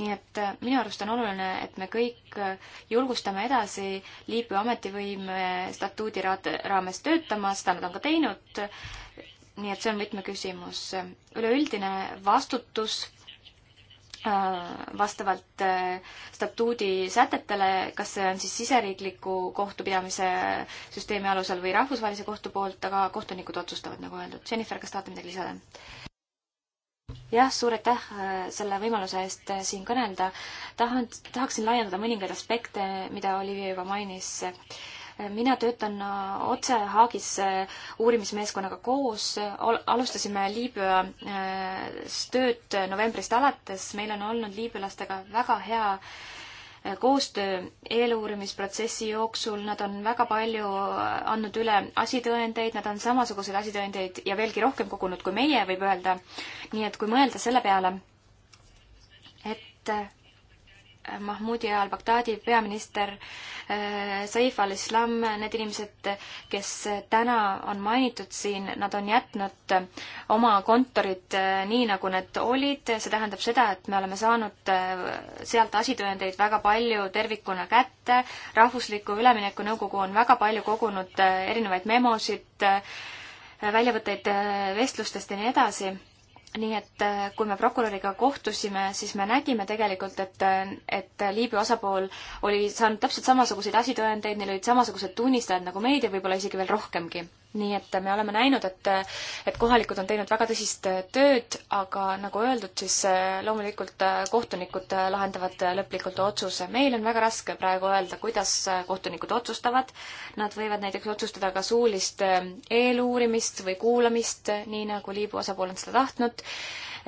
nii et äh, minu arust on oluline, et me kõik äh, julgustame edasi Liibüa ametivõime statuudi raames töötama, seda nad on ka teinud. nii et see on võtmeküsimus. üleüldine vastutus äh, vastavalt statuudi sätetele, kas see on siis siseriikliku kohtupidamise süsteemi alusel või rahvusvahelise kohtu poolt, aga kohtunikud otsustavad, nagu öeldud. Jennifer, kas tahate midagi lisada? jah, suur aitäh äh, selle võimaluse eest äh, siin kõnelda. tahan, tahaksin laiendada mõningaid aspekte, mida Olivia juba mainis. Äh, mina töötan otse Haagis uurimismeeskonnaga koos, alustasime Liibüas tööd novembrist alates, meil on olnud liibüalastega väga hea koostöö eeluurimisprotsessi jooksul, nad on väga palju andnud üle asitõendeid, nad on samasuguseid asitõendeid ja veelgi rohkem kogunud kui meie, võib öelda. nii et kui mõelda selle peale, et Mahmoudi ajal Bagdaadi peaminister eh, Saif al-Islam, need inimesed, kes täna on mainitud siin, nad on jätnud oma kontorid eh, nii, nagu need olid, see tähendab seda, et me oleme saanud eh, sealt asitõendeid väga palju tervikuna kätte, Rahvusliku Üleminekunõukogu on väga palju kogunud erinevaid memosid, väljavõtteid vestlustest ja nii edasi nii et äh, kui me prokuröriga kohtusime, siis me nägime tegelikult, et, äh, et Liibüa osapool oli saanud täpselt samasuguseid asitõendeid, neil olid samasugused tunnistajad nagu meid ja võib-olla isegi veel rohkemgi nii et me oleme näinud, et, et kohalikud on teinud väga tõsist tööd, aga nagu öeldud, siis äh, loomulikult äh, kohtunikud äh, lahendavad lõplikult otsuse. meil on väga raske praegu öelda, kuidas kohtunikud otsustavad. Nad võivad näiteks otsustada ka suulist eeluurimist või kuulamist, nii nagu Liibu osapool on seda tahtnud.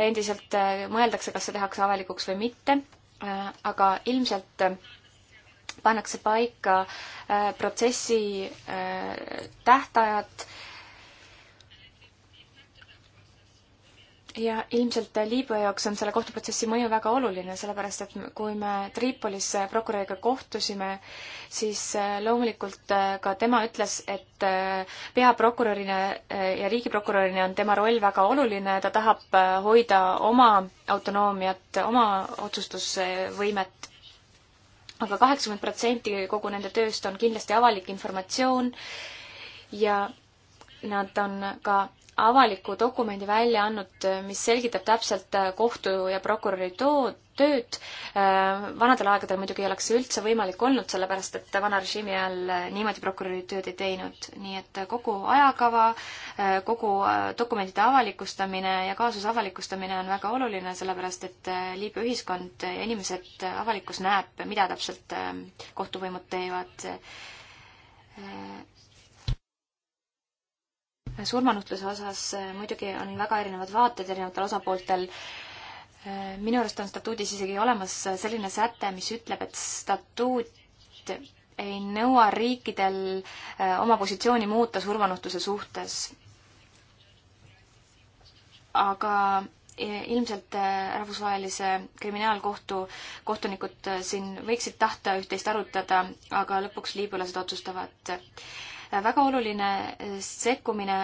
endiselt mõeldakse, kas see tehakse avalikuks või mitte, aga ilmselt pannakse paika äh, protsessi äh, tähtajad ja ilmselt Liibüa jaoks on selle kohtuprotsessi mõju väga oluline, sellepärast et kui me Tripolis äh, prokuröriga kohtusime, siis loomulikult ka tema ütles, et peaprokurörina ja riigiprokurörina on tema roll väga oluline, ta tahab hoida oma autonoomiat, oma otsustusvõimet aga kaheksakümmend protsenti kogu nende tööst on kindlasti avalik informatsioon ja nad on ka avaliku dokumendi välja andnud, mis selgitab täpselt äh, kohtu ja prokuröri tood, tööd. Äh, vanadel aegadel muidugi ei oleks see üldse võimalik olnud, sellepärast et vana režiimi ajal äh, niimoodi prokurörid tööd ei teinud. nii et kogu ajakava, kogu dokumentide avalikustamine ja kaasuse avalikustamine on väga oluline, sellepärast et Liibüa ühiskond ja inimesed, avalikkus näeb, mida täpselt kohtuvõimud teevad surmanuhtluse osas eh, muidugi on väga erinevad vaated erinevatel osapooltel. Eh, minu arust on statuudis isegi olemas selline säte, mis ütleb, et statuut ei nõua riikidel eh, oma positsiooni muuta surmanuhtluse suhtes. aga ilmselt rahvusvahelise kriminaalkohtu kohtunikud siin võiksid tahta üht-teist arutada, aga lõpuks liibulased otsustavad väga oluline eh, sekkumine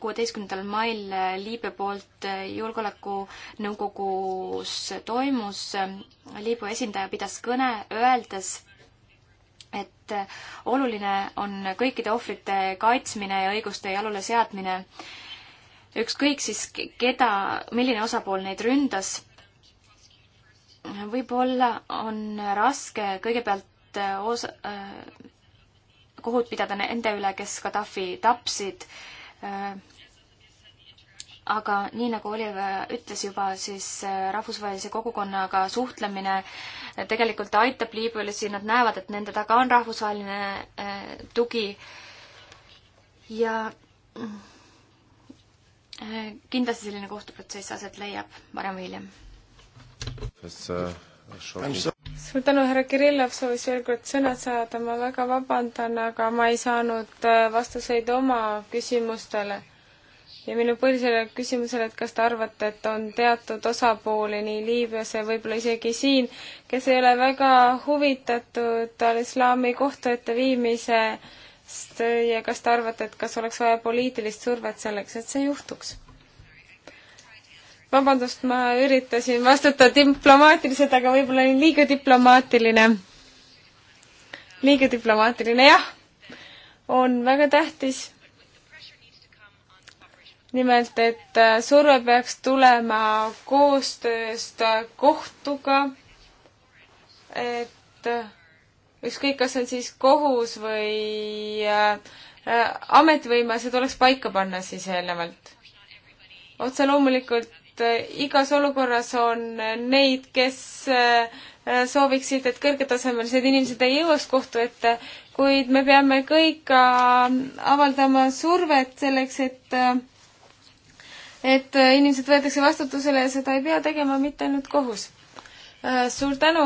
kuueteistkümnendal mail eh, Liibüa poolt eh, Julgeolekunõukogus toimus. Liibüa esindaja pidas kõne, öeldes, et oluline on kõikide ohvrite kaitsmine ja õiguste jalule seadmine. ükskõik siis, keda, milline osapool neid ründas, võib-olla on raske kõigepealt osa äh,, kohut pidada nende üle, kes Gaddafi tapsid. aga nii, nagu Oliver ütles juba, siis äh, rahvusvahelise kogukonnaga suhtlemine äh, tegelikult aitab liibüalasi, nad näevad, et nende taga on rahvusvaheline äh, tugi ja kindlasti selline kohtuprotsess aset leiab varem või hiljem. kas äh suur tänu, härra Kirillov soovis veel kord sõna saada, ma väga vabandan, aga ma ei saanud äh, vastuseid oma küsimustele. ja minu põhilisele küsimusele, et kas te arvate, et on teatud osapooli nii Liibüas ja võib-olla isegi siin, kes ei ole väga huvitatud al-islami kohtuette viimisest äh, ja kas te arvate, et kas oleks vaja poliitilist survet selleks, et see juhtuks? vabandust, ma üritasin vastata diplomaatiliselt, aga võib-olla olin liiga diplomaatiline. liiga diplomaatiline, jah. on väga tähtis. nimelt, et äh, surve peaks tulema koostööst äh, kohtuga, et äh, ükskõik, kas on siis kohus või äh, ametivõime, see tuleks paika panna siis eelnevalt otse loomulikult Äh, igas olukorras on neid, kes äh, sooviksid, et kõrgetasemelised inimesed ei jõuaks kohtu ette, kuid me peame kõik ka äh, avaldama survet selleks, et et inimesed võetakse vastutusele ja seda ei pea tegema mitte ainult kohus. suur tänu!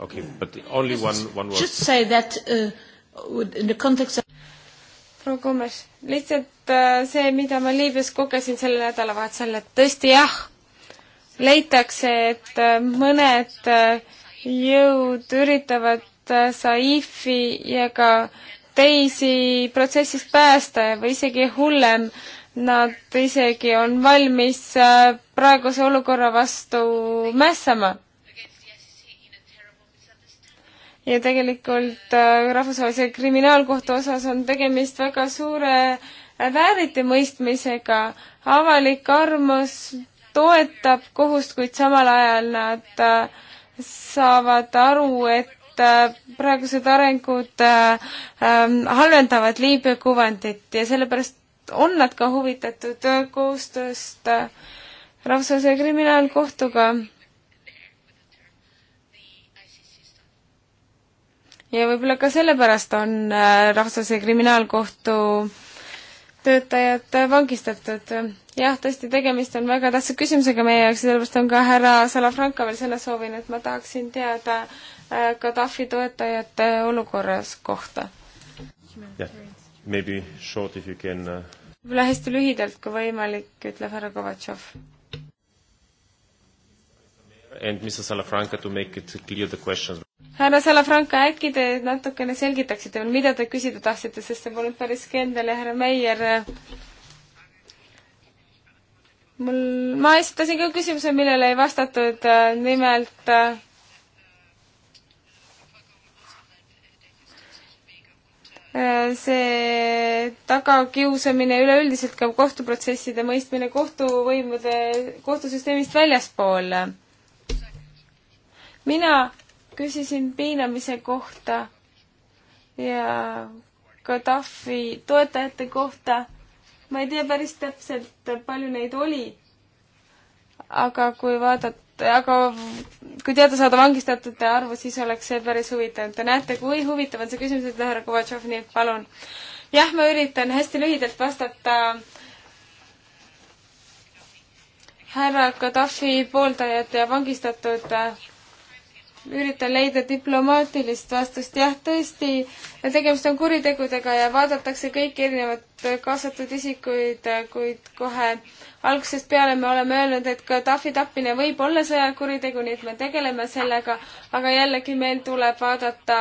Okay, but only one, one word. Just say that uh, in the context of proua Kumes, lihtsalt äh, see, mida ma Liibüas kogesin sel nädalavahetusel, et tõesti jah, leitakse, et äh, mõned äh, jõud üritavad Saifi ja ka teisi protsessist päästa või isegi hullem, nad isegi on valmis praeguse olukorra vastu mässama ja tegelikult äh, Rahvusvahelise Kriminaalkohtu osas on tegemist väga suure äh, vääritimõistmisega. avalik armus toetab kohust, kuid samal ajal nad äh, saavad aru, et praegused arengud ähm, halvendavad Liibüa kuvandit ja sellepärast on nad ka huvitatud koostööst Rahvusvahelise Kriminaalkohtuga ja võib-olla ka sellepärast on äh, Rahvusvahelise Kriminaalkohtu töötajad äh, vangistatud. jah, tõesti, tegemist on väga tähtsa küsimusega meie jaoks ja sellepärast on ka härra Salafranca veel selle soovinud, et ma tahaksin teada äh, Gaddafi toetajate olukorras kohta. jah, maybe short if you can uh... võib-olla hästi lühidalt, kui võimalik, ütleb härra Kovatšov and Mr Salafranca to make it clear the questions. härra Salafranca, äkki te natukene selgitaksite, mida te küsida tahtsite, sest see polnud päris kindel ja härra Meier eh, mul, ma esitasin ka küsimuse, millele ei vastatud, eh, nimelt eh, see tagakiusamine üleüldiselt ka kohtuprotsesside mõistmine kohtuvõimude, kohtusüsteemist väljaspool mina küsisin piinamise kohta ja Gaddafi toetajate kohta. ma ei tea päris täpselt, palju neid oli. aga kui vaadata, aga kui teada saada vangistatute arvu, siis oleks see päris huvitav. Te näete, kui huvitav on see küsimus, ütleb härra Kovatšov, nii et palun. jah, ma üritan hästi lühidalt vastata härra Gaddafi pooldajate ja vangistatud üritan leida diplomaatilist vastust, jah, tõesti, tegemist on kuritegudega ja vaadatakse kõiki erinevat kaasatud isikuid, kuid kohe algusest peale me oleme öelnud, et Gaddafi tapmine võib olla sõjakuritegu, nii et me tegeleme sellega, aga jällegi meil tuleb vaadata,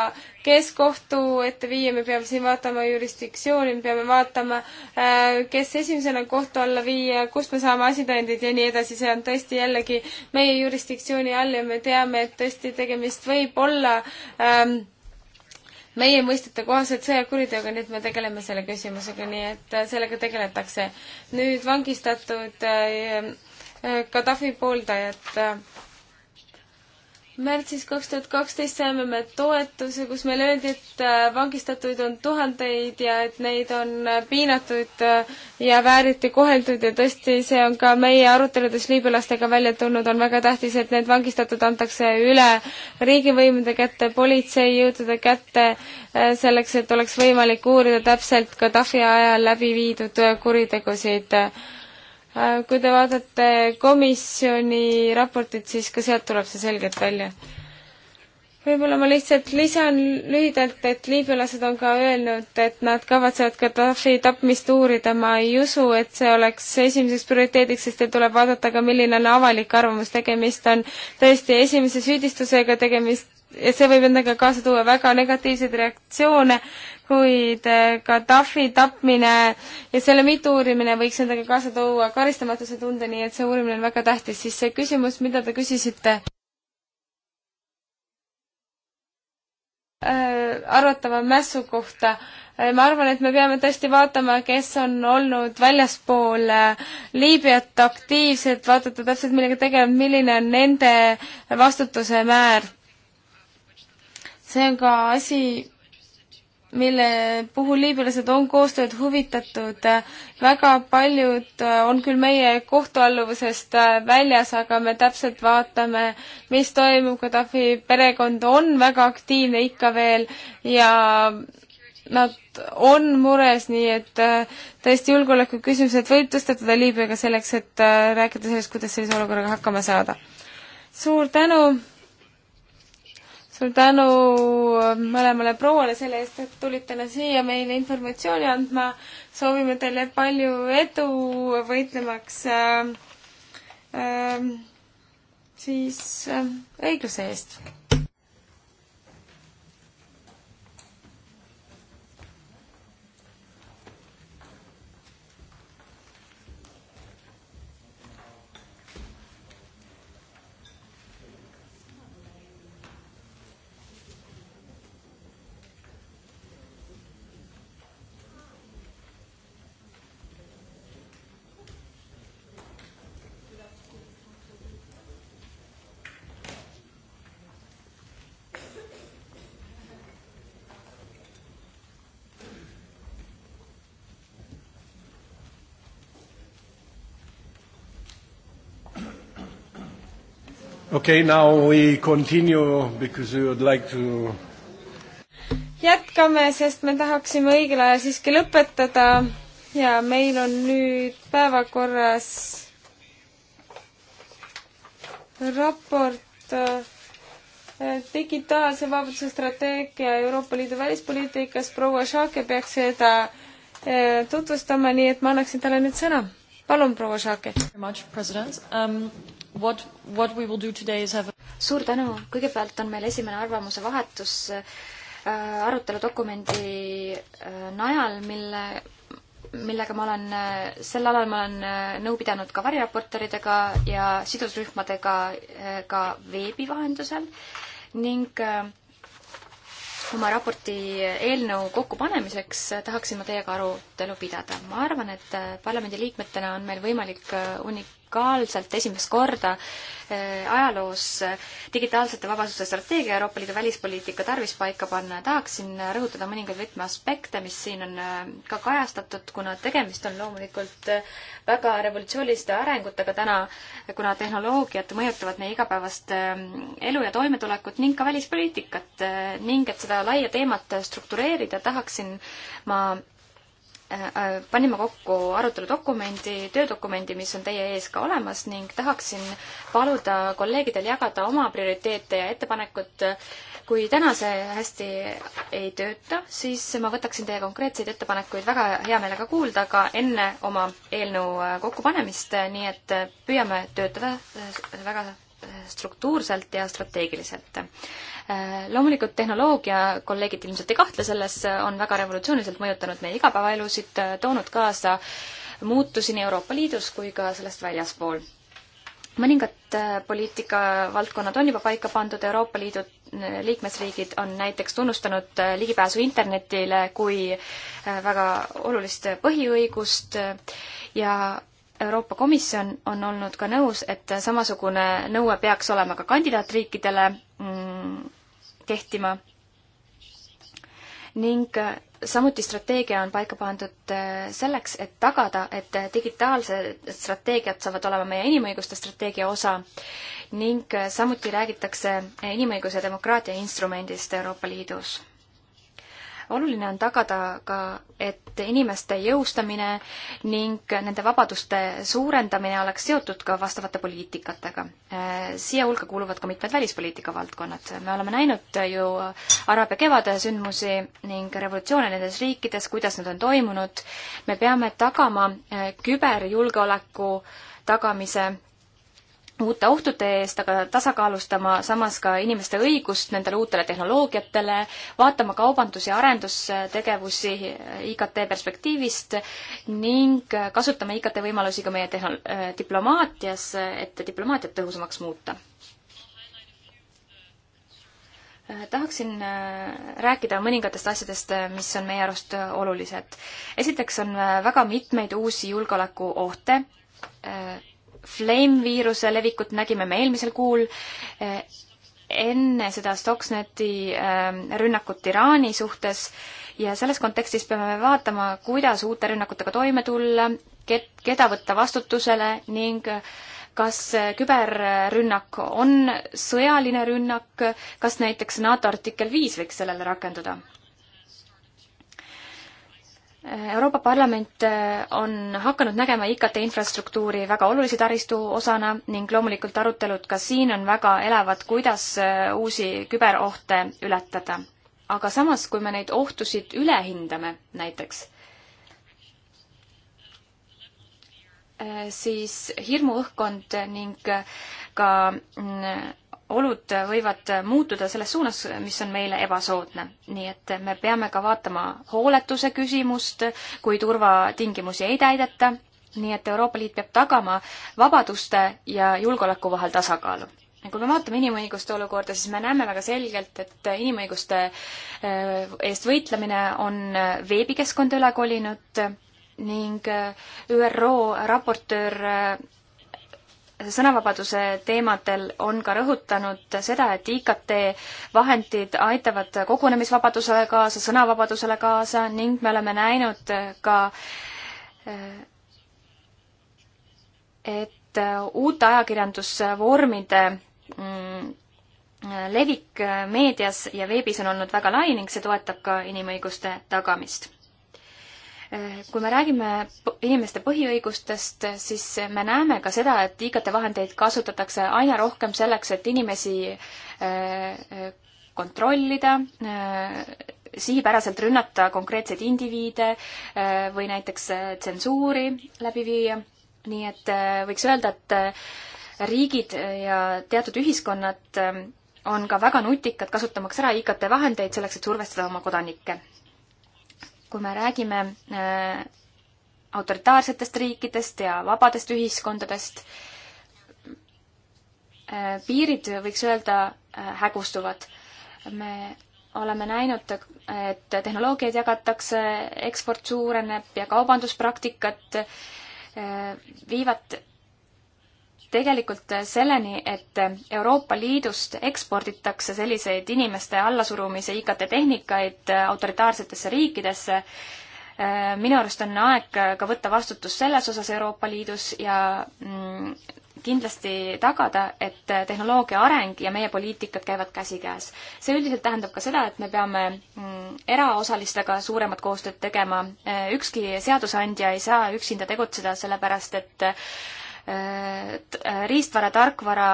kes kohtu ette viia, me peame siin vaatama jurisdiktsiooni, me peame vaatama, äh, kes esimesena kohtu alla viia, kust me saame asitõendid ja nii edasi, see on tõesti jällegi meie jurisdiktsiooni all ja me teame, et tõesti tegemist võib olla ähm, meie mõistete kohaselt sõjakuriteoga, nüüd me tegeleme selle küsimusega, nii et äh, sellega tegeletakse. nüüd vangistatud äh, äh, Gaddafi pooldajad märtsis kaks tuhat kaksteist saime me toetuse, kus meile öeldi, et äh, vangistatuid on tuhandeid ja et neid on äh, piinatud äh, ja vääriti koheldud ja tõesti, see on ka meie aruteludes liibülastega välja tulnud, on väga tähtis, et need vangistatud antakse üle riigivõimude kätte, politseijõudude kätte, selleks, et oleks võimalik uurida täpselt Gaddafi ajal läbi viidud kuritegusid Äh, kui te vaatate komisjoni raportit, siis ka sealt tuleb see selgelt välja. võib-olla ma lihtsalt lisan lühidalt, et liibüalased on ka öelnud, et nad kavatsevad Gaddafi tapmist uurida, ma ei usu, et see oleks esimeseks prioriteediks, sest teil tuleb vaadata ka, milline on avalik arvamus, tegemist on tõesti esimese süüdistusega, tegemist see võib endaga kaasa tuua väga negatiivseid reaktsioone, kuid äh, Gaddafi tapmine ja selle mitteuurimine võiks endaga kaasa tuua karistamatuse tunde, nii et see uurimine on väga tähtis. siis see küsimus, mida te küsisite äh, arvatava mässu kohta äh,. ma arvan, et me peame tõesti vaatama, kes on olnud väljaspool äh, Liibüat aktiivsed, vaadata täpselt, millega tegelevad, milline on nende vastutuse määr see on ka asi, mille puhul liibülased on koostööd huvitatud. väga paljud äh, on küll meie kohtualluvusest äh, väljas, aga me täpselt vaatame, mis toimub, Gaddafi perekond on väga aktiivne ikka veel ja nad on mures, nii et äh, tõesti julgeoleku küsimused võib tõstatada Liibüaga selleks, et rääkida sellest, kuidas sellise olukorraga hakkama saada. suur tänu suur tänu mõlemale prouale selle eest, et tulid täna siia meile informatsiooni andma. soovime teile palju edu võitlemaks äh, äh, siis äh, õigluse eest Okay, now we continue because we would like to jätkame, sest me tahaksime õigel ajal siiski lõpetada ja meil on nüüd päevakorras raport äh, digitaalse vabaduse strateegia Euroopa Liidu välispoliitikas. proua Šake peaks seda äh, tutvustama, nii et ma annaksin talle nüüd sõna. palun, proua Šake. What, what we will do today is have suur tänu, kõigepealt on meil esimene arvamuse vahetus äh, aruteludokumendi äh, najal, mille, millega ma olen äh,, sel alal ma olen äh, nõu pidanud ka variraportoridega ja sidusrühmadega äh, ka veebi vahendusel ning äh, oma raporti eelnõu kokkupanemiseks äh, tahaksin ma teiega arutelu pidada. ma arvan, et äh, parlamendiliikmetena on meil võimalik äh, unik-, radikaalselt esimest korda äh, ajaloos äh, digitaalsete vabasuse strateegia Euroopa Liidu välispoliitika tarvis paika panna ja tahaksin rõhutada mõningaid võtmeaspekte, mis siin on äh, ka kajastatud, kuna tegemist on loomulikult väga revolutsiooniliste arengutega täna, kuna tehnoloogiad mõjutavad meie igapäevast elu ja toimetulekut ning ka välispoliitikat ning et seda laia teemat struktureerida, tahaksin ma Äh, äh, panime kokku aruteludokumendi, töödokumendi, mis on teie ees ka olemas ning tahaksin paluda kolleegidel jagada oma prioriteete ja ettepanekut. kui täna see hästi ei tööta, siis ma võtaksin teie konkreetseid ettepanekuid väga hea meelega kuulda ka enne oma eelnõu kokkupanemist, nii et püüame töötada äh, väga struktuurselt ja strateegiliselt. loomulikult tehnoloogia, kolleegid ilmselt ei kahtle selles, on väga revolutsiooniliselt mõjutanud meie igapäevaelusid, toonud kaasa muutusi nii Euroopa Liidus kui ka sellest väljaspool mõningad äh, poliitikavaldkonnad on juba paika pandud, Euroopa Liidu äh, liikmesriigid on näiteks tunnustanud äh, ligipääsu internetile kui väga olulist põhiõigust ja Euroopa Komisjon on olnud ka nõus, et samasugune nõue peaks olema ka kandidaatriikidele mm, kehtima. ning äh, samuti strateegia on paika pandud äh, selleks, et tagada, et äh, digitaalsed strateegiad saavad olema meie inimõiguste strateegia osa ning samuti räägitakse inimõiguse ja demokraatia instrumendist Euroopa Liidus oluline on tagada ka, et inimeste jõustamine ning nende vabaduste suurendamine oleks seotud ka vastavate poliitikatega. siia hulka kuuluvad ka mitmed välispoliitika valdkonnad. me oleme näinud ju Araabia kevade sündmusi ning revolutsioone nendes riikides, kuidas nad on toimunud. me peame tagama küberjulgeoleku tagamise uute ohtude eest, aga tasakaalustama samas ka inimeste õigust nendele uutele tehnoloogiatele, vaatama kaubandus- ja arendustegevusi IKT perspektiivist ning kasutama IKT võimalusi ka meie tehno-, äh, diplomaatias, et diplomaatiat tõhusamaks muuta. Äh, tahaksin äh, rääkida mõningatest asjadest, mis on meie arust olulised. esiteks on väga mitmeid uusi julgeolekuohte, Flame viiruse levikut nägime me eelmisel kuul, enne seda Stuxneti ähm, rünnakut Iraani suhtes ja selles kontekstis peame me vaatama, kuidas uute rünnakutega toime tulla, keda võtta vastutusele ning kas äh, küberrünnak on sõjaline rünnak, kas näiteks NATO artikkel viis võiks sellele rakenduda? Euroopa Parlament äh, on hakanud nägema IKT infrastruktuuri väga olulise taristu osana ning loomulikult arutelud ka siin on väga elavad, kuidas äh, uusi küberohte ületada. aga samas, kui me neid ohtusid üle hindame näiteks, äh, siis hirmuõhkkond ning ka mm, olud võivad muutuda selles suunas, mis on meile ebasoodne. nii et me peame ka vaatama hooletuse küsimust, kui turvatingimusi ei täideta, nii et Euroopa Liit peab tagama vabaduste ja julgeoleku vahel tasakaalu. kui me vaatame inimõiguste olukorda, siis me näeme väga selgelt, et inimõiguste äh, eest võitlemine on äh, veebikeskkonda üle kolinud ning äh, ÜRO raportöör sõnavabaduse teemadel on ka rõhutanud seda, et IKT vahendid aitavad kogunemisvabadusele kaasa, sõnavabadusele kaasa ning me oleme näinud ka, et uute ajakirjandusvormide mm, levik meedias ja veebis on olnud väga lai ning see toetab ka inimõiguste tagamist kui me räägime inimeste põhiõigustest, siis me näeme ka seda, et IKT-vahendeid kasutatakse aina rohkem selleks, et inimesi äh, kontrollida, äh, sihipäraselt rünnata konkreetseid indiviide äh, või näiteks tsensuuri läbi viia. nii et võiks öelda, et riigid ja teatud ühiskonnad on ka väga nutikad, kasutamaks ära IKT vahendeid selleks, et survestada oma kodanikke kui me räägime äh, autoritaarsetest riikidest ja vabadest ühiskondadest, äh, piirid, võiks öelda, äh, hägustuvad. me oleme näinud, et tehnoloogiaid jagatakse, eksport suureneb ja kaubanduspraktikat viivad tegelikult selleni, et Euroopa Liidust eksporditakse selliseid inimeste allasurumise IKT tehnikaid autoritaarsetesse riikidesse. Äh, minu arust on aeg ka võtta vastutus selles osas Euroopa Liidus ja mm, kindlasti tagada, et tehnoloogia areng ja meie poliitikad käivad käsikäes. see üldiselt tähendab ka seda, et me peame mm, eraosalistega suuremat koostööd tegema. Äh, ükski seadusandja ei saa üksinda tegutseda, sellepärast et Äh, riistvara, tarkvara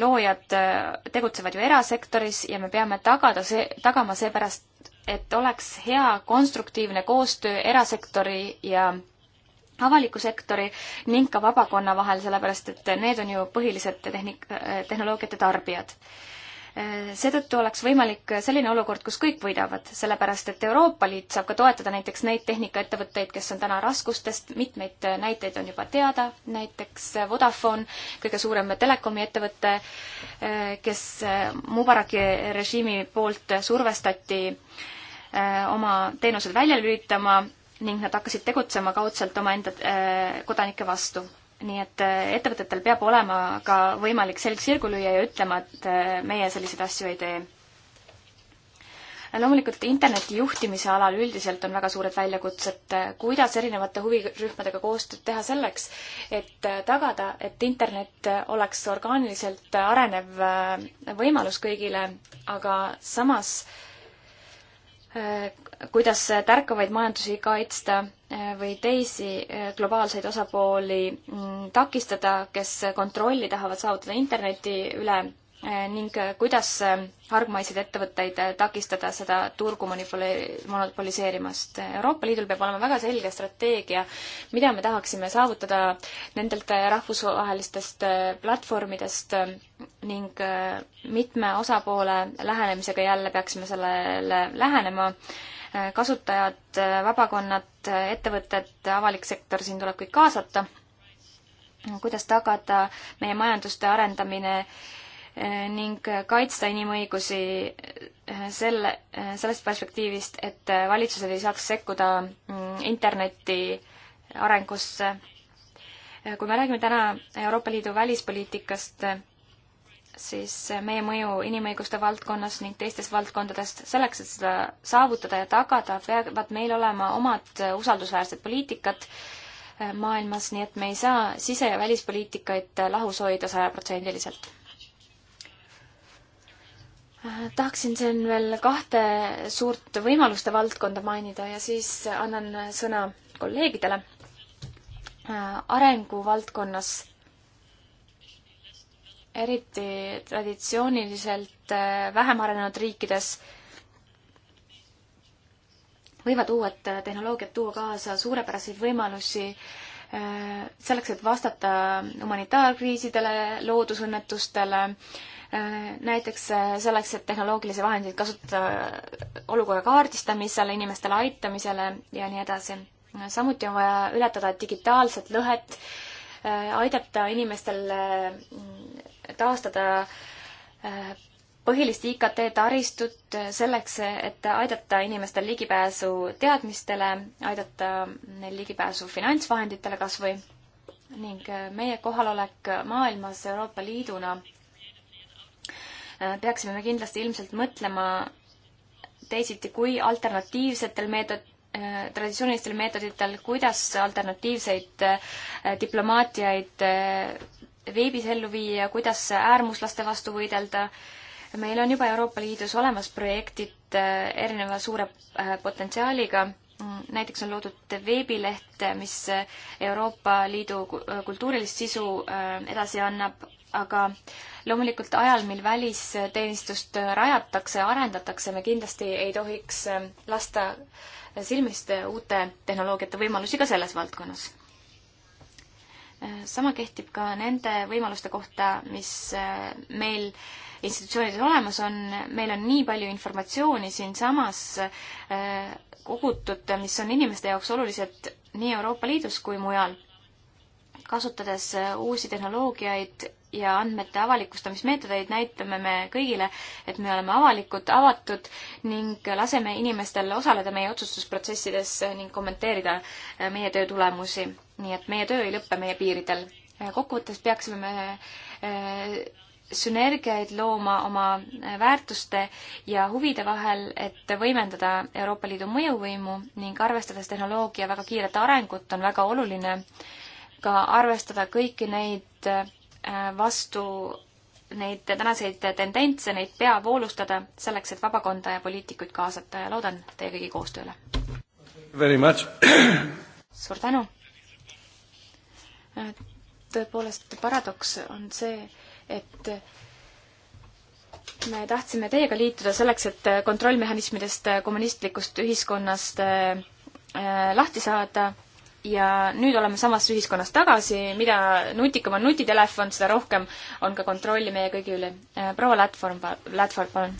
loojad äh, tegutsevad ju erasektoris ja me peame tagada see, tagama seepärast, et oleks hea konstruktiivne koostöö erasektori ja avaliku sektori ning ka vabakonna vahel, sellepärast et need on ju põhilised tehnik-, äh, tehnoloogiate tarbijad seetõttu oleks võimalik selline olukord, kus kõik võidavad, sellepärast et Euroopa Liit saab ka toetada näiteks neid tehnikaettevõtteid, kes on täna raskustest, mitmeid näiteid on juba teada, näiteks Vodafone, kõige suurem telekomi ettevõte, kes Mubaraki režiimi poolt survestati eh, oma teenused välja lülitama ning nad hakkasid tegutsema kaudselt omaenda eh, kodanike vastu nii et eh, ettevõtetel peab olema ka võimalik selg sirgu lüüa ja ütlema, et eh, meie selliseid asju ei tee. loomulikult interneti juhtimise alal üldiselt on väga suured väljakutsed, eh, kuidas erinevate huvirühmadega koostööd teha selleks, et tagada, et internet oleks orgaaniliselt arenev võimalus kõigile, aga samas äh, Äh, kuidas tärkavaid majandusi kaitsta äh, või teisi äh, globaalseid osapooli mm, takistada, kes kontrolli tahavad saavutada interneti üle Äh, ning äh, kuidas äh, hargmaiseid ettevõtteid takistada seda turgu manipule-, monopoliseerimast. Euroopa Liidul peab olema väga selge strateegia, mida me tahaksime saavutada nendelt rahvusvahelistest platvormidest ning mitme osapoole lähenemisega jälle peaksime sellele lähenema. kasutajad, vabakonnad, ettevõtted, avalik sektor, siin tuleb kõik kaasata. kuidas tagada meie majanduste arendamine äh, Eh, ning eh, kaitsta inimõigusi eh, selle, sellest perspektiivist, et valitsused ei saaks sekkuda mm, interneti arengusse. kui me räägime täna Euroopa Liidu välispoliitikast, siis meie mõju inimõiguste valdkonnas ning teistes valdkondadest, selleks, et seda saavutada ja tagada, peavad meil olema omad usaldusväärsed poliitikad maailmas, nii et me ei saa sise- ja välispoliitikaid lahus hoida sajaprotsendiliselt tahaksin siin veel kahte suurt võimaluste valdkonda mainida ja siis annan sõna kolleegidele. arenguvaldkonnas eriti traditsiooniliselt äh, vähem arenenud riikides võivad uued tehnoloogiad tuua kaasa suurepäraseid võimalusi äh, selleks, et vastata humanitaarkriisidele, loodusõnnetustele, Äh, näiteks äh, selleks, et tehnoloogilisi vahendeid kasutada äh, olukorra kaardistamisele, inimestele aitamisele ja nii edasi. samuti on vaja ületada digitaalset lõhet, aidata inimestel taastada põhilist IKT taristut selleks, et aidata inimestel ligipääsu teadmistele, aidata neil ligipääsu finantsvahenditele kas või ning meie kohalolek maailmas Euroopa Liiduna Äh, peaksime me kindlasti ilmselt mõtlema teisiti kui alternatiivsetel meetod-, äh, traditsioonilistel meetoditel, kuidas alternatiivseid äh, diplomaatiaid veebis ellu viia, kuidas äärmuslaste vastu võidelda. meil on juba Euroopa Liidus olemas projektid erineva suure potentsiaaliga näiteks on loodud veebileht, mis Euroopa Liidu kultuurilist sisu edasi annab, aga loomulikult ajal, mil välisteenistust rajatakse, arendatakse, me kindlasti ei tohiks äh, lasta silmist uute tehnoloogiate võimalusi ka selles valdkonnas. Äh, sama kehtib ka nende võimaluste kohta, mis äh, meil institutsioonides olemas on, meil on nii palju informatsiooni siinsamas kogutud, mis on inimeste jaoks olulised nii Euroopa Liidus kui mujal. kasutades uusi tehnoloogiaid ja andmete avalikustamismeetodeid näitame me kõigile, et me oleme avalikud, avatud ning laseme inimestel osaleda meie otsustusprotsessides ning kommenteerida äh, meie töö tulemusi. nii et meie töö ei lõpe meie piiridel. Äh, kokkuvõttes peaksime me äh, sünergiaid looma oma väärtuste ja huvide vahel, et võimendada Euroopa Liidu mõjuvõimu ning arvestades tehnoloogia väga kiiret arengut, on väga oluline ka arvestada kõiki neid Äh, vastu neid tänaseid tendentse, neid peavoolustada, selleks et vabakonda ja poliitikuid kaasata ja loodan teie kõigi koostööle. suur tänu! Äh, tõepoolest paradoks on see, et me tahtsime teiega liituda selleks, et kontrollmehhanismidest kommunistlikust ühiskonnast äh, lahti saada ja nüüd oleme samas ühiskonnas tagasi, mida nutikam on nutitelefon, seda rohkem on ka kontrolli meie kõigi üle. Äh, proua Lätform, Lätford, palun.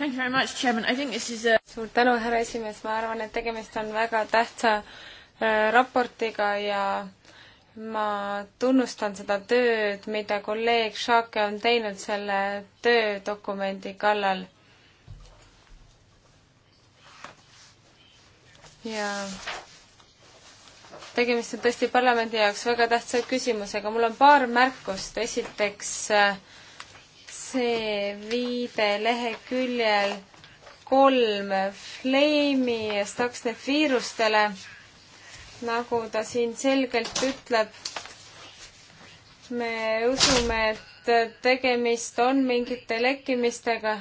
Thank you very much, chairman, I think this is a suur tänu, härra esimees, ma arvan, et tegemist on väga tähtsa äh, raportiga ja ma tunnustan seda tööd, mida kolleeg Šake on teinud selle töödokumendi kallal. ja tegemist on tõesti parlamendi jaoks väga tähtsa küsimusega. mul on paar märkust. esiteks see viide leheküljel kolm Flame'i ja Stuxnet viirustele, nagu ta siin selgelt ütleb. me usume, et tegemist on mingite lekkimistega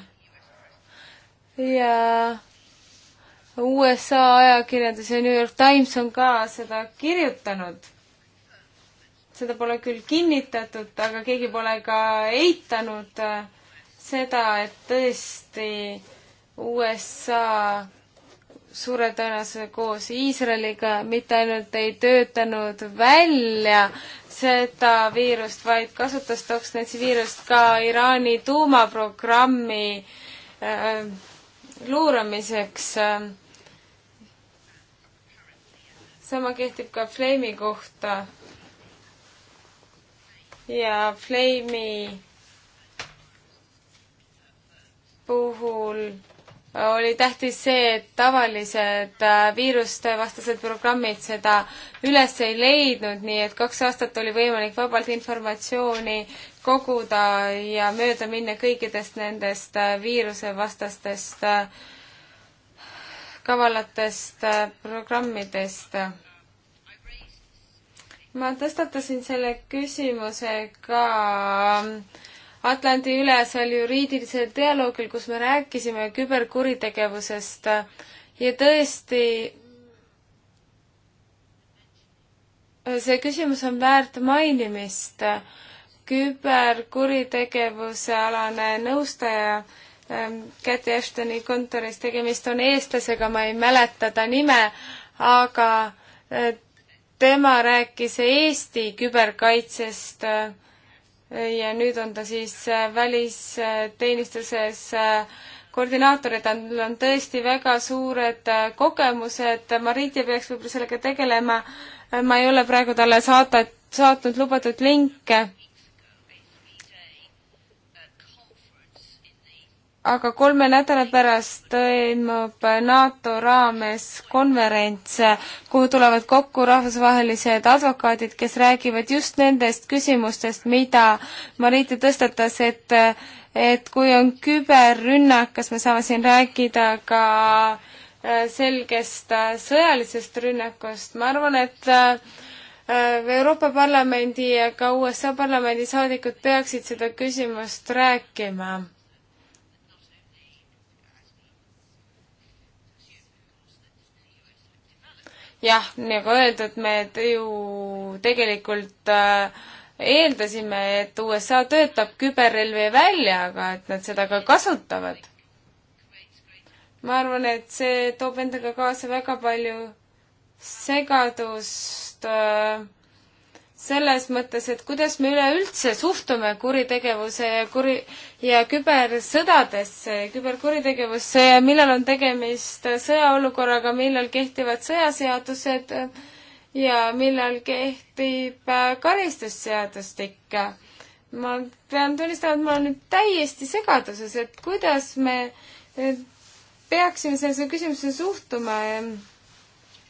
ja USA ajakirjandus ja New York Times on ka seda kirjutanud. seda pole küll kinnitatud, aga keegi pole ka eitanud äh, seda, et tõesti USA suure tõenäosusega koos Iisraeliga mitte ainult ei töötanud välja seda viirust, vaid kasutas Toxnetsi viirust ka Iraani tuumaprogrammi äh, luuramiseks äh, sama kehtib ka Flame'i kohta. ja Flame'i puhul oli tähtis see, et tavalised äh, viirustevastased programmid seda üles ei leidnud, nii et kaks aastat oli võimalik vabalt informatsiooni koguda ja mööda minna kõikidest nendest äh, viirusevastastest äh, kavalatest äh, programmidest. ma tõstatasin selle küsimuse ka ähm, Atlandi ülesel juriidilisel dialoogil, kus me rääkisime küberkuritegevusest ja tõesti see küsimus on väärt mainimist. küberkuritegevuse alane nõustaja Ähm, Käti Ashtoni kontoris, tegemist on eestlasega, ma ei mäleta ta nime, aga äh, tema rääkis Eesti küberkaitsest äh, ja nüüd on ta siis äh, välisteenistuses koordinaator ja tal on tõesti väga suured kogemused, Mariti peaks võib-olla sellega tegelema, ma ei ole praegu talle saata, saatnud lubatud linke aga kolme nädala pärast toimub NATO raames konverents, kuhu tulevad kokku rahvusvahelised advokaadid, kes räägivad just nendest küsimustest, mida Marite tõstatas, et et kui on küberrünnak, kas me saame siin rääkida ka äh, selgest äh, sõjalisest rünnakust, ma arvan, et äh, Euroopa Parlamendi ja ka USA Parlamendi saadikud peaksid seda küsimust rääkima jah, nagu öeldud, me ju tegelikult äh, eeldasime, et USA töötab küberrelvi välja, aga et nad seda ka kasutavad. ma arvan, et see toob endaga kaasa väga palju segadust äh, selles mõttes, et kuidas me üleüldse suhtume kuritegevuse ja kuri- ja kübersõdadesse, küberkuritegevusse ja millal on tegemist sõjaolukorraga, millal kehtivad sõjaseadused äh, ja millal kehtib äh, karistusseadustik. ma pean tunnistama, et ma olen nüüd täiesti segaduses, et kuidas me äh, peaksime sellesse küsimusse suhtuma.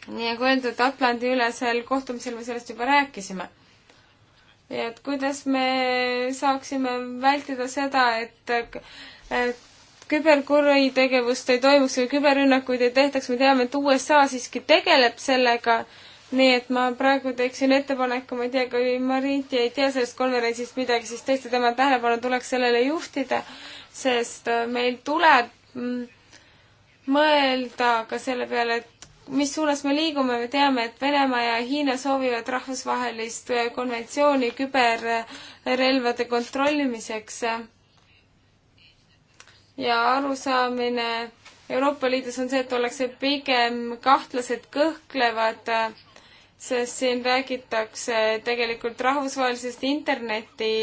nii nagu öeldud, Atlandi-ülesel kohtumisel me sellest juba rääkisime nii et kuidas me saaksime vältida seda, et, et küberkuritegevust ei toimuks või küberrünnakuid ei tehtaks, me teame, et USA siiski tegeleb sellega, nii et ma praegu teeksin ettepaneku, ma ei tea, kui Marit ei tea sellest konverentsist midagi, siis tõesti tema tähelepanu tuleks sellele juhtida, sest meil tuleb mm, mõelda ka selle peale, et mis suunas me liigume, me teame, et Venemaa ja Hiina soovivad rahvusvahelist konventsiooni küberrelvade kontrollimiseks. ja arusaamine Euroopa Liidus on see, et ollakse pigem kahtlased, kõhklevad, sest siin räägitakse tegelikult rahvusvahelisest interneti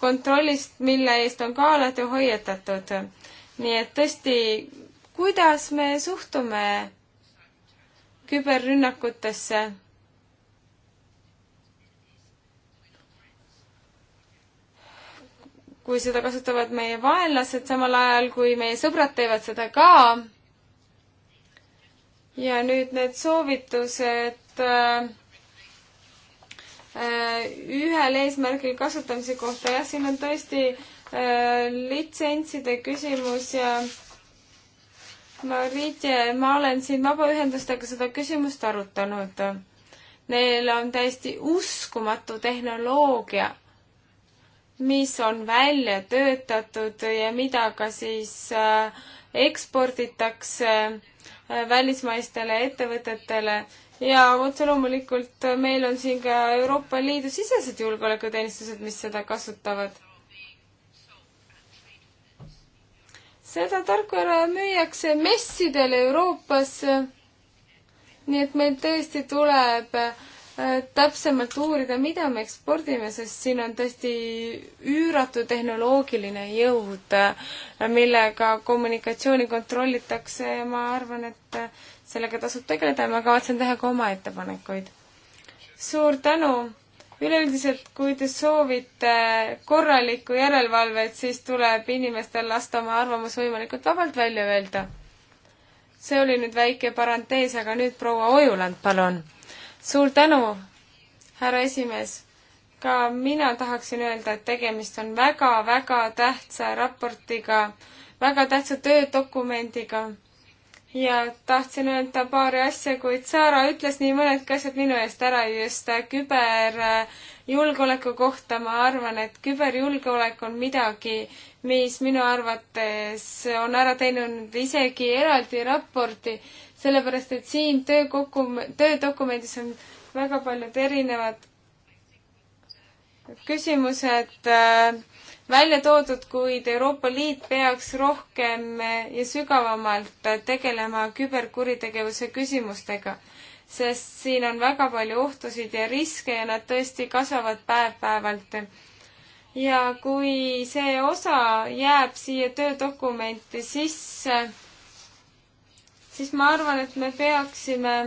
kontrollist, mille eest on ka alati hoiatatud. nii et tõesti, kuidas me suhtume küberrünnakutesse. kui seda kasutavad meie vaenlased, samal ajal kui meie sõbrad teevad seda ka. ja nüüd need soovitused äh, äh ühel eesmärgil kasutamise kohta, jah, siin on tõesti äh, litsentside küsimus ja äh, Marie, ma olen siin vabaühendustega seda küsimust arutanud. Neil on täiesti uskumatu tehnoloogia, mis on välja töötatud ja mida ka siis äh, eksporditakse äh, välismaistele ettevõtetele ja otse loomulikult meil on siin ka Euroopa Liidu sisesed julgeolekuteenistused, mis seda kasutavad seda tarkvara müüakse messidel Euroopas. nii et meil tõesti tuleb äh, täpsemalt uurida, mida me ekspordime, sest siin on tõesti üüratu tehnoloogiline jõud, äh, millega kommunikatsiooni kontrollitakse ja ma arvan, et äh, sellega tasub tegeleda ja ma kavatsen teha ka oma ettepanekuid. suur tänu üleüldiselt, kui te soovite korralikku järelevalvet, siis tuleb inimestel lasta oma arvamus võimalikult vabalt välja öelda. see oli nüüd väike parantees, aga nüüd proua Ojuland, palun. suur tänu, härra esimees. ka mina tahaksin öelda, et tegemist on väga-väga tähtsa raportiga, väga tähtsa töödokumendiga ja tahtsin öelda paari asja, kuid Saara ütles nii mõnedki asjad minu eest ära just äh, küberjulgeoleku äh, kohta. ma arvan, et küberjulgeolek on midagi, mis minu arvates on ära teinud isegi eraldi raporti, sellepärast et siin töökokku, töödokumendis on väga paljud erinevad küsimused äh, välja toodud, kuid Euroopa Liit peaks rohkem ja sügavamalt tegelema küberkuritegevuse küsimustega, sest siin on väga palju ohtusid ja riske ja nad tõesti kasvavad päev-päevalt. ja kui see osa jääb siia töödokumenti sisse, siis ma arvan, et me peaksime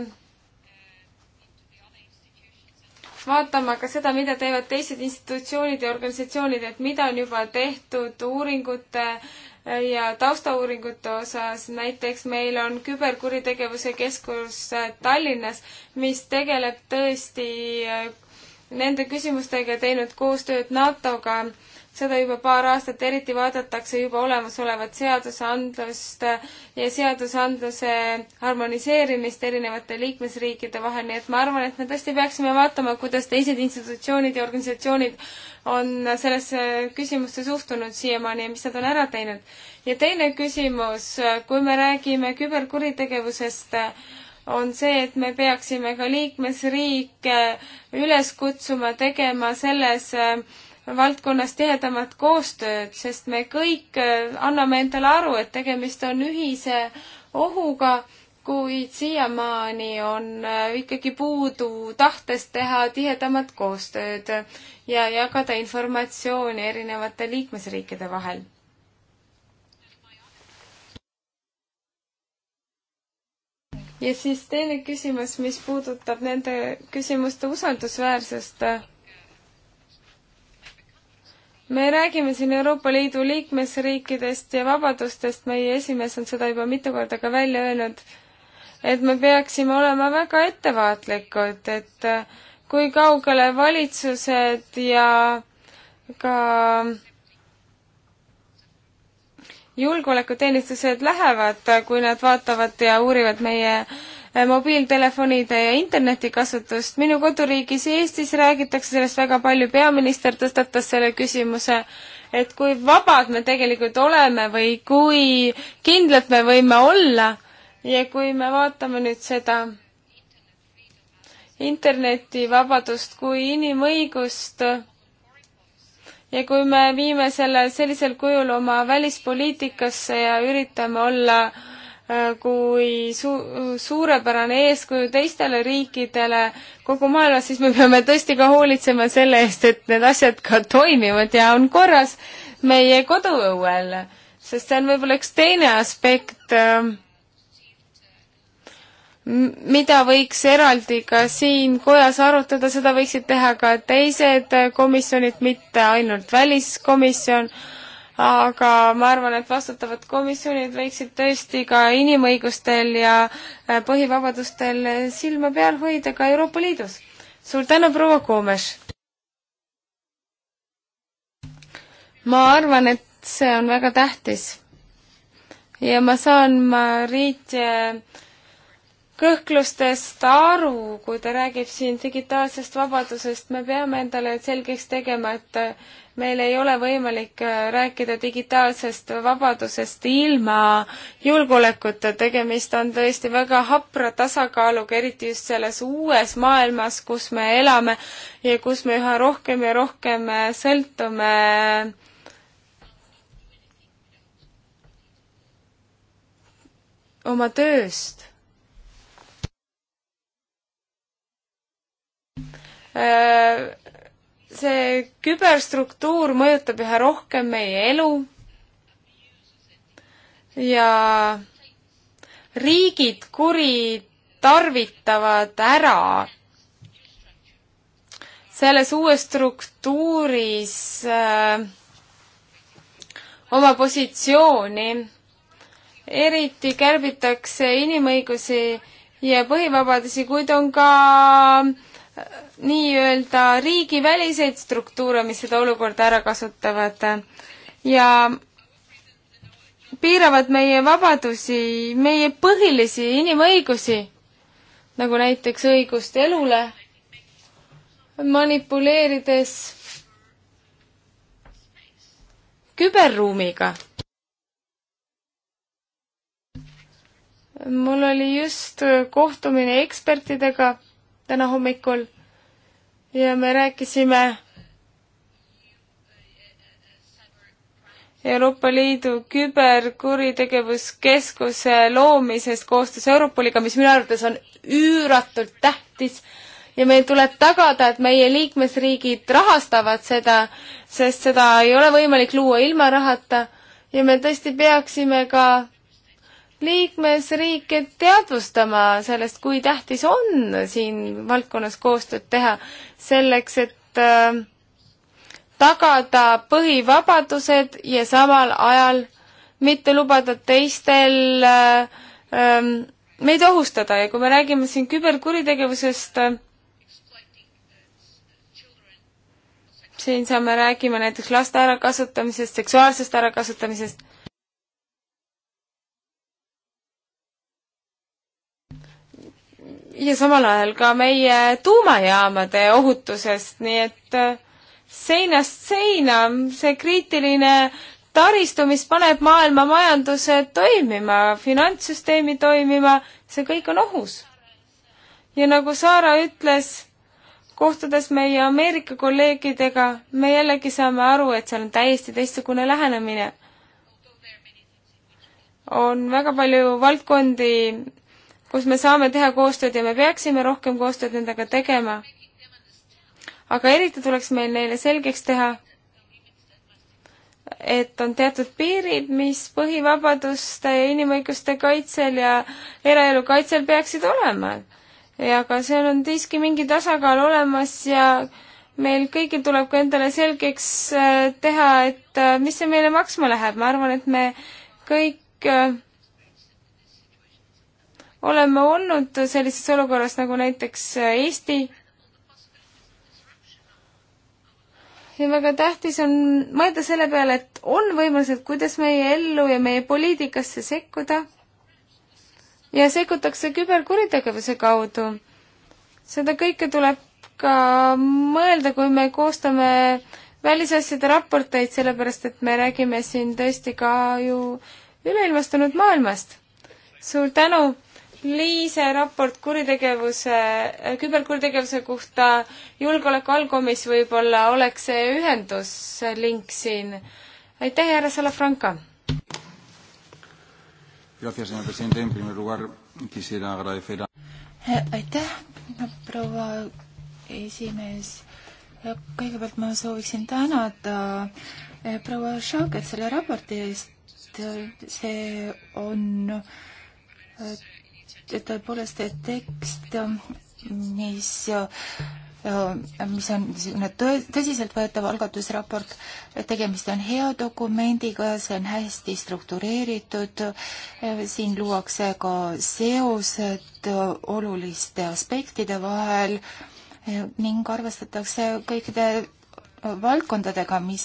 vaatama ka seda, mida teevad teised institutsioonid ja organisatsioonid, et mida on juba tehtud uuringute äh, ja taustauuringute osas, näiteks meil on küberkuritegevuse keskus äh, Tallinnas, mis tegeleb tõesti äh, nende küsimustega, teinud koostööd NATO-ga seda juba paar aastat, eriti vaadatakse juba olemasolevat seadusandlust ja seadusandluse harmoniseerimist erinevate liikmesriikide vahel, nii et ma arvan, et me tõesti peaksime vaatama, kuidas teised institutsioonid ja organisatsioonid on sellesse küsimusse suhtunud siiamaani ja mis nad on ära teinud. ja teine küsimus, kui me räägime küberkuritegevusest, on see, et me peaksime ka liikmesriike üles kutsuma tegema selles valdkonnas tihedamat koostööd, sest me kõik äh, anname endale aru, et tegemist on ühise ohuga, kuid siiamaani on äh, ikkagi puudu tahtest teha tihedamat koostööd ja jagada informatsiooni erinevate liikmesriikide vahel. ja siis teine küsimus, mis puudutab nende küsimuste usaldusväärsust me räägime siin Euroopa Liidu liikmesriikidest ja vabadustest, meie esimees on seda juba mitu korda ka välja öelnud, et me peaksime olema väga ettevaatlikud, et äh, kui kaugele valitsused ja ka julgeolekuteenistused lähevad, äh, kui nad vaatavad ja uurivad meie Äh, mobiiltelefonide ja interneti kasutust. minu koduriigis Eestis räägitakse sellest väga palju, peaminister tõstatas selle küsimuse, et kui vabad me tegelikult oleme või kui kindlad me võime olla ja kui me vaatame nüüd seda internetivabadust kui inimõigust, ja kui me viime selle sellisel kujul oma välispoliitikasse ja üritame olla äh, Äh, kui su-, suurepärane eeskuju teistele riikidele kogu maailmas, siis me peame tõesti ka hoolitsema selle eest, et need asjad ka toimivad ja on korras meie koduõuel. sest see on võib-olla üks teine aspekt, äh, mida võiks eraldi ka siin kojas arutada, seda võiksid teha ka teised äh, komisjonid, mitte ainult väliskomisjon aga ma arvan, et vastutavad komisjonid võiksid tõesti ka inimõigustel ja äh, põhivabadustel silma peal hoida ka Euroopa Liidus. suur tänu, proua Koomes! ma arvan, et see on väga tähtis. ja ma saan Marit äh, kõhklustest aru, kui ta räägib siin digitaalsest vabadusest, me peame endale selgeks tegema, et äh, meil ei ole võimalik äh, rääkida digitaalsest vabadusest ilma julgeolekuta, tegemist on tõesti väga hapra tasakaaluga, eriti just selles uues maailmas, kus me elame ja kus me üha rohkem ja rohkem äh, sõltume äh, oma tööst. Äh, see küberstruktuur mõjutab üha rohkem meie elu ja riigid kuritarvitavad ära selles uues struktuuris äh, oma positsiooni. eriti kärbitakse inimõigusi ja põhivabadusi, kuid on ka äh, nii-öelda riigiväliseid struktuure, mis seda olukorda ära kasutavad ja piiravad meie vabadusi, meie põhilisi inimõigusi, nagu näiteks õigust elule, manipuleerides küberruumiga. mul oli just kohtumine ekspertidega täna hommikul ja me rääkisime Euroopa Liidu küberkuritegevuskeskuse loomisest koostöös Europoliga, mis minu arvates on üüratult tähtis ja meil tuleb tagada, et meie liikmesriigid rahastavad seda, sest seda ei ole võimalik luua ilma rahata ja me tõesti peaksime ka liikmesriike teadvustama sellest, kui tähtis on siin valdkonnas koostööd teha, selleks et äh, tagada põhivabadused ja samal ajal mitte lubada teistel äh, ähm, meid ohustada ja kui me räägime siin küberkuritegevusest, siin saame, räägime näiteks laste ärakasutamisest, seksuaalsest ärakasutamisest ja samal ajal ka meie tuumajaamade ohutusest, nii et äh, seinast seina see kriitiline taristu, mis paneb maailma majanduse toimima, finantssüsteemi toimima, see kõik on ohus. ja nagu Saara ütles, kohtudes meie Ameerika kolleegidega, me jällegi saame aru, et seal on täiesti teistsugune lähenemine. on väga palju valdkondi, kus me saame teha koostööd ja me peaksime rohkem koostööd nendega tegema. aga eriti tuleks meil neile selgeks teha, et on teatud piirid, mis põhivabaduste ja inimõiguste kaitsel ja eraelu kaitsel peaksid olema. ja ka seal on siiski mingi tasakaal olemas ja meil kõigil tuleb ka endale selgeks äh, teha, et äh, mis see meile maksma läheb, ma arvan, et me kõik äh, oleme olnud sellises olukorras nagu näiteks Eesti. ja väga tähtis on mõelda selle peale, et on võimalused, kuidas meie ellu ja meie poliitikasse sekkuda. ja sekkutakse küberkuritegevuse kaudu. seda kõike tuleb ka mõelda, kui me koostame välisasjade raporteid, sellepärast et me räägime siin tõesti ka ju üleilmastunud maailmast. suur tänu! Liise raport kuritegevuse, äh, küberkuritegevuse kohta julgeoleku allkomis võib-olla oleks see ühenduslink siin. aitäh, härra Salafranca! Eh, aitäh, proua esimees kõigepealt ma sooviksin tänada eh, proua Šauket selle raporti eest. see on eh, tõepoolest tekst, äh, mis, äh, mis on niisugune tõsiseltvõetav algatusraport, tegemist on hea dokumendiga, see on hästi struktureeritud, äh, siin luuakse ka seosed oluliste aspektide vahel ning arvestatakse kõikide valdkondadega, mis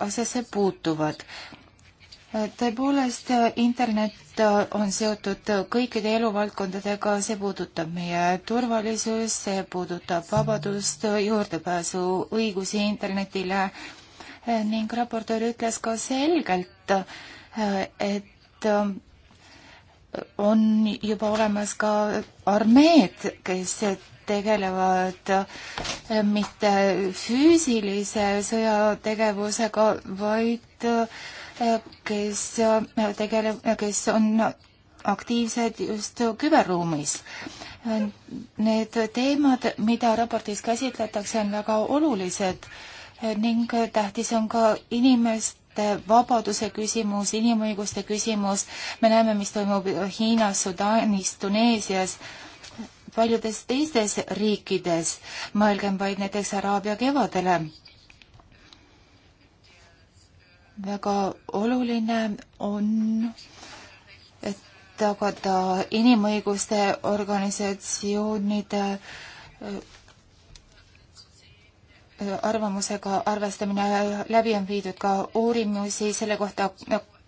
asjasse puutuvad tõepoolest, internet äh, on seotud äh, kõikide eluvaldkondadega, see puudutab meie turvalisust, see puudutab vabadust, äh, juurdepääsu õigusi internetile ning raportöör ütles ka selgelt, et on juba olemas ka armeed, kes tegelevad mitte füüsilise sõjategevusega, vaid kes äh, tegeleb, kes on aktiivsed just küberruumis. Need teemad, mida raportis käsitletakse, on väga olulised ning tähtis on ka inimeste vabaduse küsimus, inimõiguste küsimus, me näeme, mis toimub Hiinas, Sudaanis, Tuneesias, paljudes teistes riikides, mõelgem vaid näiteks Araabia kevadele väga oluline on tagada inimõiguste organisatsioonide äh, äh, arvamusega arvestamine. läbi on viidud ka uurimusi selle kohta,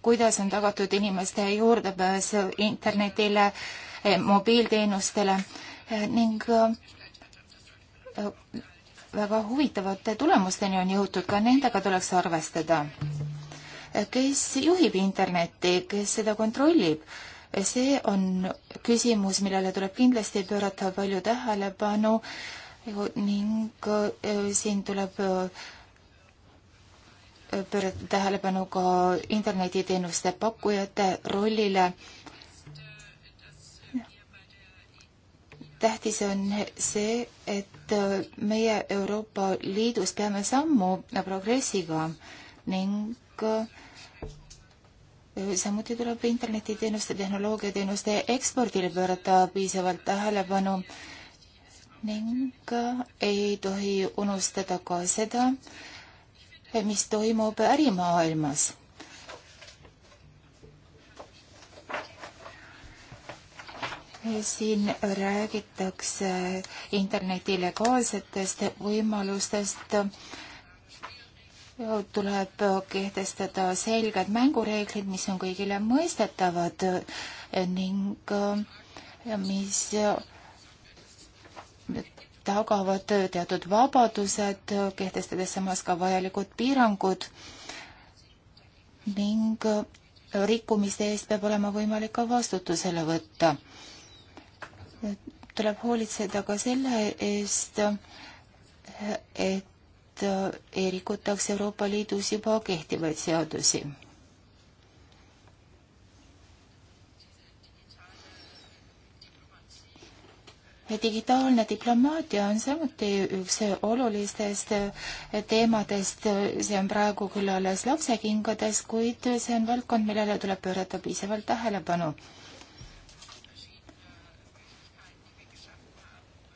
kuidas on tagatud inimeste juurdepääs internetile, äh, mobiilteenustele ning väga huvitavate tulemusteni on jõutud, ka nendega tuleks arvestada kes juhib Internetti, kes seda kontrollib? see on küsimus, millele tuleb kindlasti pöörata palju tähelepanu ning äh, siin tuleb äh, pöörata tähelepanu ka internetiteenuste pakkujate rollile tähtis on see, et äh, meie Euroopa Liidus peame sammu progressiga ning samuti tuleb internetiteenuste, tehnoloogiateenuste ekspordile pöörata piisavalt tähelepanu ning ei tohi unustada ka seda, mis toimub ärimaailmas. siin räägitakse interneti legaalsetest võimalustest tuleb kehtestada selged mängureeglid, mis on kõigile mõistetavad ning äh, mis äh, tagavad teatud vabadused, kehtestades samas ka vajalikud piirangud ning äh, rikkumiste eest peab olema võimalik ka vastutusele võtta. Tuleb hoolitseda ka selle eest, et et äh, rikutakse Euroopa Liidus juba kehtivaid seadusi. digitaalne diplomaatia on samuti üks olulistest äh, teemadest, see on praegu küll alles lapsekingades, kuid see on valdkond, millele tuleb pöörata piisavalt tähelepanu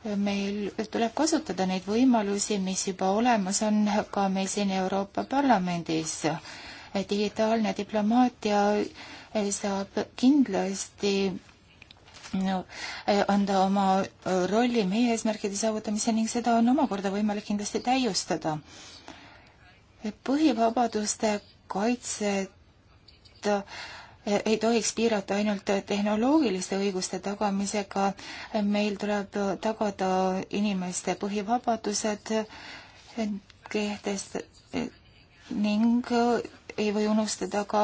meil tuleb kasutada neid võimalusi, mis juba olemas on ka meil siin Euroopa Parlamendis. digitaalne diplomaatia eh, saab kindlasti no, eh, anda oma eh, rolli meie eesmärkide saavutamisel ning seda on omakorda võimalik kindlasti täiustada. põhivabaduste kaitset ei tohiks piirata ainult tehnoloogiliste õiguste tagamisega, meil tuleb tagada inimeste põhivabadused kehtest ning ei või unustada ka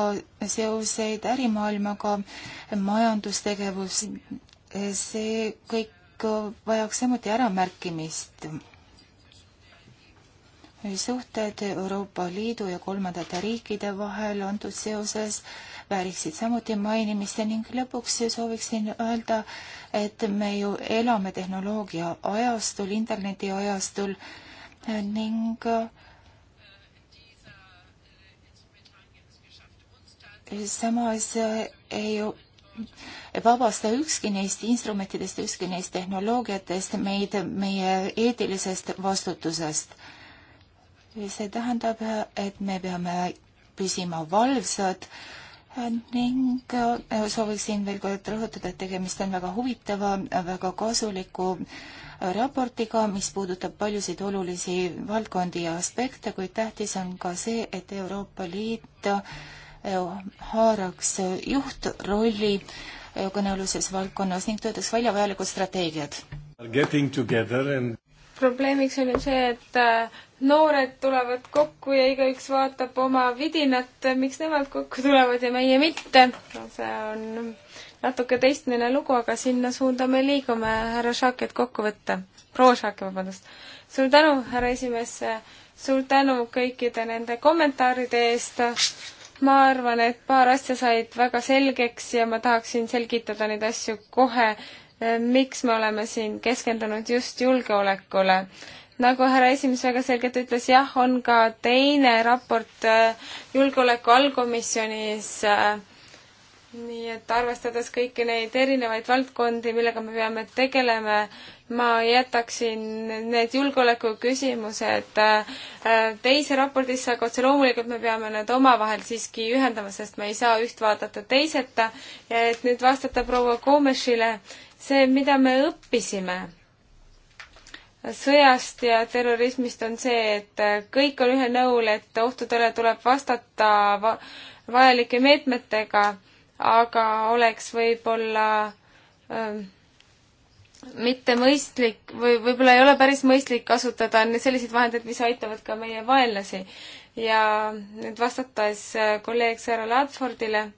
seoseid ärimaailmaga, majandustegevus, see kõik vajaks samuti äramärkimist suhted Euroopa Liidu ja kolmandate riikide vahel antud seoses vääriksid samuti mainimist ja ning lõpuks sooviksin öelda, et me ju elame tehnoloogia ajastul, interneti ajastul ning samas ei vabasta ükski neist instrumentidest, ükski neist tehnoloogiatest meid meie eetilisest vastutusest see tähendab, et me peame püsima valvsad ning sooviksin veel kord rõhutada, et tegemist on väga huvitava, väga kasuliku raportiga, mis puudutab paljusid olulisi valdkondi ja aspekte, kuid tähtis on ka see, et Euroopa Liit haaraks juhtrolli kõnealuses valdkonnas ning töötaks välja vajalikud strateegiad. And probleemiks on ju see, et äh, noored tulevad kokku ja igaüks vaatab oma vidinat, äh, miks nemad kokku tulevad ja meie mitte. no see on natuke teistmine lugu, aga sinna suunda me liigume, härra Šaket kokku võtta. proua Šake, vabandust. suur tänu, härra esimees, suur tänu kõikide nende kommentaaride eest. ma arvan, et paar asja said väga selgeks ja ma tahaksin selgitada neid asju kohe miks me oleme siin keskendunud just julgeolekule. nagu härra esimees väga selgelt ütles, jah, on ka teine raport äh, julgeoleku allkomisjonis, äh, nii et arvestades kõiki neid erinevaid valdkondi, millega me peame tegelema, ma jätaksin need julgeolekuküsimused äh, teise raportisse, aga otse loomulikult me peame need omavahel siiski ühendama, sest me ei saa üht vaadata teiseta. et nüüd vastata proua Koomešile see, mida me õppisime sõjast ja terrorismist, on see, et kõik on ühel nõul, et ohtudele tuleb vastata va vajalike meetmetega, aga oleks võib-olla ähm, mitte mõistlik või võib-olla ei ole päris mõistlik kasutada selliseid vahendeid, mis aitavad ka meie vaenlasi. ja nüüd vastates äh, kolleeg Sarah Ladfordile,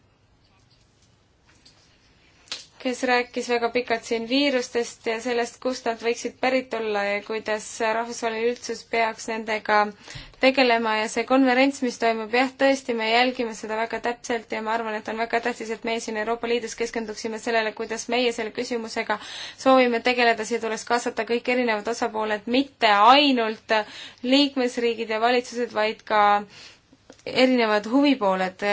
kes rääkis väga pikalt siin viirustest ja sellest, kust nad võiksid pärit olla ja kuidas rahvusvaheline üldsus peaks nendega tegelema ja see konverents, mis toimub, jah, tõesti, me jälgime seda väga täpselt ja ma arvan, et on väga tähtis, et meie siin Euroopa Liidus keskenduksime sellele, kuidas meie selle küsimusega soovime tegeleda, siia tuleks kaasata kõik erinevad osapooled, mitte ainult liikmesriigid ja valitsused, vaid ka erinevad huvipooled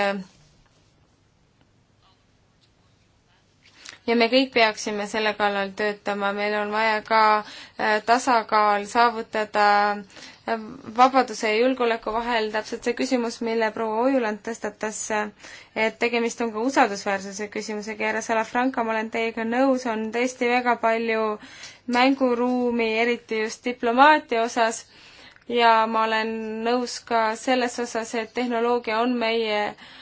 ja me kõik peaksime selle kallal töötama, meil on vaja ka äh, tasakaal saavutada äh, vabaduse ja julgeoleku vahel, täpselt see küsimus, mille proua Ojuland tõstatas, äh, et tegemist on ka usaldusväärsuse küsimusega, härra Salafranca, ma olen teiega nõus, on tõesti väga palju mänguruumi, eriti just diplomaatia osas ja ma olen nõus ka selles osas, et tehnoloogia on meie äh,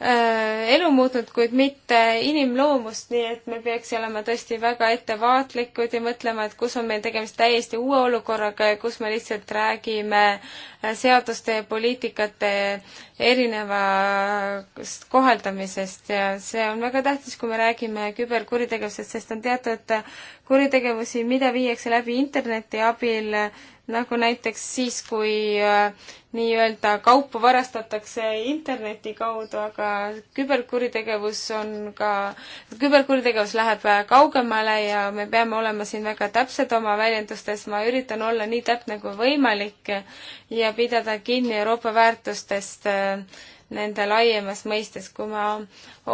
Äh, elu muutnud, kuid mitte inimloomust, nii et me peaks olema tõesti väga ettevaatlikud ja mõtlema, et kus on meil tegemist täiesti uue olukorraga ja kus me lihtsalt räägime seaduste ja poliitikate erinevast kohaldamisest ja see on väga tähtis, kui me räägime küberkuritegevusest, sest on teatud kuritegevusi, mida viiakse läbi interneti abil, nagu näiteks siis, kui äh, nii-öelda kaupu varastatakse interneti kaudu, aga küberkuritegevus on ka, küberkuritegevus läheb kaugemale ja me peame olema siin väga täpsed oma väljendustes, ma üritan olla nii täpne kui võimalik ja pidada kinni Euroopa väärtustest äh, nende laiemas mõistes, kui ma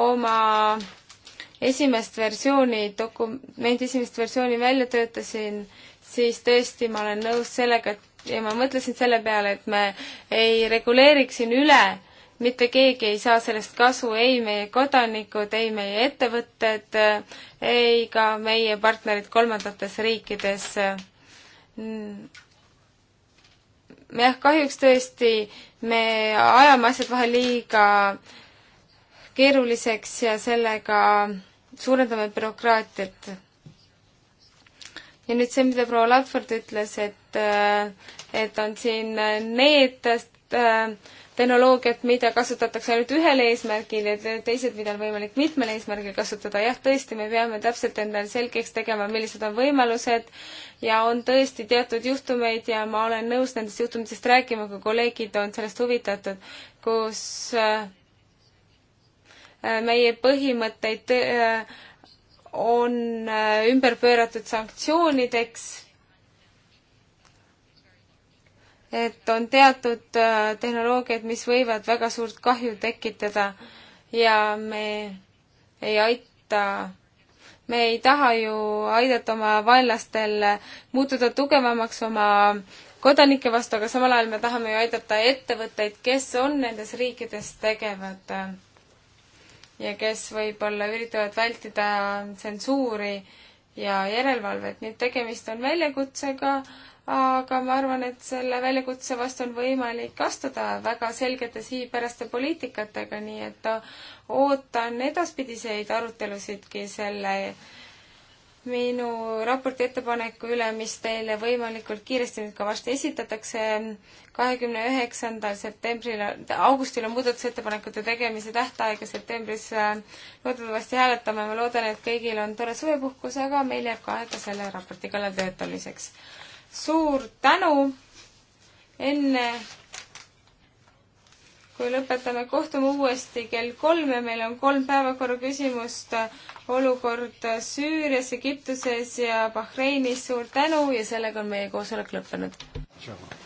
oma esimest versiooni, dokumendi esimest versiooni välja töötasin, siis tõesti ma olen nõus sellega, et ja ma mõtlesin selle peale, et me ei reguleeriks siin üle, mitte keegi ei saa sellest kasu, ei meie kodanikud, ei meie ettevõtted, ei ka meie partnerid kolmandates riikides jah, kahjuks tõesti me ajame asjad vahel liiga keeruliseks ja sellega suurendame bürokraatiat. ja nüüd see, mida proua Ladford ütles, et, äh, et on siin need tehnoloogiat, mida kasutatakse ainult ühel eesmärgil ja teised, mida on võimalik mitmel eesmärgil kasutada. jah, tõesti, me peame täpselt endale selgeks tegema, millised on võimalused ja on tõesti teatud juhtumeid ja ma olen nõus nendest juhtumitest rääkima, kui kolleegid on sellest huvitatud, kus äh, meie põhimõtteid äh, on äh, ümber pööratud sanktsioonideks et on teatud äh, tehnoloogiad, mis võivad väga suurt kahju tekitada ja me ei aita, me ei taha ju aidata oma vaenlastel muutuda tugevamaks oma kodanike vastu, aga samal ajal me tahame ju aidata ettevõtteid, kes on nendes riikides tegevad ja kes võib-olla üritavad vältida tsensuuri ja järelevalvet, nii et tegemist on väljakutsega aga ma arvan, et selle väljakutse vastu on võimalik astuda väga selgete sihipäraste poliitikatega, nii et ootan edaspidiseid arutelusidki selle minu raporti ettepaneku üle, mis teile võimalikult kiiresti nüüd ka varsti esitatakse. kahekümne üheksandal septembril, augustil on muudatusettepanekute tegemise tähtaeg ja septembris äh, loodetavasti hääletame. ma loodan, et kõigil on tore suvepuhkus, aga meil jääb ka aega selle raporti kallal töötamiseks suur tänu. enne kui lõpetame, kohtume uuesti kell kolm ja meil on kolm päevakorraküsimust. olukord Süürias, Egiptuses ja Bahreinis. suur tänu ja sellega on meie koosolek lõppenud.